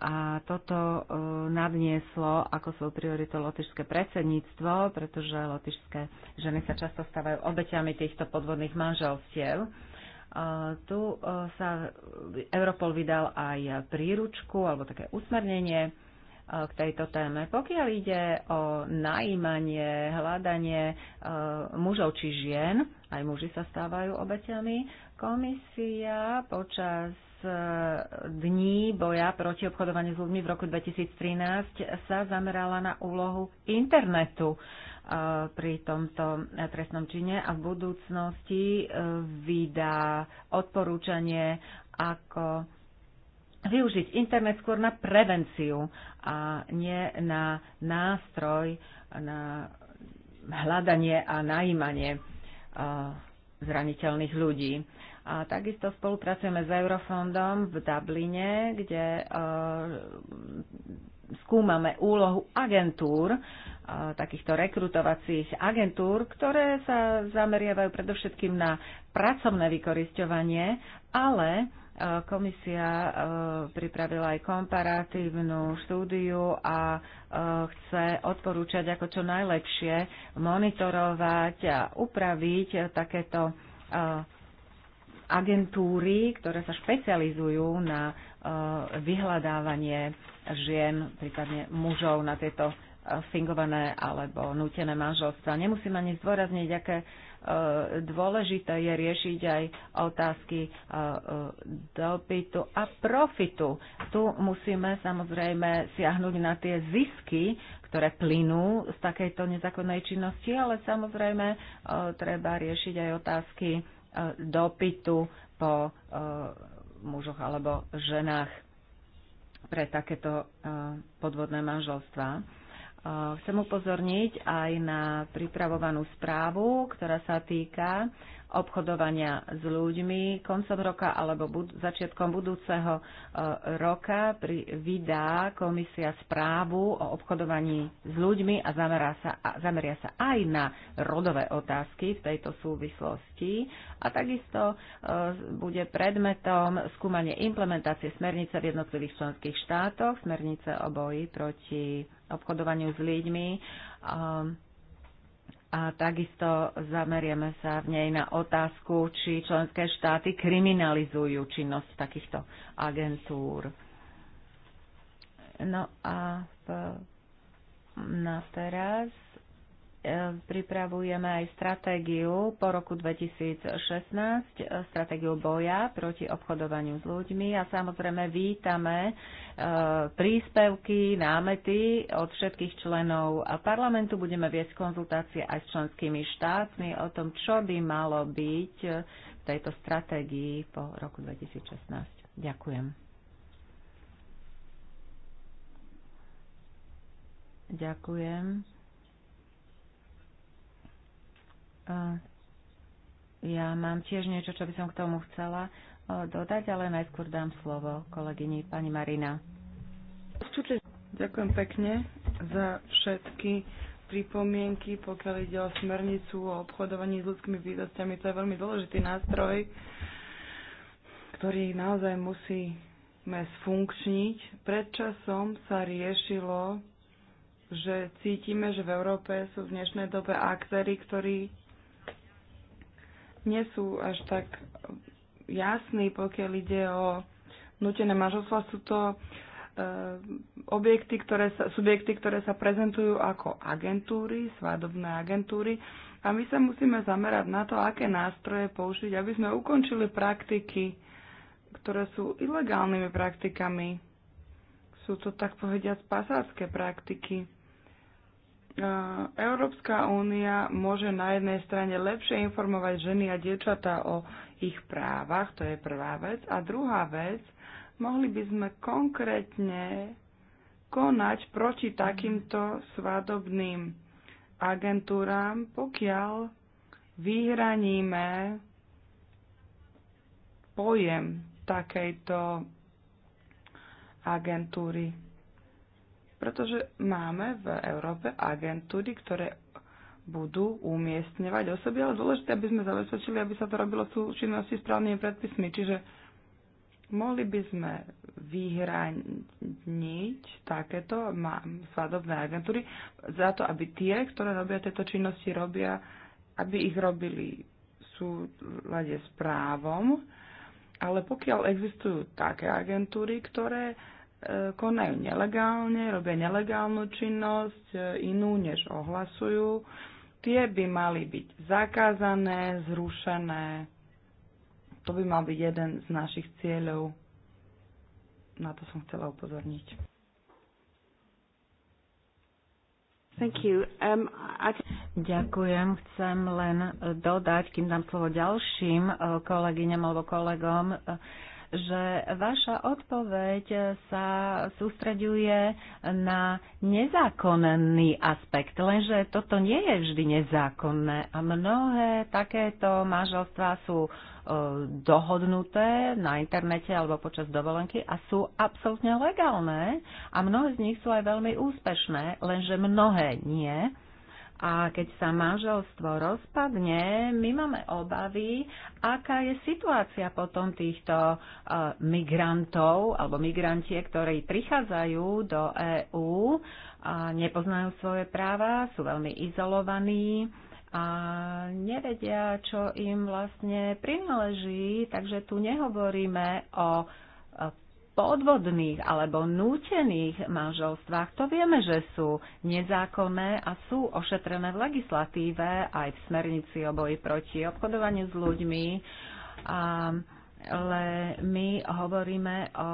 a toto e, nadnieslo ako svoju prioritu lotišské predsedníctvo, pretože lotišské ženy sa často stávajú obeťami týchto podvodných manželstiev. Tu e, sa Europol vydal aj príručku alebo také usmernenie e, k tejto téme. Pokiaľ ide o najímanie, hľadanie mužov či žien, aj muži sa stávajú obeťami, komisia počas dní boja proti obchodovaniu s ľuďmi v roku 2013 sa zamerala na úlohu internetu e, pri tomto trestnom čine a v budúcnosti e, vydá odporúčanie, ako využiť internet skôr na prevenciu a nie na nástroj, na hľadanie a najímanie e, zraniteľných ľudí. A takisto spolupracujeme s Eurofondom v Dubline, kde e, skúmame úlohu agentúr, e, takýchto rekrutovacích agentúr, ktoré sa zameriavajú predovšetkým na pracovné vykorisťovanie, ale e, komisia pripravila aj komparatívnu štúdiu a chce odporúčať, ako čo najlepšie monitorovať a upraviť takéto agentúry, ktoré sa špecializujú na e, vyhľadávanie žien, prípadne mužov na tieto e, fingované alebo nutené manželstva. Nemusím ani zdôrazniť, aké e, dôležité je riešiť aj otázky dopytu a profitu. Tu musíme samozrejme siahnuť na tie zisky, ktoré plynú z takejto nezákonnej činnosti, ale samozrejme treba riešiť aj otázky dopytu po eh, mužoch alebo ženách pre takéto eh, podvodné manželstvá. Eh, chcem upozorniť aj na pripravovanú správu, ktorá sa týka obchodovania s ľuďmi koncom roka alebo bud- začiatkom budúceho e, roka pri- vydá komisia správu o obchodovaní s ľuďmi a, zamerá sa, a zameria sa aj na rodové otázky v tejto súvislosti a takisto e, bude predmetom skúmanie implementácie smernice v jednotlivých členských štátoch, smernice o boji proti obchodovaniu s ľuďmi. Uh, a takisto zamerieme sa v nej na otázku, či členské štáty kriminalizujú činnosť takýchto agentúr. No a v, na teraz pripravujeme aj stratégiu po roku 2016, stratégiu boja proti obchodovaniu s ľuďmi a samozrejme vítame e, príspevky, námety od všetkých členov parlamentu. Budeme viesť konzultácie aj s členskými štátmi o tom, čo by malo byť v tejto stratégii po roku 2016. Ďakujem. Ďakujem. Ja mám tiež niečo, čo by som k tomu chcela e, dodať, ale najskôr dám slovo kolegyni pani Marina. Ďakujem pekne za všetky pripomienky, pokiaľ ide o smernicu o obchodovaní s ľudskými bytostiami. To je veľmi dôležitý nástroj, ktorý naozaj musíme sfunkčniť. Pred časom sa riešilo, že cítime, že v Európe sú v dnešnej dobe aktéry, ktorí nie sú až tak jasný, pokiaľ ide o nutené manželstva. Sú to e, objekty, ktoré sa, subjekty, ktoré sa prezentujú ako agentúry, svadobné agentúry a my sa musíme zamerať na to, aké nástroje použiť, aby sme ukončili praktiky, ktoré sú ilegálnymi praktikami. Sú to tak povediať pasárske praktiky. Európska únia môže na jednej strane lepšie informovať ženy a dievčatá o ich právach, to je prvá vec. A druhá vec, mohli by sme konkrétne konať proti takýmto svadobným agentúram, pokiaľ vyhraníme pojem takejto agentúry pretože máme v Európe agentúry, ktoré budú umiestňovať osoby, ale dôležité, aby sme zabezpečili, aby sa to robilo v súčinnosti s právnymi predpismi. Čiže mohli by sme vyhraniť takéto svadobné agentúry za to, aby tie, ktoré robia tieto činnosti, robia, aby ich robili v súlade s právom. Ale pokiaľ existujú také agentúry, ktoré E, konajú nelegálne, robia nelegálnu činnosť, e, inú než ohlasujú, tie by mali byť zakázané, zrušené. To by mal byť jeden z našich cieľov. Na to som chcela upozorniť. Thank you. Um, I... Ďakujem. Chcem len dodať, kým dám slovo ďalším e, kolegyňam alebo kolegom, že vaša odpoveď sa sústreďuje na nezákonný aspekt, lenže toto nie je vždy nezákonné a mnohé takéto manželstvá sú e, dohodnuté na internete alebo počas dovolenky a sú absolútne legálne a mnohé z nich sú aj veľmi úspešné, lenže mnohé nie a keď sa manželstvo rozpadne, my máme obavy, aká je situácia potom týchto e, migrantov alebo migranti, ktorí prichádzajú do EÚ a nepoznajú svoje práva, sú veľmi izolovaní a nevedia, čo im vlastne prináleží. Takže tu nehovoríme o e, podvodných alebo nútených manželstvách, to vieme, že sú nezákonné a sú ošetrené v legislatíve aj v smernici o boji proti obchodovaniu s ľuďmi. Ale my hovoríme o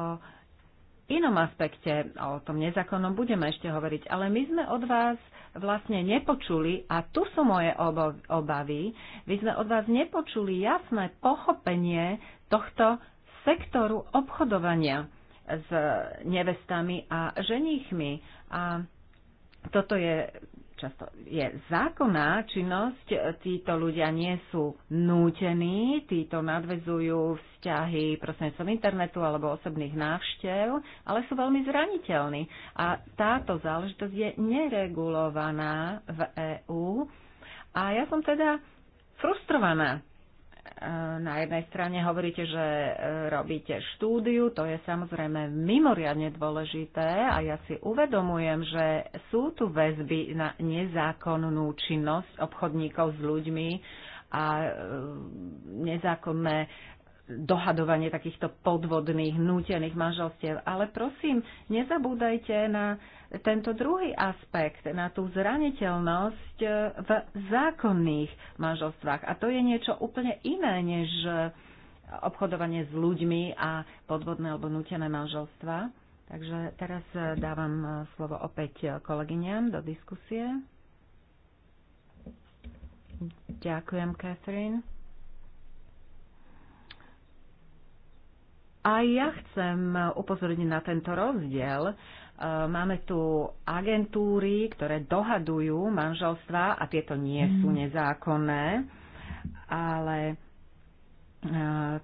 inom aspekte, o tom nezákonnom budeme ešte hovoriť, ale my sme od vás vlastne nepočuli, a tu sú moje obavy, my sme od vás nepočuli jasné pochopenie tohto sektoru obchodovania s nevestami a ženichmi. A toto je často je zákonná činnosť, títo ľudia nie sú nútení, títo nadvezujú vzťahy prostredníctvom internetu alebo osobných návštev, ale sú veľmi zraniteľní. A táto záležitosť je neregulovaná v EÚ. A ja som teda frustrovaná na jednej strane hovoríte, že e, robíte štúdiu, to je samozrejme mimoriadne dôležité a ja si uvedomujem, že sú tu väzby na nezákonnú činnosť obchodníkov s ľuďmi a e, nezákonné dohadovanie takýchto podvodných, nútených manželstiev. Ale prosím, nezabúdajte na tento druhý aspekt, na tú zraniteľnosť e, v zákonných manželstvách. A to je niečo úplne iné, než e, obchodovanie s ľuďmi a podvodné alebo nutené manželstva. Takže teraz e, dávam slovo opäť kolegyňam do diskusie. Ďakujem, Catherine. A ja chcem upozorniť na tento rozdiel E, máme tu agentúry, ktoré dohadujú manželstva a tieto nie mhm. sú nezákonné, ale e,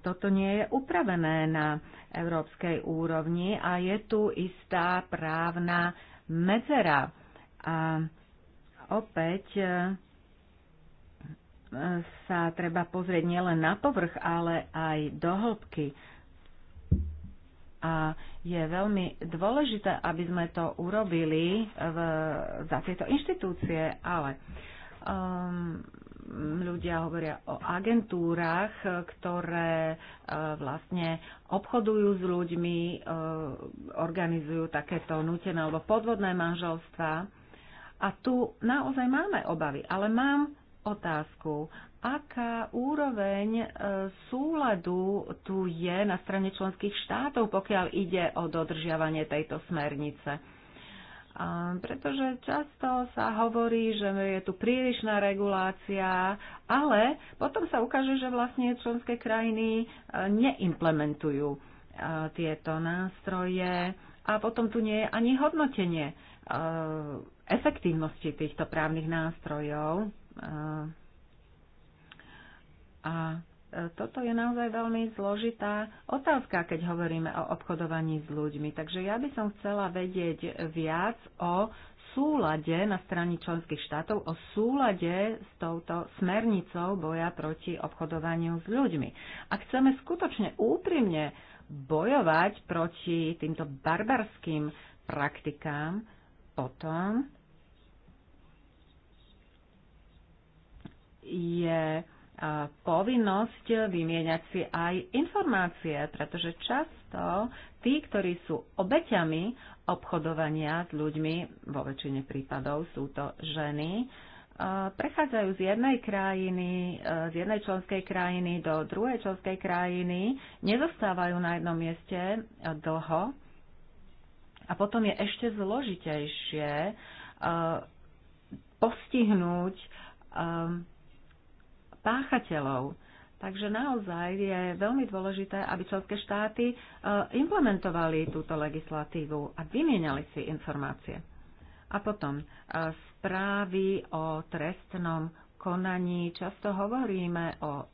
toto nie je upravené na európskej úrovni a je tu istá právna medzera. A opäť e, sa treba pozrieť nielen na povrch, ale aj do hĺbky. A je veľmi dôležité, aby sme to urobili v, za tieto inštitúcie, ale um, ľudia hovoria o agentúrach, ktoré uh, vlastne obchodujú s ľuďmi, uh, organizujú takéto nutené alebo podvodné manželstva. A tu naozaj máme obavy, ale mám otázku, aká úroveň e, súladu tu je na strane členských štátov, pokiaľ ide o dodržiavanie tejto smernice. Pretože často sa hovorí, že je tu prílišná regulácia, ale potom sa ukáže, že vlastne členské krajiny e, neimplementujú e, tieto nástroje a potom tu nie je ani hodnotenie efektívnosti týchto právnych nástrojov. A toto je naozaj veľmi zložitá otázka, keď hovoríme o obchodovaní s ľuďmi. Takže ja by som chcela vedieť viac o súlade na strane členských štátov, o súlade s touto smernicou boja proti obchodovaniu s ľuďmi. Ak chceme skutočne úprimne bojovať proti týmto barbarským praktikám, potom je povinnosť vymieňať si aj informácie, pretože často tí, ktorí sú obeťami obchodovania s ľuďmi, vo väčšine prípadov sú to ženy, prechádzajú z jednej krajiny, z jednej členskej krajiny do druhej členskej krajiny, nezostávajú na jednom mieste dlho a potom je ešte zložitejšie postihnúť páchateľov. Takže naozaj je veľmi dôležité, aby členské štáty e, implementovali túto legislatívu a vymieniali si informácie. A potom e, správy o trestnom konaní. Často hovoríme o e,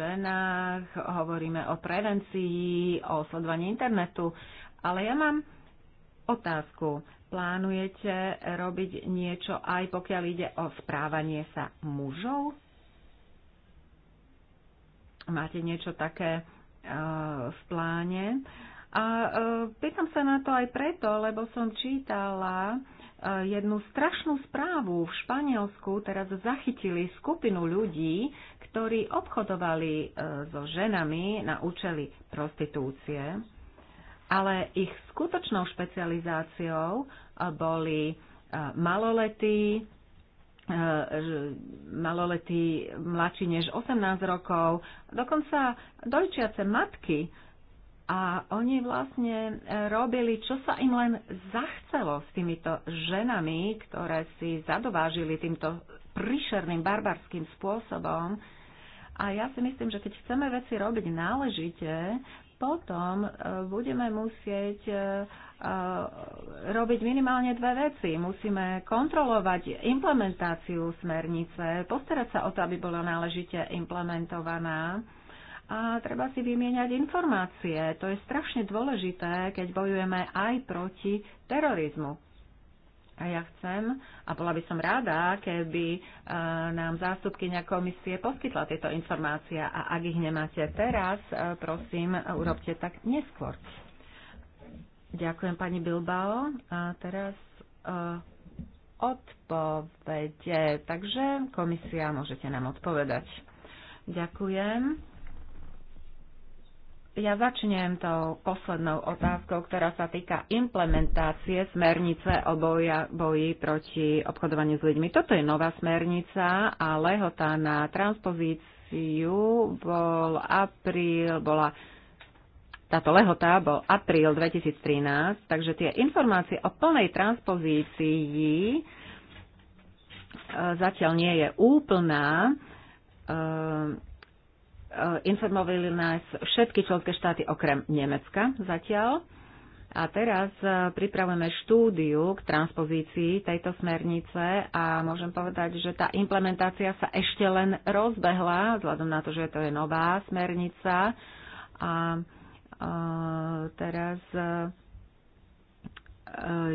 ženách, hovoríme o prevencii, o sledovaní internetu, ale ja mám otázku plánujete robiť niečo aj pokiaľ ide o správanie sa mužov? Máte niečo také e, v pláne? A e, pýtam sa na to aj preto, lebo som čítala e, jednu strašnú správu. V Španielsku teraz zachytili skupinu ľudí, ktorí obchodovali so ženami na účely prostitúcie ale ich skutočnou špecializáciou eh, boli eh, maloletí, eh, maloletí mladší než 18 rokov, dokonca dojčiace matky. A oni vlastne robili, čo sa im len zachcelo s týmito ženami, ktoré si zadovážili týmto príšerným barbarským spôsobom. A ja si myslím, že keď chceme veci robiť náležite, potom e, budeme musieť e, e, robiť minimálne dve veci. Musíme kontrolovať implementáciu smernice, postarať sa o to, aby bola náležite implementovaná a treba si vymieňať informácie. To je strašne dôležité, keď bojujeme aj proti terorizmu. A ja chcem, a bola by som rada, keby e, nám zástupkynia komisie poskytla tieto informácie a ak ich nemáte teraz, e, prosím, urobte tak neskôr. Ďakujem pani Bilbao. A teraz e, odpovede. Takže komisia, môžete nám odpovedať. Ďakujem. Ja začnem tou poslednou otázkou, ktorá sa týka implementácie smernice o boja, boji proti obchodovaniu s ľuďmi. Toto je nová smernica a lehota na transpozíciu bol apríl, bola táto lehota bol apríl 2013, takže tie informácie o plnej transpozícii e, zatiaľ nie je úplná. E informovali nás všetky členské štáty okrem Nemecka zatiaľ. A teraz e, pripravujeme štúdiu k transpozícii tejto smernice a môžem povedať, že tá implementácia sa ešte len rozbehla, vzhľadom na to, že to je nová smernica. A e, teraz e,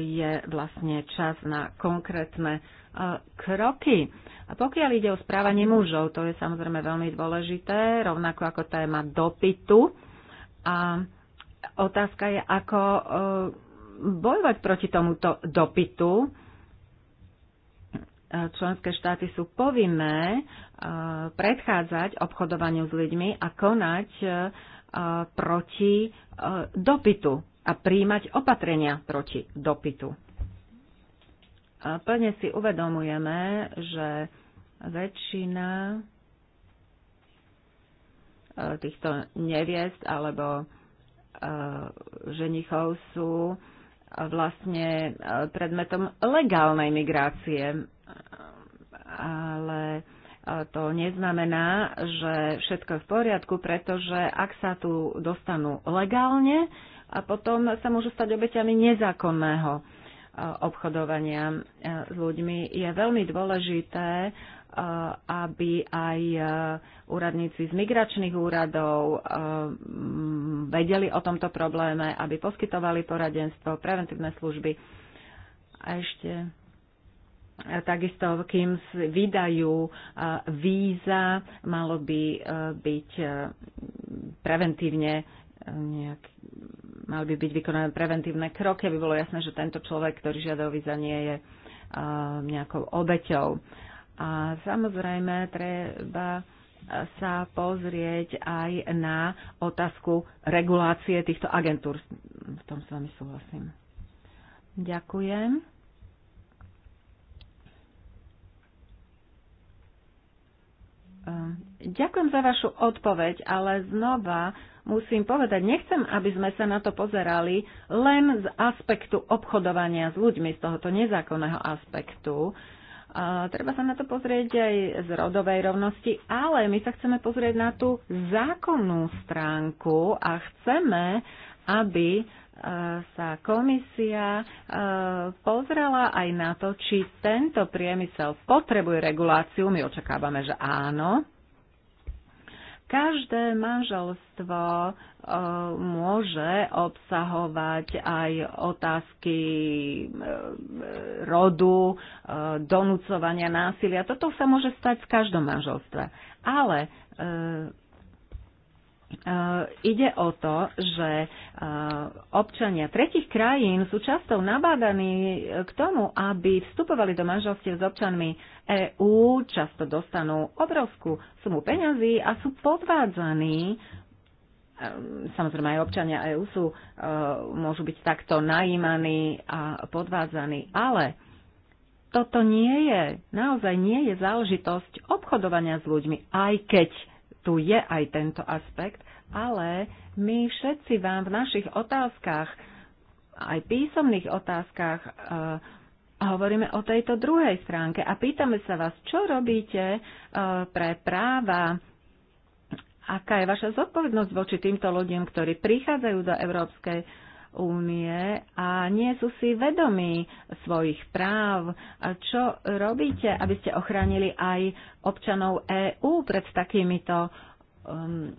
je vlastne čas na konkrétne kroky a pokiaľ ide o správanie mužov, to je samozrejme veľmi dôležité, rovnako ako téma dopytu. A otázka je, ako e, bojovať proti tomuto dopytu. E, členské štáty sú povinné e, predchádzať obchodovaniu s ľuďmi a konať proti dopytu a príjmať opatrenia proti dopytu plne si uvedomujeme, že väčšina e, týchto neviest alebo e, ženichov sú e, vlastne predmetom legálnej migrácie. Ale to neznamená, že všetko je v poriadku, pretože ak sa tu dostanú legálne, a potom sa môžu stať obeťami nezákonného obchodovania eh, s ľuďmi. Je veľmi dôležité, eh, aby aj eh, úradníci z migračných úradov vedeli o tomto probléme, aby poskytovali poradenstvo, preventívne služby. A ešte takisto, kým vydajú víza, malo by byť preventívne nejaký mali by byť vykonané preventívne kroky, aby bolo jasné, že tento človek, ktorý žiada o víza, nie je nejakou obeťou. A samozrejme, treba sa pozrieť aj na otázku regulácie týchto agentúr. V tom s vami súhlasím. Ďakujem. Ehm, ďakujem za vašu odpoveď, ale znova musím povedať, nechcem, aby sme sa na to pozerali len z aspektu obchodovania s ľuďmi, z tohoto nezákonného aspektu. A treba sa na to pozrieť aj z rodovej rovnosti, ale my sa chceme pozrieť na tú zákonnú stránku a chceme, aby sa komisia e, pozrela aj na to, či tento priemysel potrebuje reguláciu. My očakávame, že áno. Každé manželstvo e, môže obsahovať aj otázky e, rodu, donúcovania násilia. Toto sa môže stať v každom manželstve. Ale Eh, ide o to, že eh, občania tretich krajín sú často nabádaní eh, k tomu, aby vstupovali do manželstiev s občanmi EÚ, často dostanú obrovskú sumu peňazí a sú podvádzaní ehm, samozrejme aj občania EÚ sú, môžu byť takto najímaní a podvádzaní, ale toto nie je, naozaj nie je záležitosť obchodovania s ľuďmi, aj keď tu je aj tento aspekt, ale my všetci vám v našich otázkach, aj písomných otázkach, e, hovoríme o tejto druhej stránke a pýtame sa vás, čo robíte e, pre práva aká je vaša zodpovednosť voči týmto ľuďom, ktorí prichádzajú do Európskej únie a nie sú si vedomí svojich práv. A čo robíte, aby ste ochránili aj občanov EÚ pred takýmito um,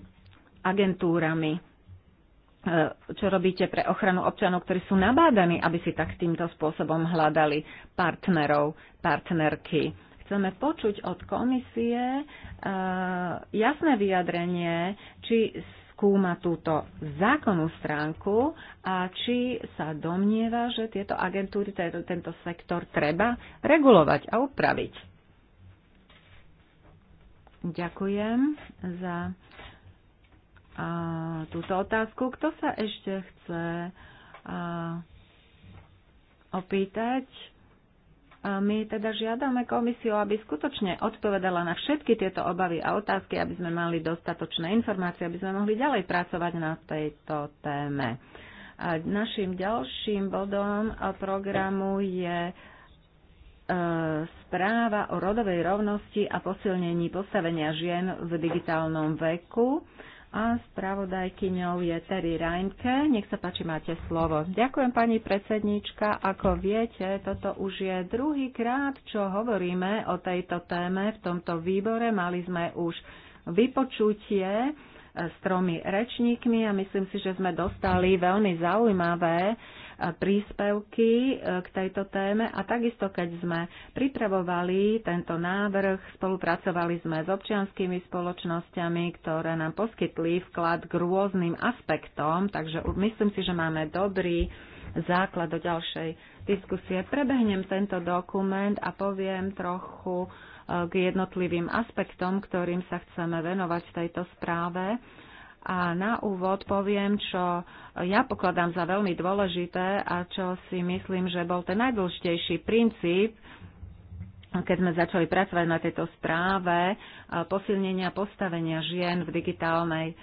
agentúrami? E, čo robíte pre ochranu občanov, ktorí sú nabádaní, aby si tak týmto spôsobom hľadali partnerov, partnerky. Chceme počuť od komisie e, jasné vyjadrenie, či skúma túto zákonnú stránku a či sa domnieva, že tieto agentúry, tento, tento sektor treba regulovať a upraviť. Ďakujem za a, túto otázku. Kto sa ešte chce a, opýtať? my teda žiadame komisiu, aby skutočne odpovedala na všetky tieto obavy a otázky, aby sme mali dostatočné informácie, aby sme mohli ďalej pracovať na tejto téme. A našim ďalším bodom programu je e, správa o rodovej rovnosti a posilnení postavenia žien v digitálnom veku a spravodajkyňou je Terry Reinke. Nech sa páči, máte slovo. Ďakujem, pani predsedníčka. Ako viete, toto už je druhý krát, čo hovoríme o tejto téme v tomto výbore. Mali sme už vypočutie eh, s tromi rečníkmi a myslím si, že sme dostali veľmi zaujímavé E, príspevky e, k tejto téme a takisto, keď sme pripravovali tento návrh, spolupracovali sme s občianskými spoločnosťami, ktoré nám poskytli vklad k rôznym aspektom, takže myslím si, že máme dobrý základ do ďalšej diskusie. Prebehnem tento dokument a poviem trochu e, k jednotlivým aspektom, ktorým sa chceme venovať v tejto správe. A na úvod poviem, čo ja pokladám za veľmi dôležité a čo si myslím, že bol ten najdôležitejší princíp, keď sme začali pracovať na tejto správe, posilnenia postavenia žien v digitálnej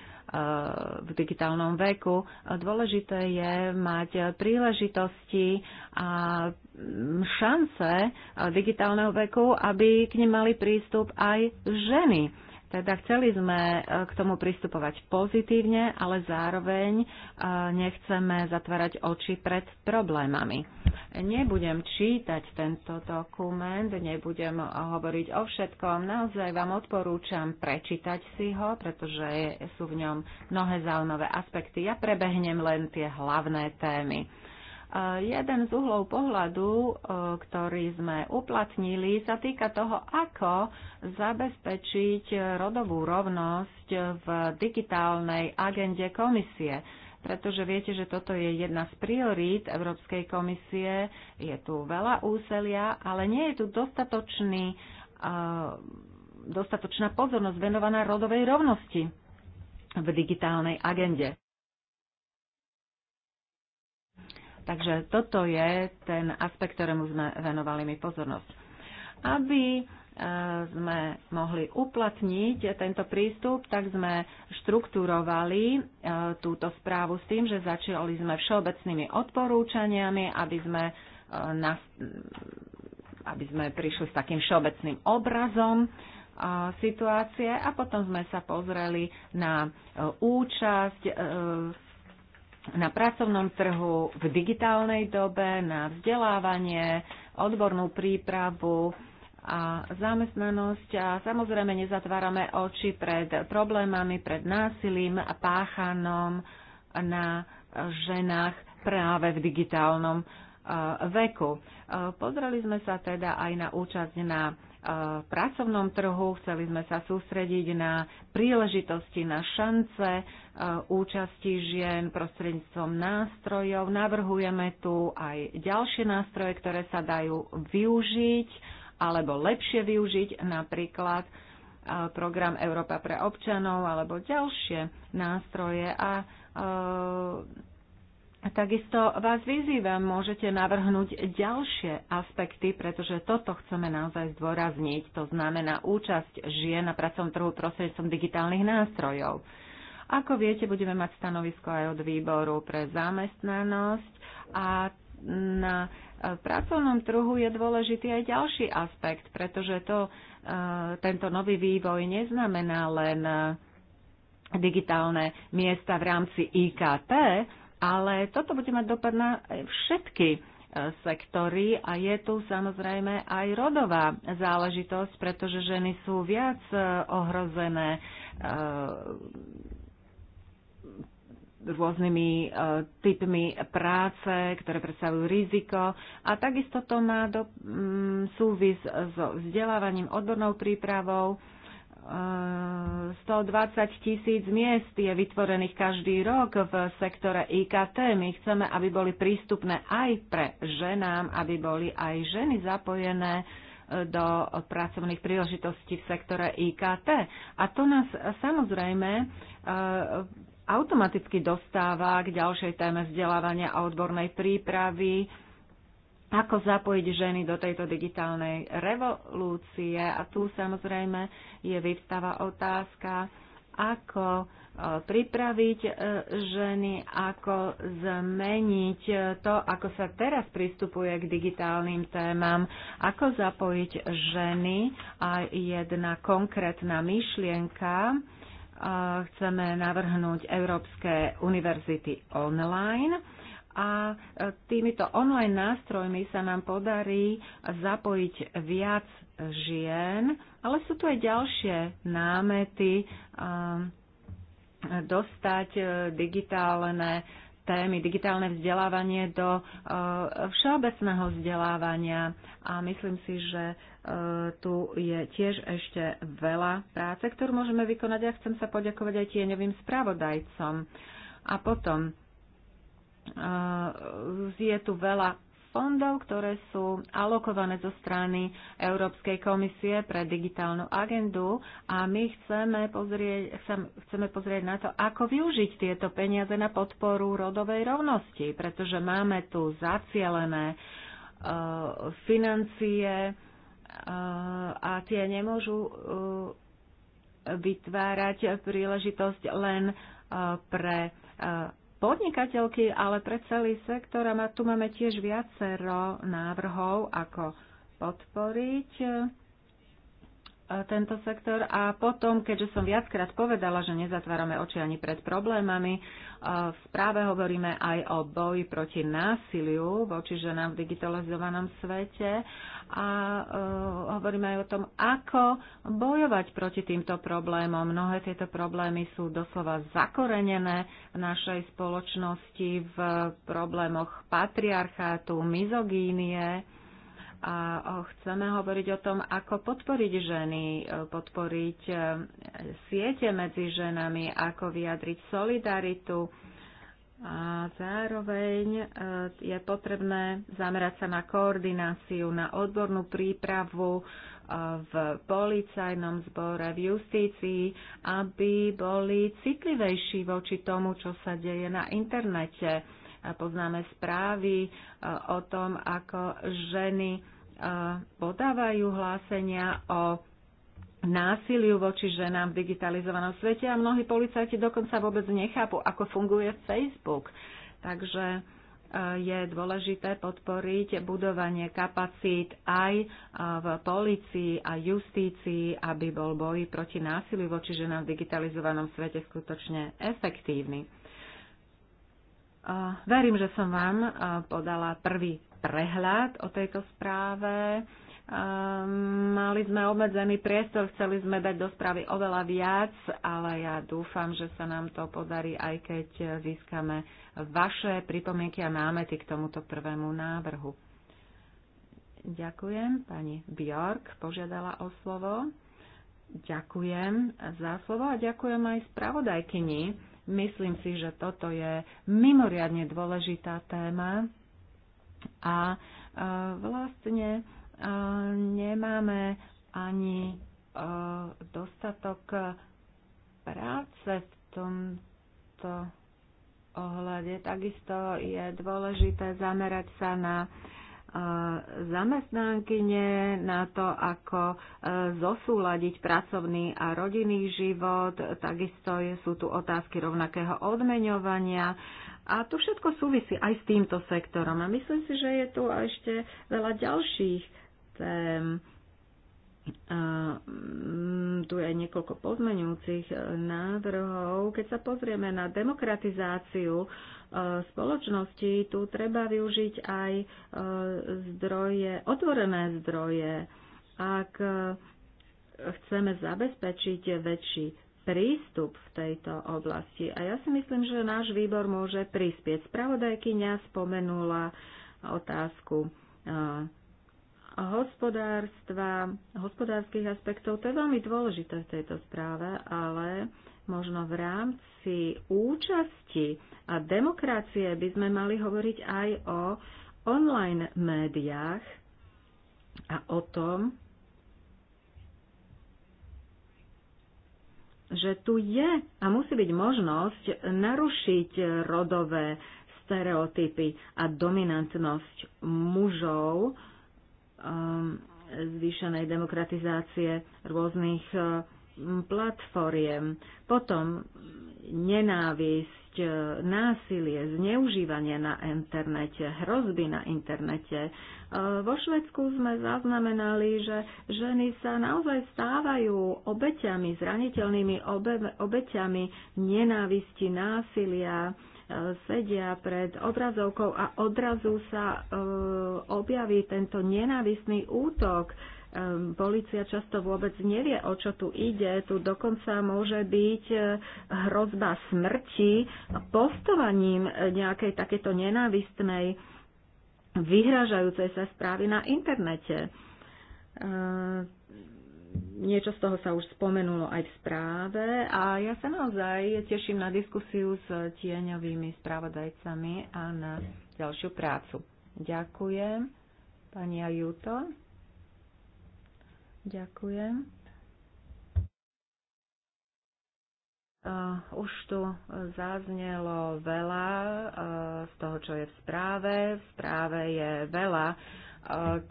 v digitálnom veku. Dôležité je mať príležitosti a šance digitálneho veku, aby k nim mali prístup aj ženy teda chceli sme e, k tomu pristupovať pozitívne, ale zároveň e, nechceme zatvárať oči pred problémami. Nebudem čítať tento dokument, nebudem hovoriť o všetkom. Naozaj vám odporúčam prečítať si ho, pretože sú v ňom mnohé zaujímavé aspekty. Ja prebehnem len tie hlavné témy. Jeden z uhlov pohľadu, e, ktorý sme uplatnili, sa týka toho, ako zabezpečiť rodovú rovnosť v digitálnej agende komisie pretože viete, že toto je jedna z priorít Európskej komisie. Je tu veľa úselia, ale nie je tu dostatočný, e, dostatočná pozornosť venovaná rodovej rovnosti v digitálnej agende. Takže toto je ten aspekt, ktorému sme venovali mi pozornosť. Aby e, sme mohli uplatniť tento prístup, tak sme štruktúrovali e, túto správu s tým, že začali sme všeobecnými odporúčaniami, aby sme, e, na, aby sme prišli s takým všeobecným obrazom situácie a potom sme sa pozreli na účasť na pracovnom trhu, v digitálnej dobe, na vzdelávanie, odbornú prípravu a zamestnanosť. A samozrejme nezatvárame oči pred problémami, pred násilím a páchanom na ženách práve v digitálnom e, veku. E, pozreli sme sa teda aj na účasť na pracovnom trhu, chceli sme sa sústrediť na príležitosti, na šance účasti žien prostredníctvom nástrojov. Navrhujeme tu aj ďalšie nástroje, ktoré sa dajú využiť alebo lepšie využiť, napríklad program Európa pre občanov alebo ďalšie nástroje a Takisto vás vyzývam, môžete navrhnúť ďalšie aspekty, pretože toto chceme naozaj zdôrazniť. To znamená účasť žien na pracovnom trhu prostredníctvom digitálnych nástrojov. Ako viete, budeme mať stanovisko aj od výboru pre zamestnanosť a na pracovnom trhu je dôležitý aj ďalší aspekt, pretože to, e, tento nový vývoj neznamená len digitálne miesta v rámci IKT, ale toto bude mať dopad na všetky e, sektory a je tu samozrejme aj rodová záležitosť, pretože ženy sú viac e, ohrozené e, rôznymi typmi práce, ktoré predstavujú riziko. A takisto to má do, mm, súvis so vzdelávaním, odbornou prípravou 120 eh, tisíc miest je vytvorených každý rok v sektore IKT. My chceme, aby boli prístupné aj pre ženám, aby boli aj ženy zapojené eh, do pracovných príležitostí v sektore IKT. A to nás samozrejme eh, automaticky dostáva k ďalšej téme vzdelávania a odbornej prípravy, ako zapojiť ženy do tejto digitálnej revolúcie. A tu samozrejme je vyvstáva otázka, ako e, pripraviť e, ženy, ako zmeniť e, to, ako sa teraz pristupuje k digitálnym témam, ako zapojiť ženy a jedna konkrétna myšlienka. Chceme navrhnúť Európske univerzity online a e, týmito online nástrojmi sa nám podarí zapojiť viac žien, ale sú tu aj ďalšie námety dostať e, digitálne témy, digitálne vzdelávanie do e, všeobecného vzdelávania a myslím si, že tu je tiež ešte veľa práce, ktorú môžeme vykonať a ja chcem sa poďakovať aj tieňovým spravodajcom. A potom Eh, je tu veľa fondov, ktoré sú alokované zo strany Európskej komisie pre digitálnu agendu a my chceme pozrieť, chceme pozrieť na to, ako využiť tieto peniaze na podporu rodovej rovnosti, pretože máme tu zacielené uh, financie uh, a tie nemôžu uh, vytvárať príležitosť len uh, pre uh, podnikateľky, ale pre celý sektor. A tu máme tiež viacero návrhov, ako podporiť tento sektor a potom, keďže som viackrát povedala, že nezatvárame oči ani pred problémami, e, v správe hovoríme aj o boji proti násiliu voči ženám v digitalizovanom svete a e, hovoríme aj o tom, ako bojovať proti týmto problémom. Mnohé tieto problémy sú doslova zakorenené v našej spoločnosti v problémoch patriarchátu, mizogínie, a chceme hovoriť o tom, ako podporiť ženy, e, podporiť e, siete medzi ženami, ako vyjadriť solidaritu. A zároveň e, je potrebné zamerať sa na koordináciu, na odbornú prípravu v policajnom zbore, v justícii, aby boli citlivejší voči tomu, čo sa deje na internete. A poznáme správy o tom, ako ženy podávajú hlásenia o násiliu voči ženám v digitalizovanom svete a mnohí policajti dokonca vôbec nechápu, ako funguje Facebook. Takže e, je dôležité podporiť budovanie kapacít aj e, v polícii a justícii, aby bol boj proti násiliu voči ženám v digitalizovanom svete skutočne efektívny. E, verím, že som vám podala prvý prehľad o tejto správe. Ehm, mali sme obmedzený priestor, chceli sme dať do správy oveľa viac, ale ja dúfam, že sa nám to podarí, aj keď získame vaše pripomienky a námety k tomuto prvému návrhu. Ďakujem. Pani Bjork požiadala o slovo. Ďakujem za slovo a ďakujem aj spravodajkyni. Myslím si, že toto je mimoriadne dôležitá téma a e, vlastne e, nemáme ani e, dostatok práce v tomto ohľade. Takisto je dôležité zamerať sa na zamestnankyne na to, ako zosúľadiť pracovný a rodinný život. Takisto sú tu otázky rovnakého odmeňovania a to všetko súvisí aj s týmto sektorom. A myslím si, že je tu ešte veľa ďalších tém. Mm, tu je niekoľko pozmeňujúcich návrhov. Keď sa pozrieme na demokratizáciu e, spoločnosti, tu treba využiť aj e, zdroje, otvorené zdroje. Ak e, chceme zabezpečiť väčší prístup v tejto oblasti. A ja si myslím, že náš výbor môže prispieť. Spravodajkyňa spomenula otázku hospodárstva, hospodárskych aspektov. To je veľmi dôležité v tejto správe, ale možno v rámci účasti a demokracie by sme mali hovoriť aj o online médiách a o tom, že tu je a musí byť možnosť narušiť rodové stereotypy a dominantnosť mužov, um, zvýšenej demokratizácie rôznych um, platformiem. Potom nenávisť nenávisť, e, násilie, zneužívanie na internete, hrozby na internete. E, vo Švedsku sme zaznamenali, že ženy sa naozaj stávajú obeťami, zraniteľnými obe, obeťami nenávisti, násilia, e, sedia pred obrazovkou a odrazu sa objaví tento nenávistný útok Polícia často vôbec nevie, o čo tu ide. Tu dokonca môže byť e, hrozba smrti postovaním e, nejakej takéto nenávistnej, vyhražajúcej sa správy na internete. Niečo z toho sa už spomenulo aj v správe a ja sa naozaj teším na diskusiu s tieňovými spravodajcami a na ďalšiu prácu. Ďakujem. Pani Ajuto. Ďakujem. Už tu zaznelo veľa z toho, čo je v správe. V správe je veľa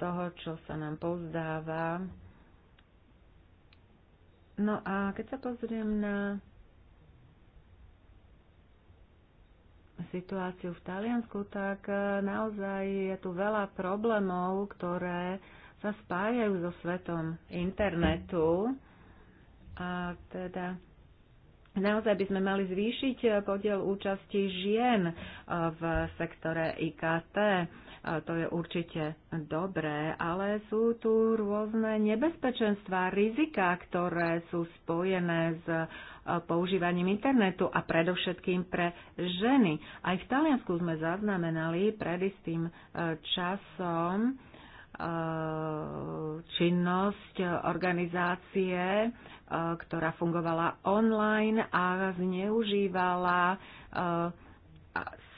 toho, čo sa nám pozdáva. No a keď sa pozriem na situáciu v Taliansku, tak naozaj je tu veľa problémov, ktoré sa spájajú so svetom internetu a teda Naozaj by sme mali zvýšiť podiel účasti žien v sektore IKT. To je určite dobré, ale sú tu rôzne nebezpečenstvá, rizika, ktoré sú spojené s e, používaním internetu a predovšetkým pre ženy. Aj v Taliansku sme zaznamenali pred istým e, časom, Eh, činnosť organizácie, eh, ktorá fungovala online a zneužívala eh,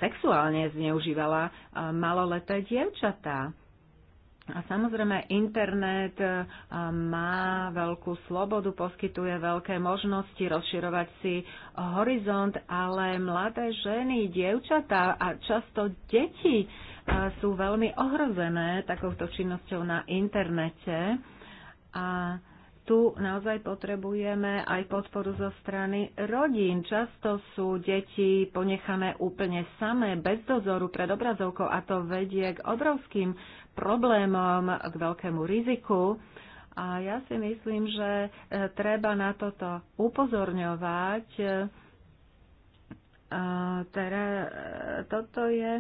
sexuálne zneužívala maloleté dievčatá. A samozrejme, internet má veľkú slobodu, poskytuje veľké možnosti rozširovať si horizont, ale mladé ženy, dievčatá a často deti sú veľmi ohrozené takouto činnosťou na internete a tu naozaj potrebujeme aj podporu zo strany rodín. Často sú deti ponechané úplne samé, bez dozoru pred obrazovkou a to vedie k obrovským problémom, k veľkému riziku. A ja si myslím, že e, treba na toto upozorňovať. Teda e, toto je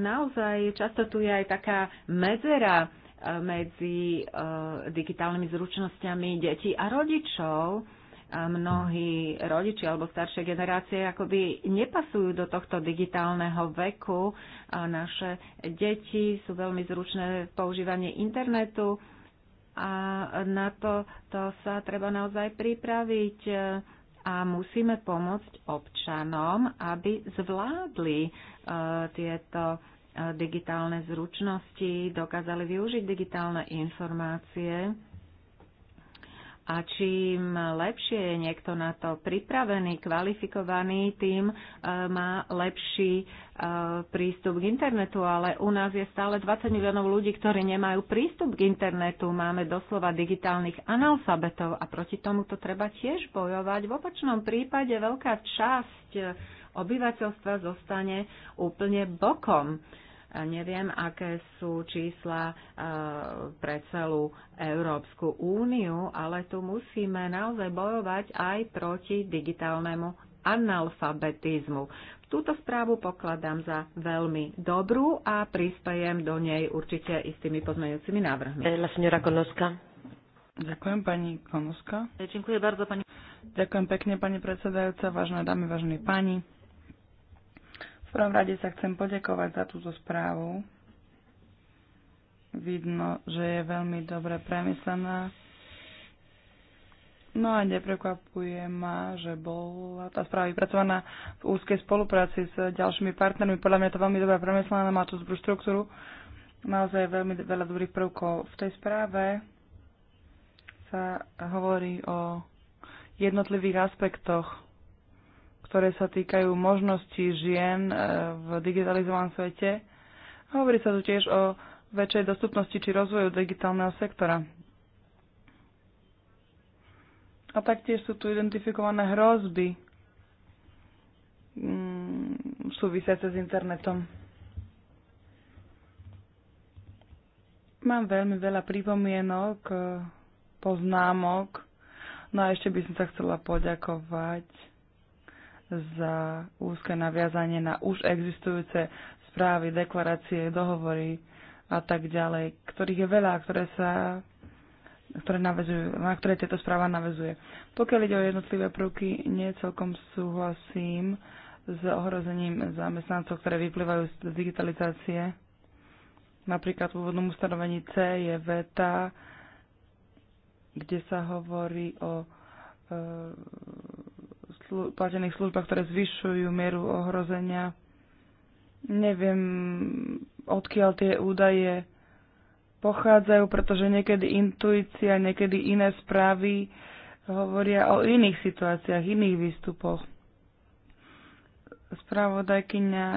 naozaj často tu je aj taká medzera e, medzi e, digitálnymi zručnosťami detí a rodičov. A e, mnohí rodiči alebo staršie generácie akoby nepasujú do tohto digitálneho veku. A naše deti sú veľmi zručné v používaní internetu a na to, to sa treba naozaj pripraviť a musíme pomôcť občanom, aby zvládli tieto digitálne zručnosti, dokázali využiť digitálne informácie a čím lepšie je niekto na to pripravený, kvalifikovaný, tým má lepší prístup k internetu, ale u nás je stále 20 miliónov ľudí, ktorí nemajú prístup k internetu. Máme doslova digitálnych analfabetov a proti tomu to treba tiež bojovať. V opačnom prípade veľká časť obyvateľstva zostane úplne bokom. Neviem, aké sú čísla e, pre celú Európsku úniu, ale tu musíme naozaj bojovať aj proti digitálnemu analfabetizmu. Túto správu pokladám za veľmi dobrú a prispejem do nej určite istými pozmeňujúcimi návrhmi. Eh, la signora Konoska. Ďakujem pani Konoska. Ďakujem eh, bardzo pani. Ďakujem pekne pani predsedajúca, vážne dámy, vážení páni. V prvom rade sa chcem poďakovať za túto správu. Vidno, že je veľmi dobre premyslená. No a neprekvapuje ma, že bola tá správa vypracovaná v úzkej spolupráci s ďalšími partnermi. Podľa mňa je to veľmi dobre premyslená, má tú zbrú štruktúru. Naozaj veľmi veľa dobrých prvkov. V tej správe sa hovorí o jednotlivých aspektoch ktoré sa týkajú možností žien e, v digitalizovanom svete. A hovorí sa tu tiež o väčšej dostupnosti či rozvoju digitálneho sektora. A taktiež sú tu identifikované hrozby mm, súvisiace s internetom. Mám veľmi veľa pripomienok, e, poznámok, no a ešte by som sa chcela poďakovať za úzke naviazanie na už existujúce správy, deklarácie, dohovory a tak ďalej, ktorých je veľa, ktoré sa ktoré navezujú, na ktoré tieto správa navezuje. Pokiaľ ide o jednotlivé prvky, nie celkom súhlasím s ohrozením zamestnancov, ktoré vyplývajú z digitalizácie. Napríklad v úvodnom ustanovení C je veta, kde sa hovorí o e, slu- platených službách, ktoré zvyšujú mieru ohrozenia. Neviem, odkiaľ tie údaje pochádzajú, pretože niekedy intuícia, niekedy iné správy hovoria o iných situáciách, iných výstupoch. Spravodajkyňa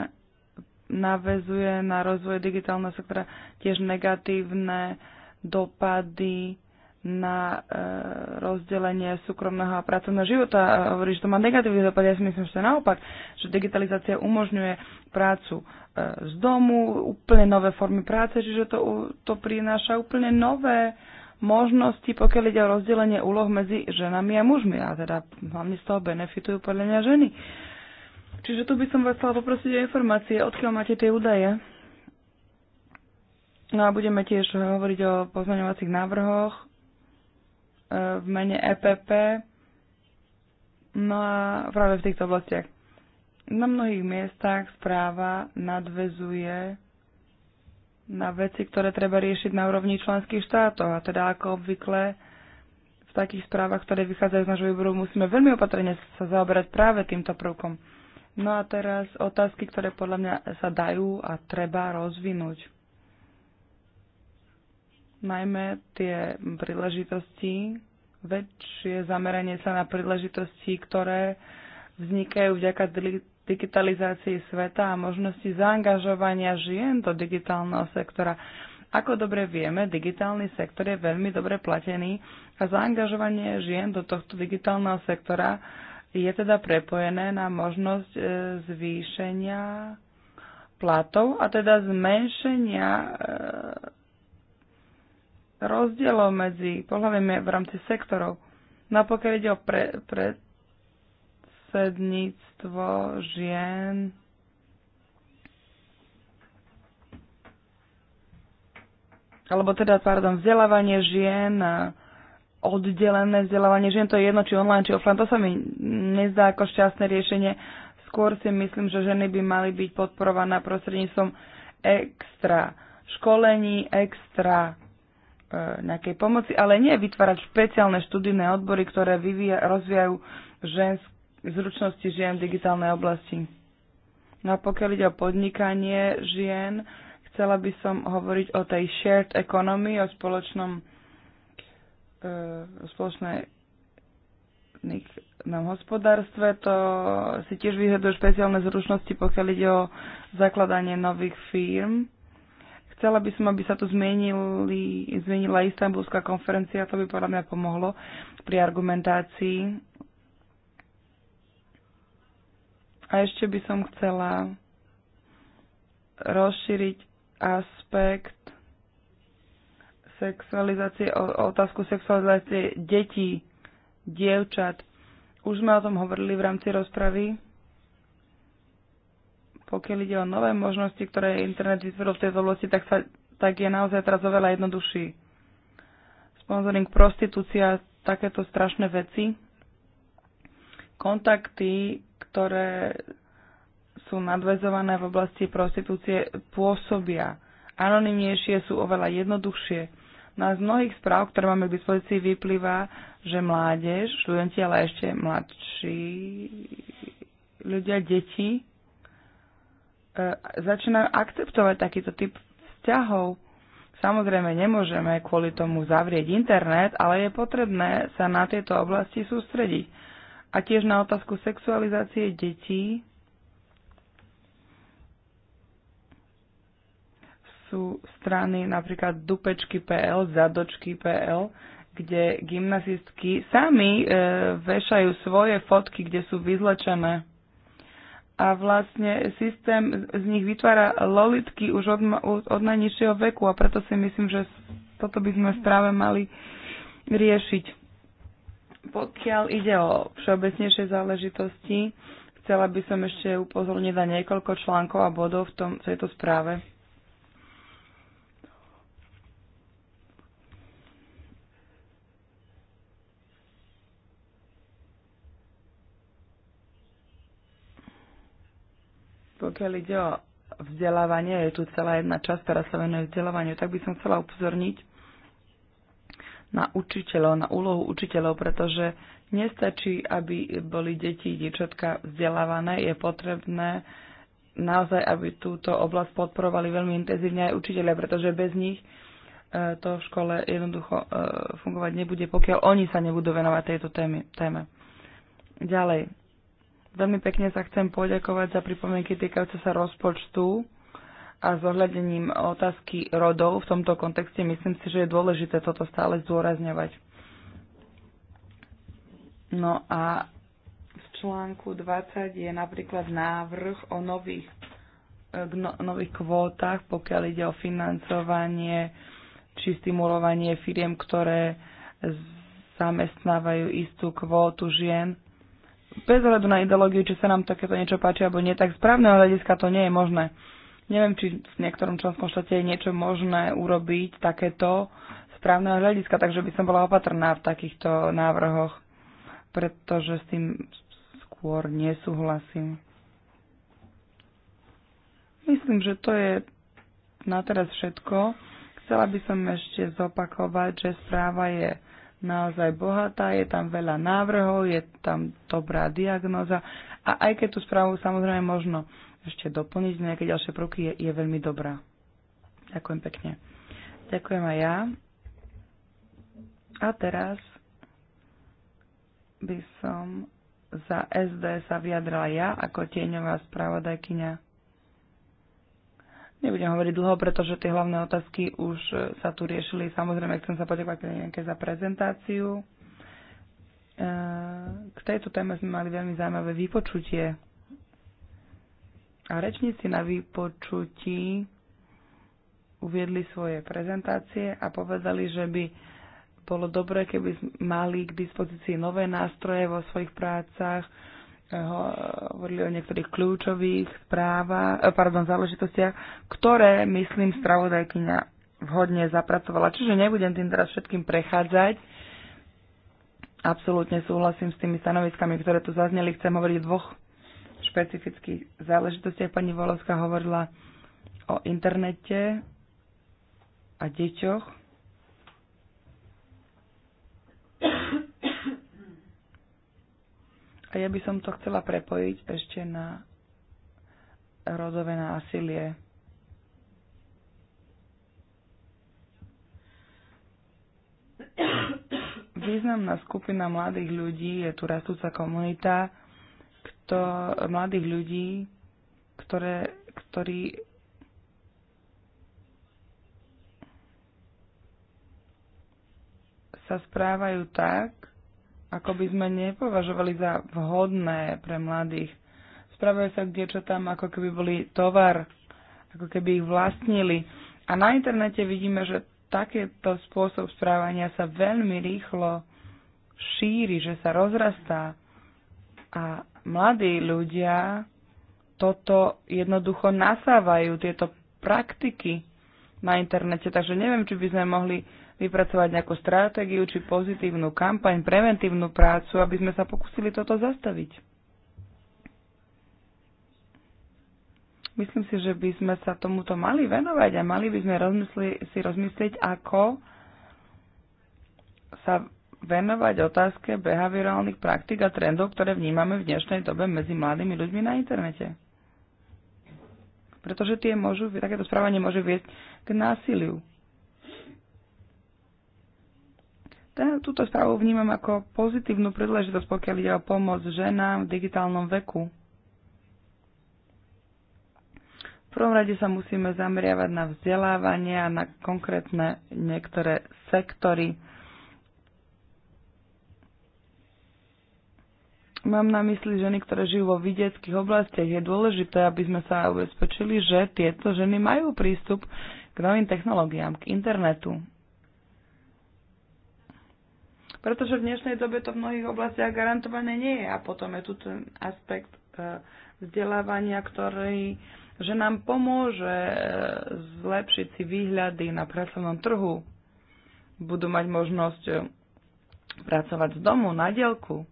navezuje na rozvoj digitálneho sektora tiež negatívne dopady na e, rozdelenie súkromného a pracovného života a hovorí, že to má negatívny dopad. Ja si myslím, že to naopak, že digitalizácia umožňuje prácu e, z domu, úplne nové formy práce, čiže to, to prináša úplne nové možnosti, pokiaľ ide o rozdelenie úloh medzi ženami a mužmi. A teda hlavne z toho benefitujú podľa mňa ženy. Čiže tu by som vás chcela poprosiť o informácie, odkiaľ máte tie údaje. No a budeme tiež hovoriť o pozmeňovacích návrhoch v mene EPP, no a práve v týchto oblastiach. Na mnohých miestach správa nadvezuje na veci, ktoré treba riešiť na úrovni členských štátov. A teda ako obvykle v takých správach, ktoré vychádzajú z nášho výboru, musíme veľmi opatrne sa zaoberať práve týmto prvkom. No a teraz otázky, ktoré podľa mňa sa dajú a treba rozvinúť najmä tie príležitosti, väčšie zameranie sa na príležitosti, ktoré vznikajú vďaka digitalizácii sveta a možnosti zaangažovania žien do digitálneho sektora. Ako dobre vieme, digitálny sektor je veľmi dobre platený a zaangažovanie žien do tohto digitálneho sektora je teda prepojené na možnosť e, zvýšenia platov a teda zmenšenia e, rozdielov medzi pohľavieme v rámci sektorov. No a pokiaľ ide o pre, predsedníctvo žien, alebo teda, pardon, vzdelávanie žien, oddelené vzdelávanie žien, to je jedno, či online, či offline, to sa mi nezdá ako šťastné riešenie. Skôr si myslím, že ženy by mali byť podporované prostredníctvom extra školení, extra E, nejakej pomoci, ale nie vytvárať špeciálne študijné odbory, ktoré vyvíja, rozvíjajú žensk, zručnosti žien v digitálnej oblasti. No a pokiaľ ide o podnikanie žien, chcela by som hovoriť o tej shared economy, o spoločnom e, spoločnej na no, hospodárstve. To si tiež vyhľaduje špeciálne zručnosti, pokiaľ ide o zakladanie nových firm Chcela by som, aby sa tu zmenili, zmenila istambulská konferencia, to by podľa mňa pomohlo pri argumentácii. A ešte by som chcela rozšíriť aspekt sexualizácie, otázku sexualizácie detí, dievčat. Už sme o tom hovorili v rámci rozpravy pokiaľ ide o nové možnosti, ktoré internet vytvoril v tejto oblasti, tak, sa, tak je naozaj teraz oveľa jednoduchší. Sponzoring, prostitúcia, takéto strašné veci. Kontakty, ktoré sú nadvezované v oblasti prostitúcie, pôsobia. Anonymnejšie sú oveľa jednoduchšie. No z mnohých správ, ktoré máme k dispozícii, vyplýva, že mládež, študenti, ale ešte mladší ľudia, deti, E, začínajú akceptovať takýto typ vzťahov. Samozrejme, nemôžeme kvôli tomu zavrieť internet, ale je potrebné sa na tieto oblasti sústrediť. A tiež na otázku sexualizácie detí sú strany napríklad Dupečky zadočky.pl, kde gymnasistky sami e, vešajú svoje fotky, kde sú vyzlečené a vlastne systém z nich vytvára lolitky už od, od, najnižšieho veku a preto si myslím, že toto by sme práve mali riešiť. Pokiaľ ide o všeobecnejšie záležitosti, chcela by som ešte upozorniť na niekoľko článkov a bodov v tom, tejto správe. Pokiaľ ide o vzdelávanie, je tu celá jedna časť, ktorá sa venuje vzdelávaniu, tak by som chcela upozorniť na učiteľov, na úlohu učiteľov, pretože nestačí, aby boli deti, dievčatka vzdelávané, je potrebné naozaj, aby túto oblasť podporovali veľmi intenzívne aj učiteľe, pretože bez nich e, to v škole jednoducho e, fungovať nebude, pokiaľ oni sa nebudú venovať tejto téme. Ďalej, Veľmi pekne sa chcem poďakovať za pripomienky týkajúce sa rozpočtu a zohľadením otázky rodov v tomto kontexte myslím si, že je dôležité toto stále zdôrazňovať. No a v článku 20 je napríklad návrh o nových, no, nových kvótach, pokiaľ ide o financovanie či stimulovanie firiem, ktoré zamestnávajú istú kvótu žien bez hľadu na ideológiu, či sa nám takéto niečo páči alebo nie, tak z právneho hľadiska to nie je možné. Neviem, či v niektorom členskom štáte je niečo možné urobiť takéto z právneho hľadiska, takže by som bola opatrná v takýchto návrhoch, pretože s tým skôr nesúhlasím. Myslím, že to je na teraz všetko. Chcela by som ešte zopakovať, že správa je naozaj bohatá, je tam veľa návrhov, je tam dobrá diagnoza a aj keď tú správu samozrejme možno ešte doplniť nejaké ďalšie prvky, je, je veľmi dobrá. Ďakujem pekne. Ďakujem aj ja. A teraz by som za SD sa vyjadrala ja ako tieňová spravodajkyňa Nebudem hovoriť dlho, pretože tie hlavné otázky už e, sa tu riešili. Samozrejme, chcem sa poďakovať nejaké za prezentáciu. E, k tejto téme sme mali veľmi zaujímavé vypočutie. A rečníci na vypočutí uviedli svoje prezentácie a povedali, že by bolo dobré, keby mali k dispozícii nové nástroje vo svojich prácach, hovorili o niektorých kľúčových práva, eh, pardon, záležitostiach, ktoré, myslím, spravodajkyňa vhodne zapracovala. Čiže nebudem tým teraz všetkým prechádzať. Absolútne súhlasím s tými stanoviskami, ktoré tu zazneli. Chcem hovoriť o dvoch špecifických záležitostiach. Pani Volovská hovorila o internete a deťoch A ja by som to chcela prepojiť ešte na rodové násilie. Významná skupina mladých ľudí je tu rastúca komunita kto, mladých ľudí, ktoré, ktorí sa správajú tak, ako by sme nepovažovali za vhodné pre mladých. Spravuje sa k diečatám, ako keby boli tovar, ako keby ich vlastnili. A na internete vidíme, že takéto spôsob správania sa veľmi rýchlo šíri, že sa rozrastá. A mladí ľudia toto jednoducho nasávajú, tieto praktiky na internete. Takže neviem, či by sme mohli vypracovať nejakú stratégiu či pozitívnu kampaň, preventívnu prácu, aby sme sa pokúsili toto zastaviť. Myslím si, že by sme sa tomuto mali venovať a mali by sme rozmysli, si rozmyslieť, ako sa venovať otázke behaviorálnych praktik a trendov, ktoré vnímame v dnešnej dobe medzi mladými ľuďmi na internete. Pretože tie môžu, takéto správanie môže viesť k násiliu. Túto správu vnímam ako pozitívnu príležitosť, pokiaľ ide o pomoc ženám v digitálnom veku. V prvom rade sa musíme zameriavať na vzdelávanie a na konkrétne niektoré sektory. Mám na mysli ženy, ktoré žijú vo vidieckých oblastiach. Je dôležité, aby sme sa ubezpečili, že tieto ženy majú prístup k novým technológiám, k internetu pretože v dnešnej dobe to v mnohých oblastiach garantované nie je. A potom je tu ten aspekt e, vzdelávania, ktorý že nám pomôže e, zlepšiť si výhľady na pracovnom trhu. Budú mať možnosť e, pracovať z domu, na dielku.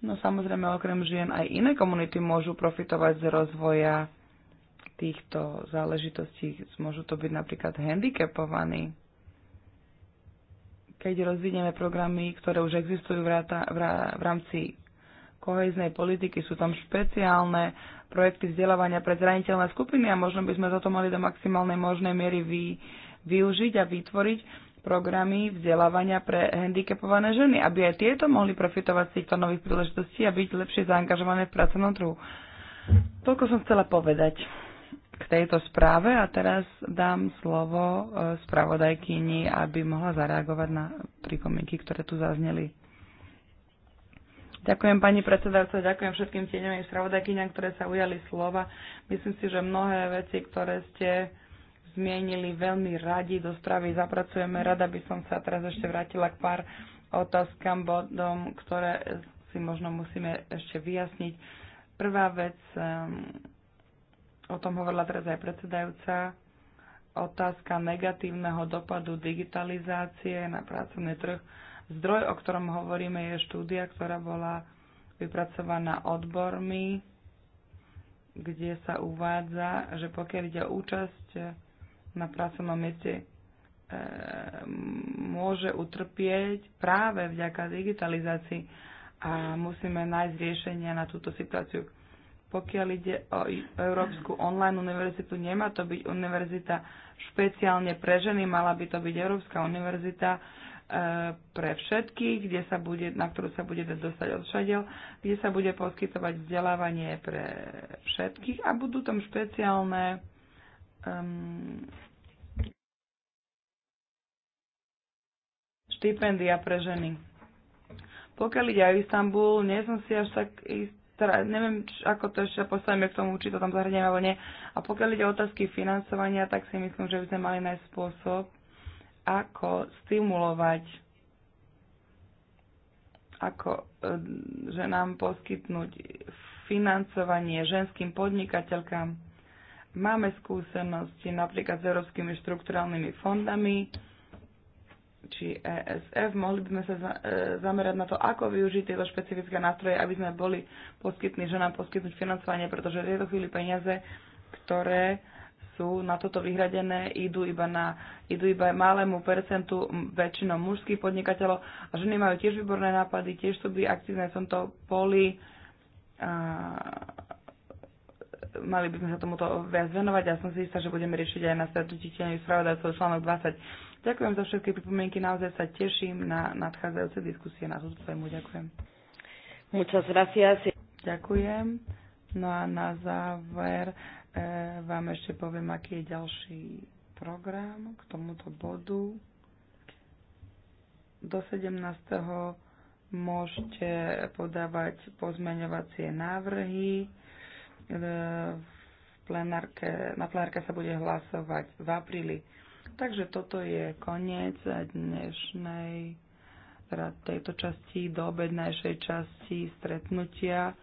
No samozrejme, okrem žien aj iné komunity môžu profitovať z rozvoja týchto záležitostí. Môžu to byť napríklad handicapovaní keď rozvinieme programy, ktoré už existujú v, ráta, v, rá, v rámci koheznej politiky, sú tam špeciálne projekty vzdelávania pre zraniteľné skupiny a možno by sme toto mali do maximálnej možnej miery vy, využiť a vytvoriť programy vzdelávania pre handicapované ženy, aby aj tieto mohli profitovať z týchto nových príležitostí a byť lepšie zaangažované v pracovnom trhu. Toľko som chcela povedať k tejto správe a teraz dám slovo e, spravodajkyni, aby mohla zareagovať na pripomienky, ktoré tu zazneli. Ďakujem pani predsedajúca, ďakujem všetkým tieňovým spravodajkyňam, ktoré sa ujali slova. Myslím si, že mnohé veci, ktoré ste zmienili, veľmi radi do správy zapracujeme. Rada by som sa teraz ešte vrátila k pár otázkam, bodom, ktoré si možno musíme ešte vyjasniť. Prvá vec, ehm, o tom hovorila teraz aj predsedajúca, otázka negatívneho dopadu digitalizácie na pracovný trh. Zdroj, o ktorom hovoríme, je štúdia, ktorá bola vypracovaná odbormi, kde sa uvádza, že pokiaľ ide účasť na pracovnom mieste, e, môže utrpieť práve vďaka digitalizácii a musíme nájsť riešenia na túto situáciu pokiaľ ide o Európsku online univerzitu, nemá to byť univerzita špeciálne pre ženy, mala by to byť Európska univerzita e, pre všetkých, kde sa bude, na ktorú sa bude dostať dostať odšadiel, kde sa bude poskytovať vzdelávanie pre všetkých a budú tam špeciálne um, štipendia pre ženy. Pokiaľ ide o Istanbul, nie som si až tak ist, teda neviem, či, ako to ešte postavíme k tomu, či to tam zahrnieme alebo nie. A pokiaľ ide o otázky financovania, tak si myslím, že by sme mali nájsť spôsob, ako stimulovať, ako, eh, že nám poskytnúť financovanie ženským podnikateľkám. Máme skúsenosti napríklad s európskymi štrukturálnymi fondami, či ESF. Mohli by sme sa e, zamerať na to, ako využiť tieto špecifické nástroje, aby sme boli poskytní, že nám poskytnúť financovanie, pretože v tejto chvíli peniaze, ktoré sú na toto vyhradené, idú iba, na, idú iba malému percentu väčšinou mužských podnikateľov a ženy majú tiež výborné nápady, tiež sú by aktívne v tomto poli. A, mali by sme sa tomuto viac venovať a ja som si istá, že budeme riešiť aj na stretnutí tieňových spravodajcov článok 20 Ďakujem za všetky pripomienky, naozaj sa teším na nadchádzajúce diskusie na túto tému. Ďakujem. Muchas gracias. Ďakujem. No a na záver e, vám ešte poviem, aký je ďalší program k tomuto bodu. Do 17. môžete podávať pozmeňovacie návrhy. Eh, v plenárke, na plenárke sa bude hlasovať v apríli. Takže toto je koniec dnešnej, tejto časti, do obednejšej časti stretnutia.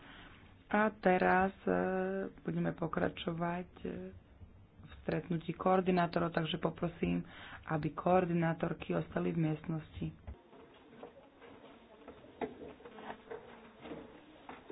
A teraz e, budeme pokračovať e, v stretnutí koordinátorov, takže poprosím, aby koordinátorky ostali v miestnosti.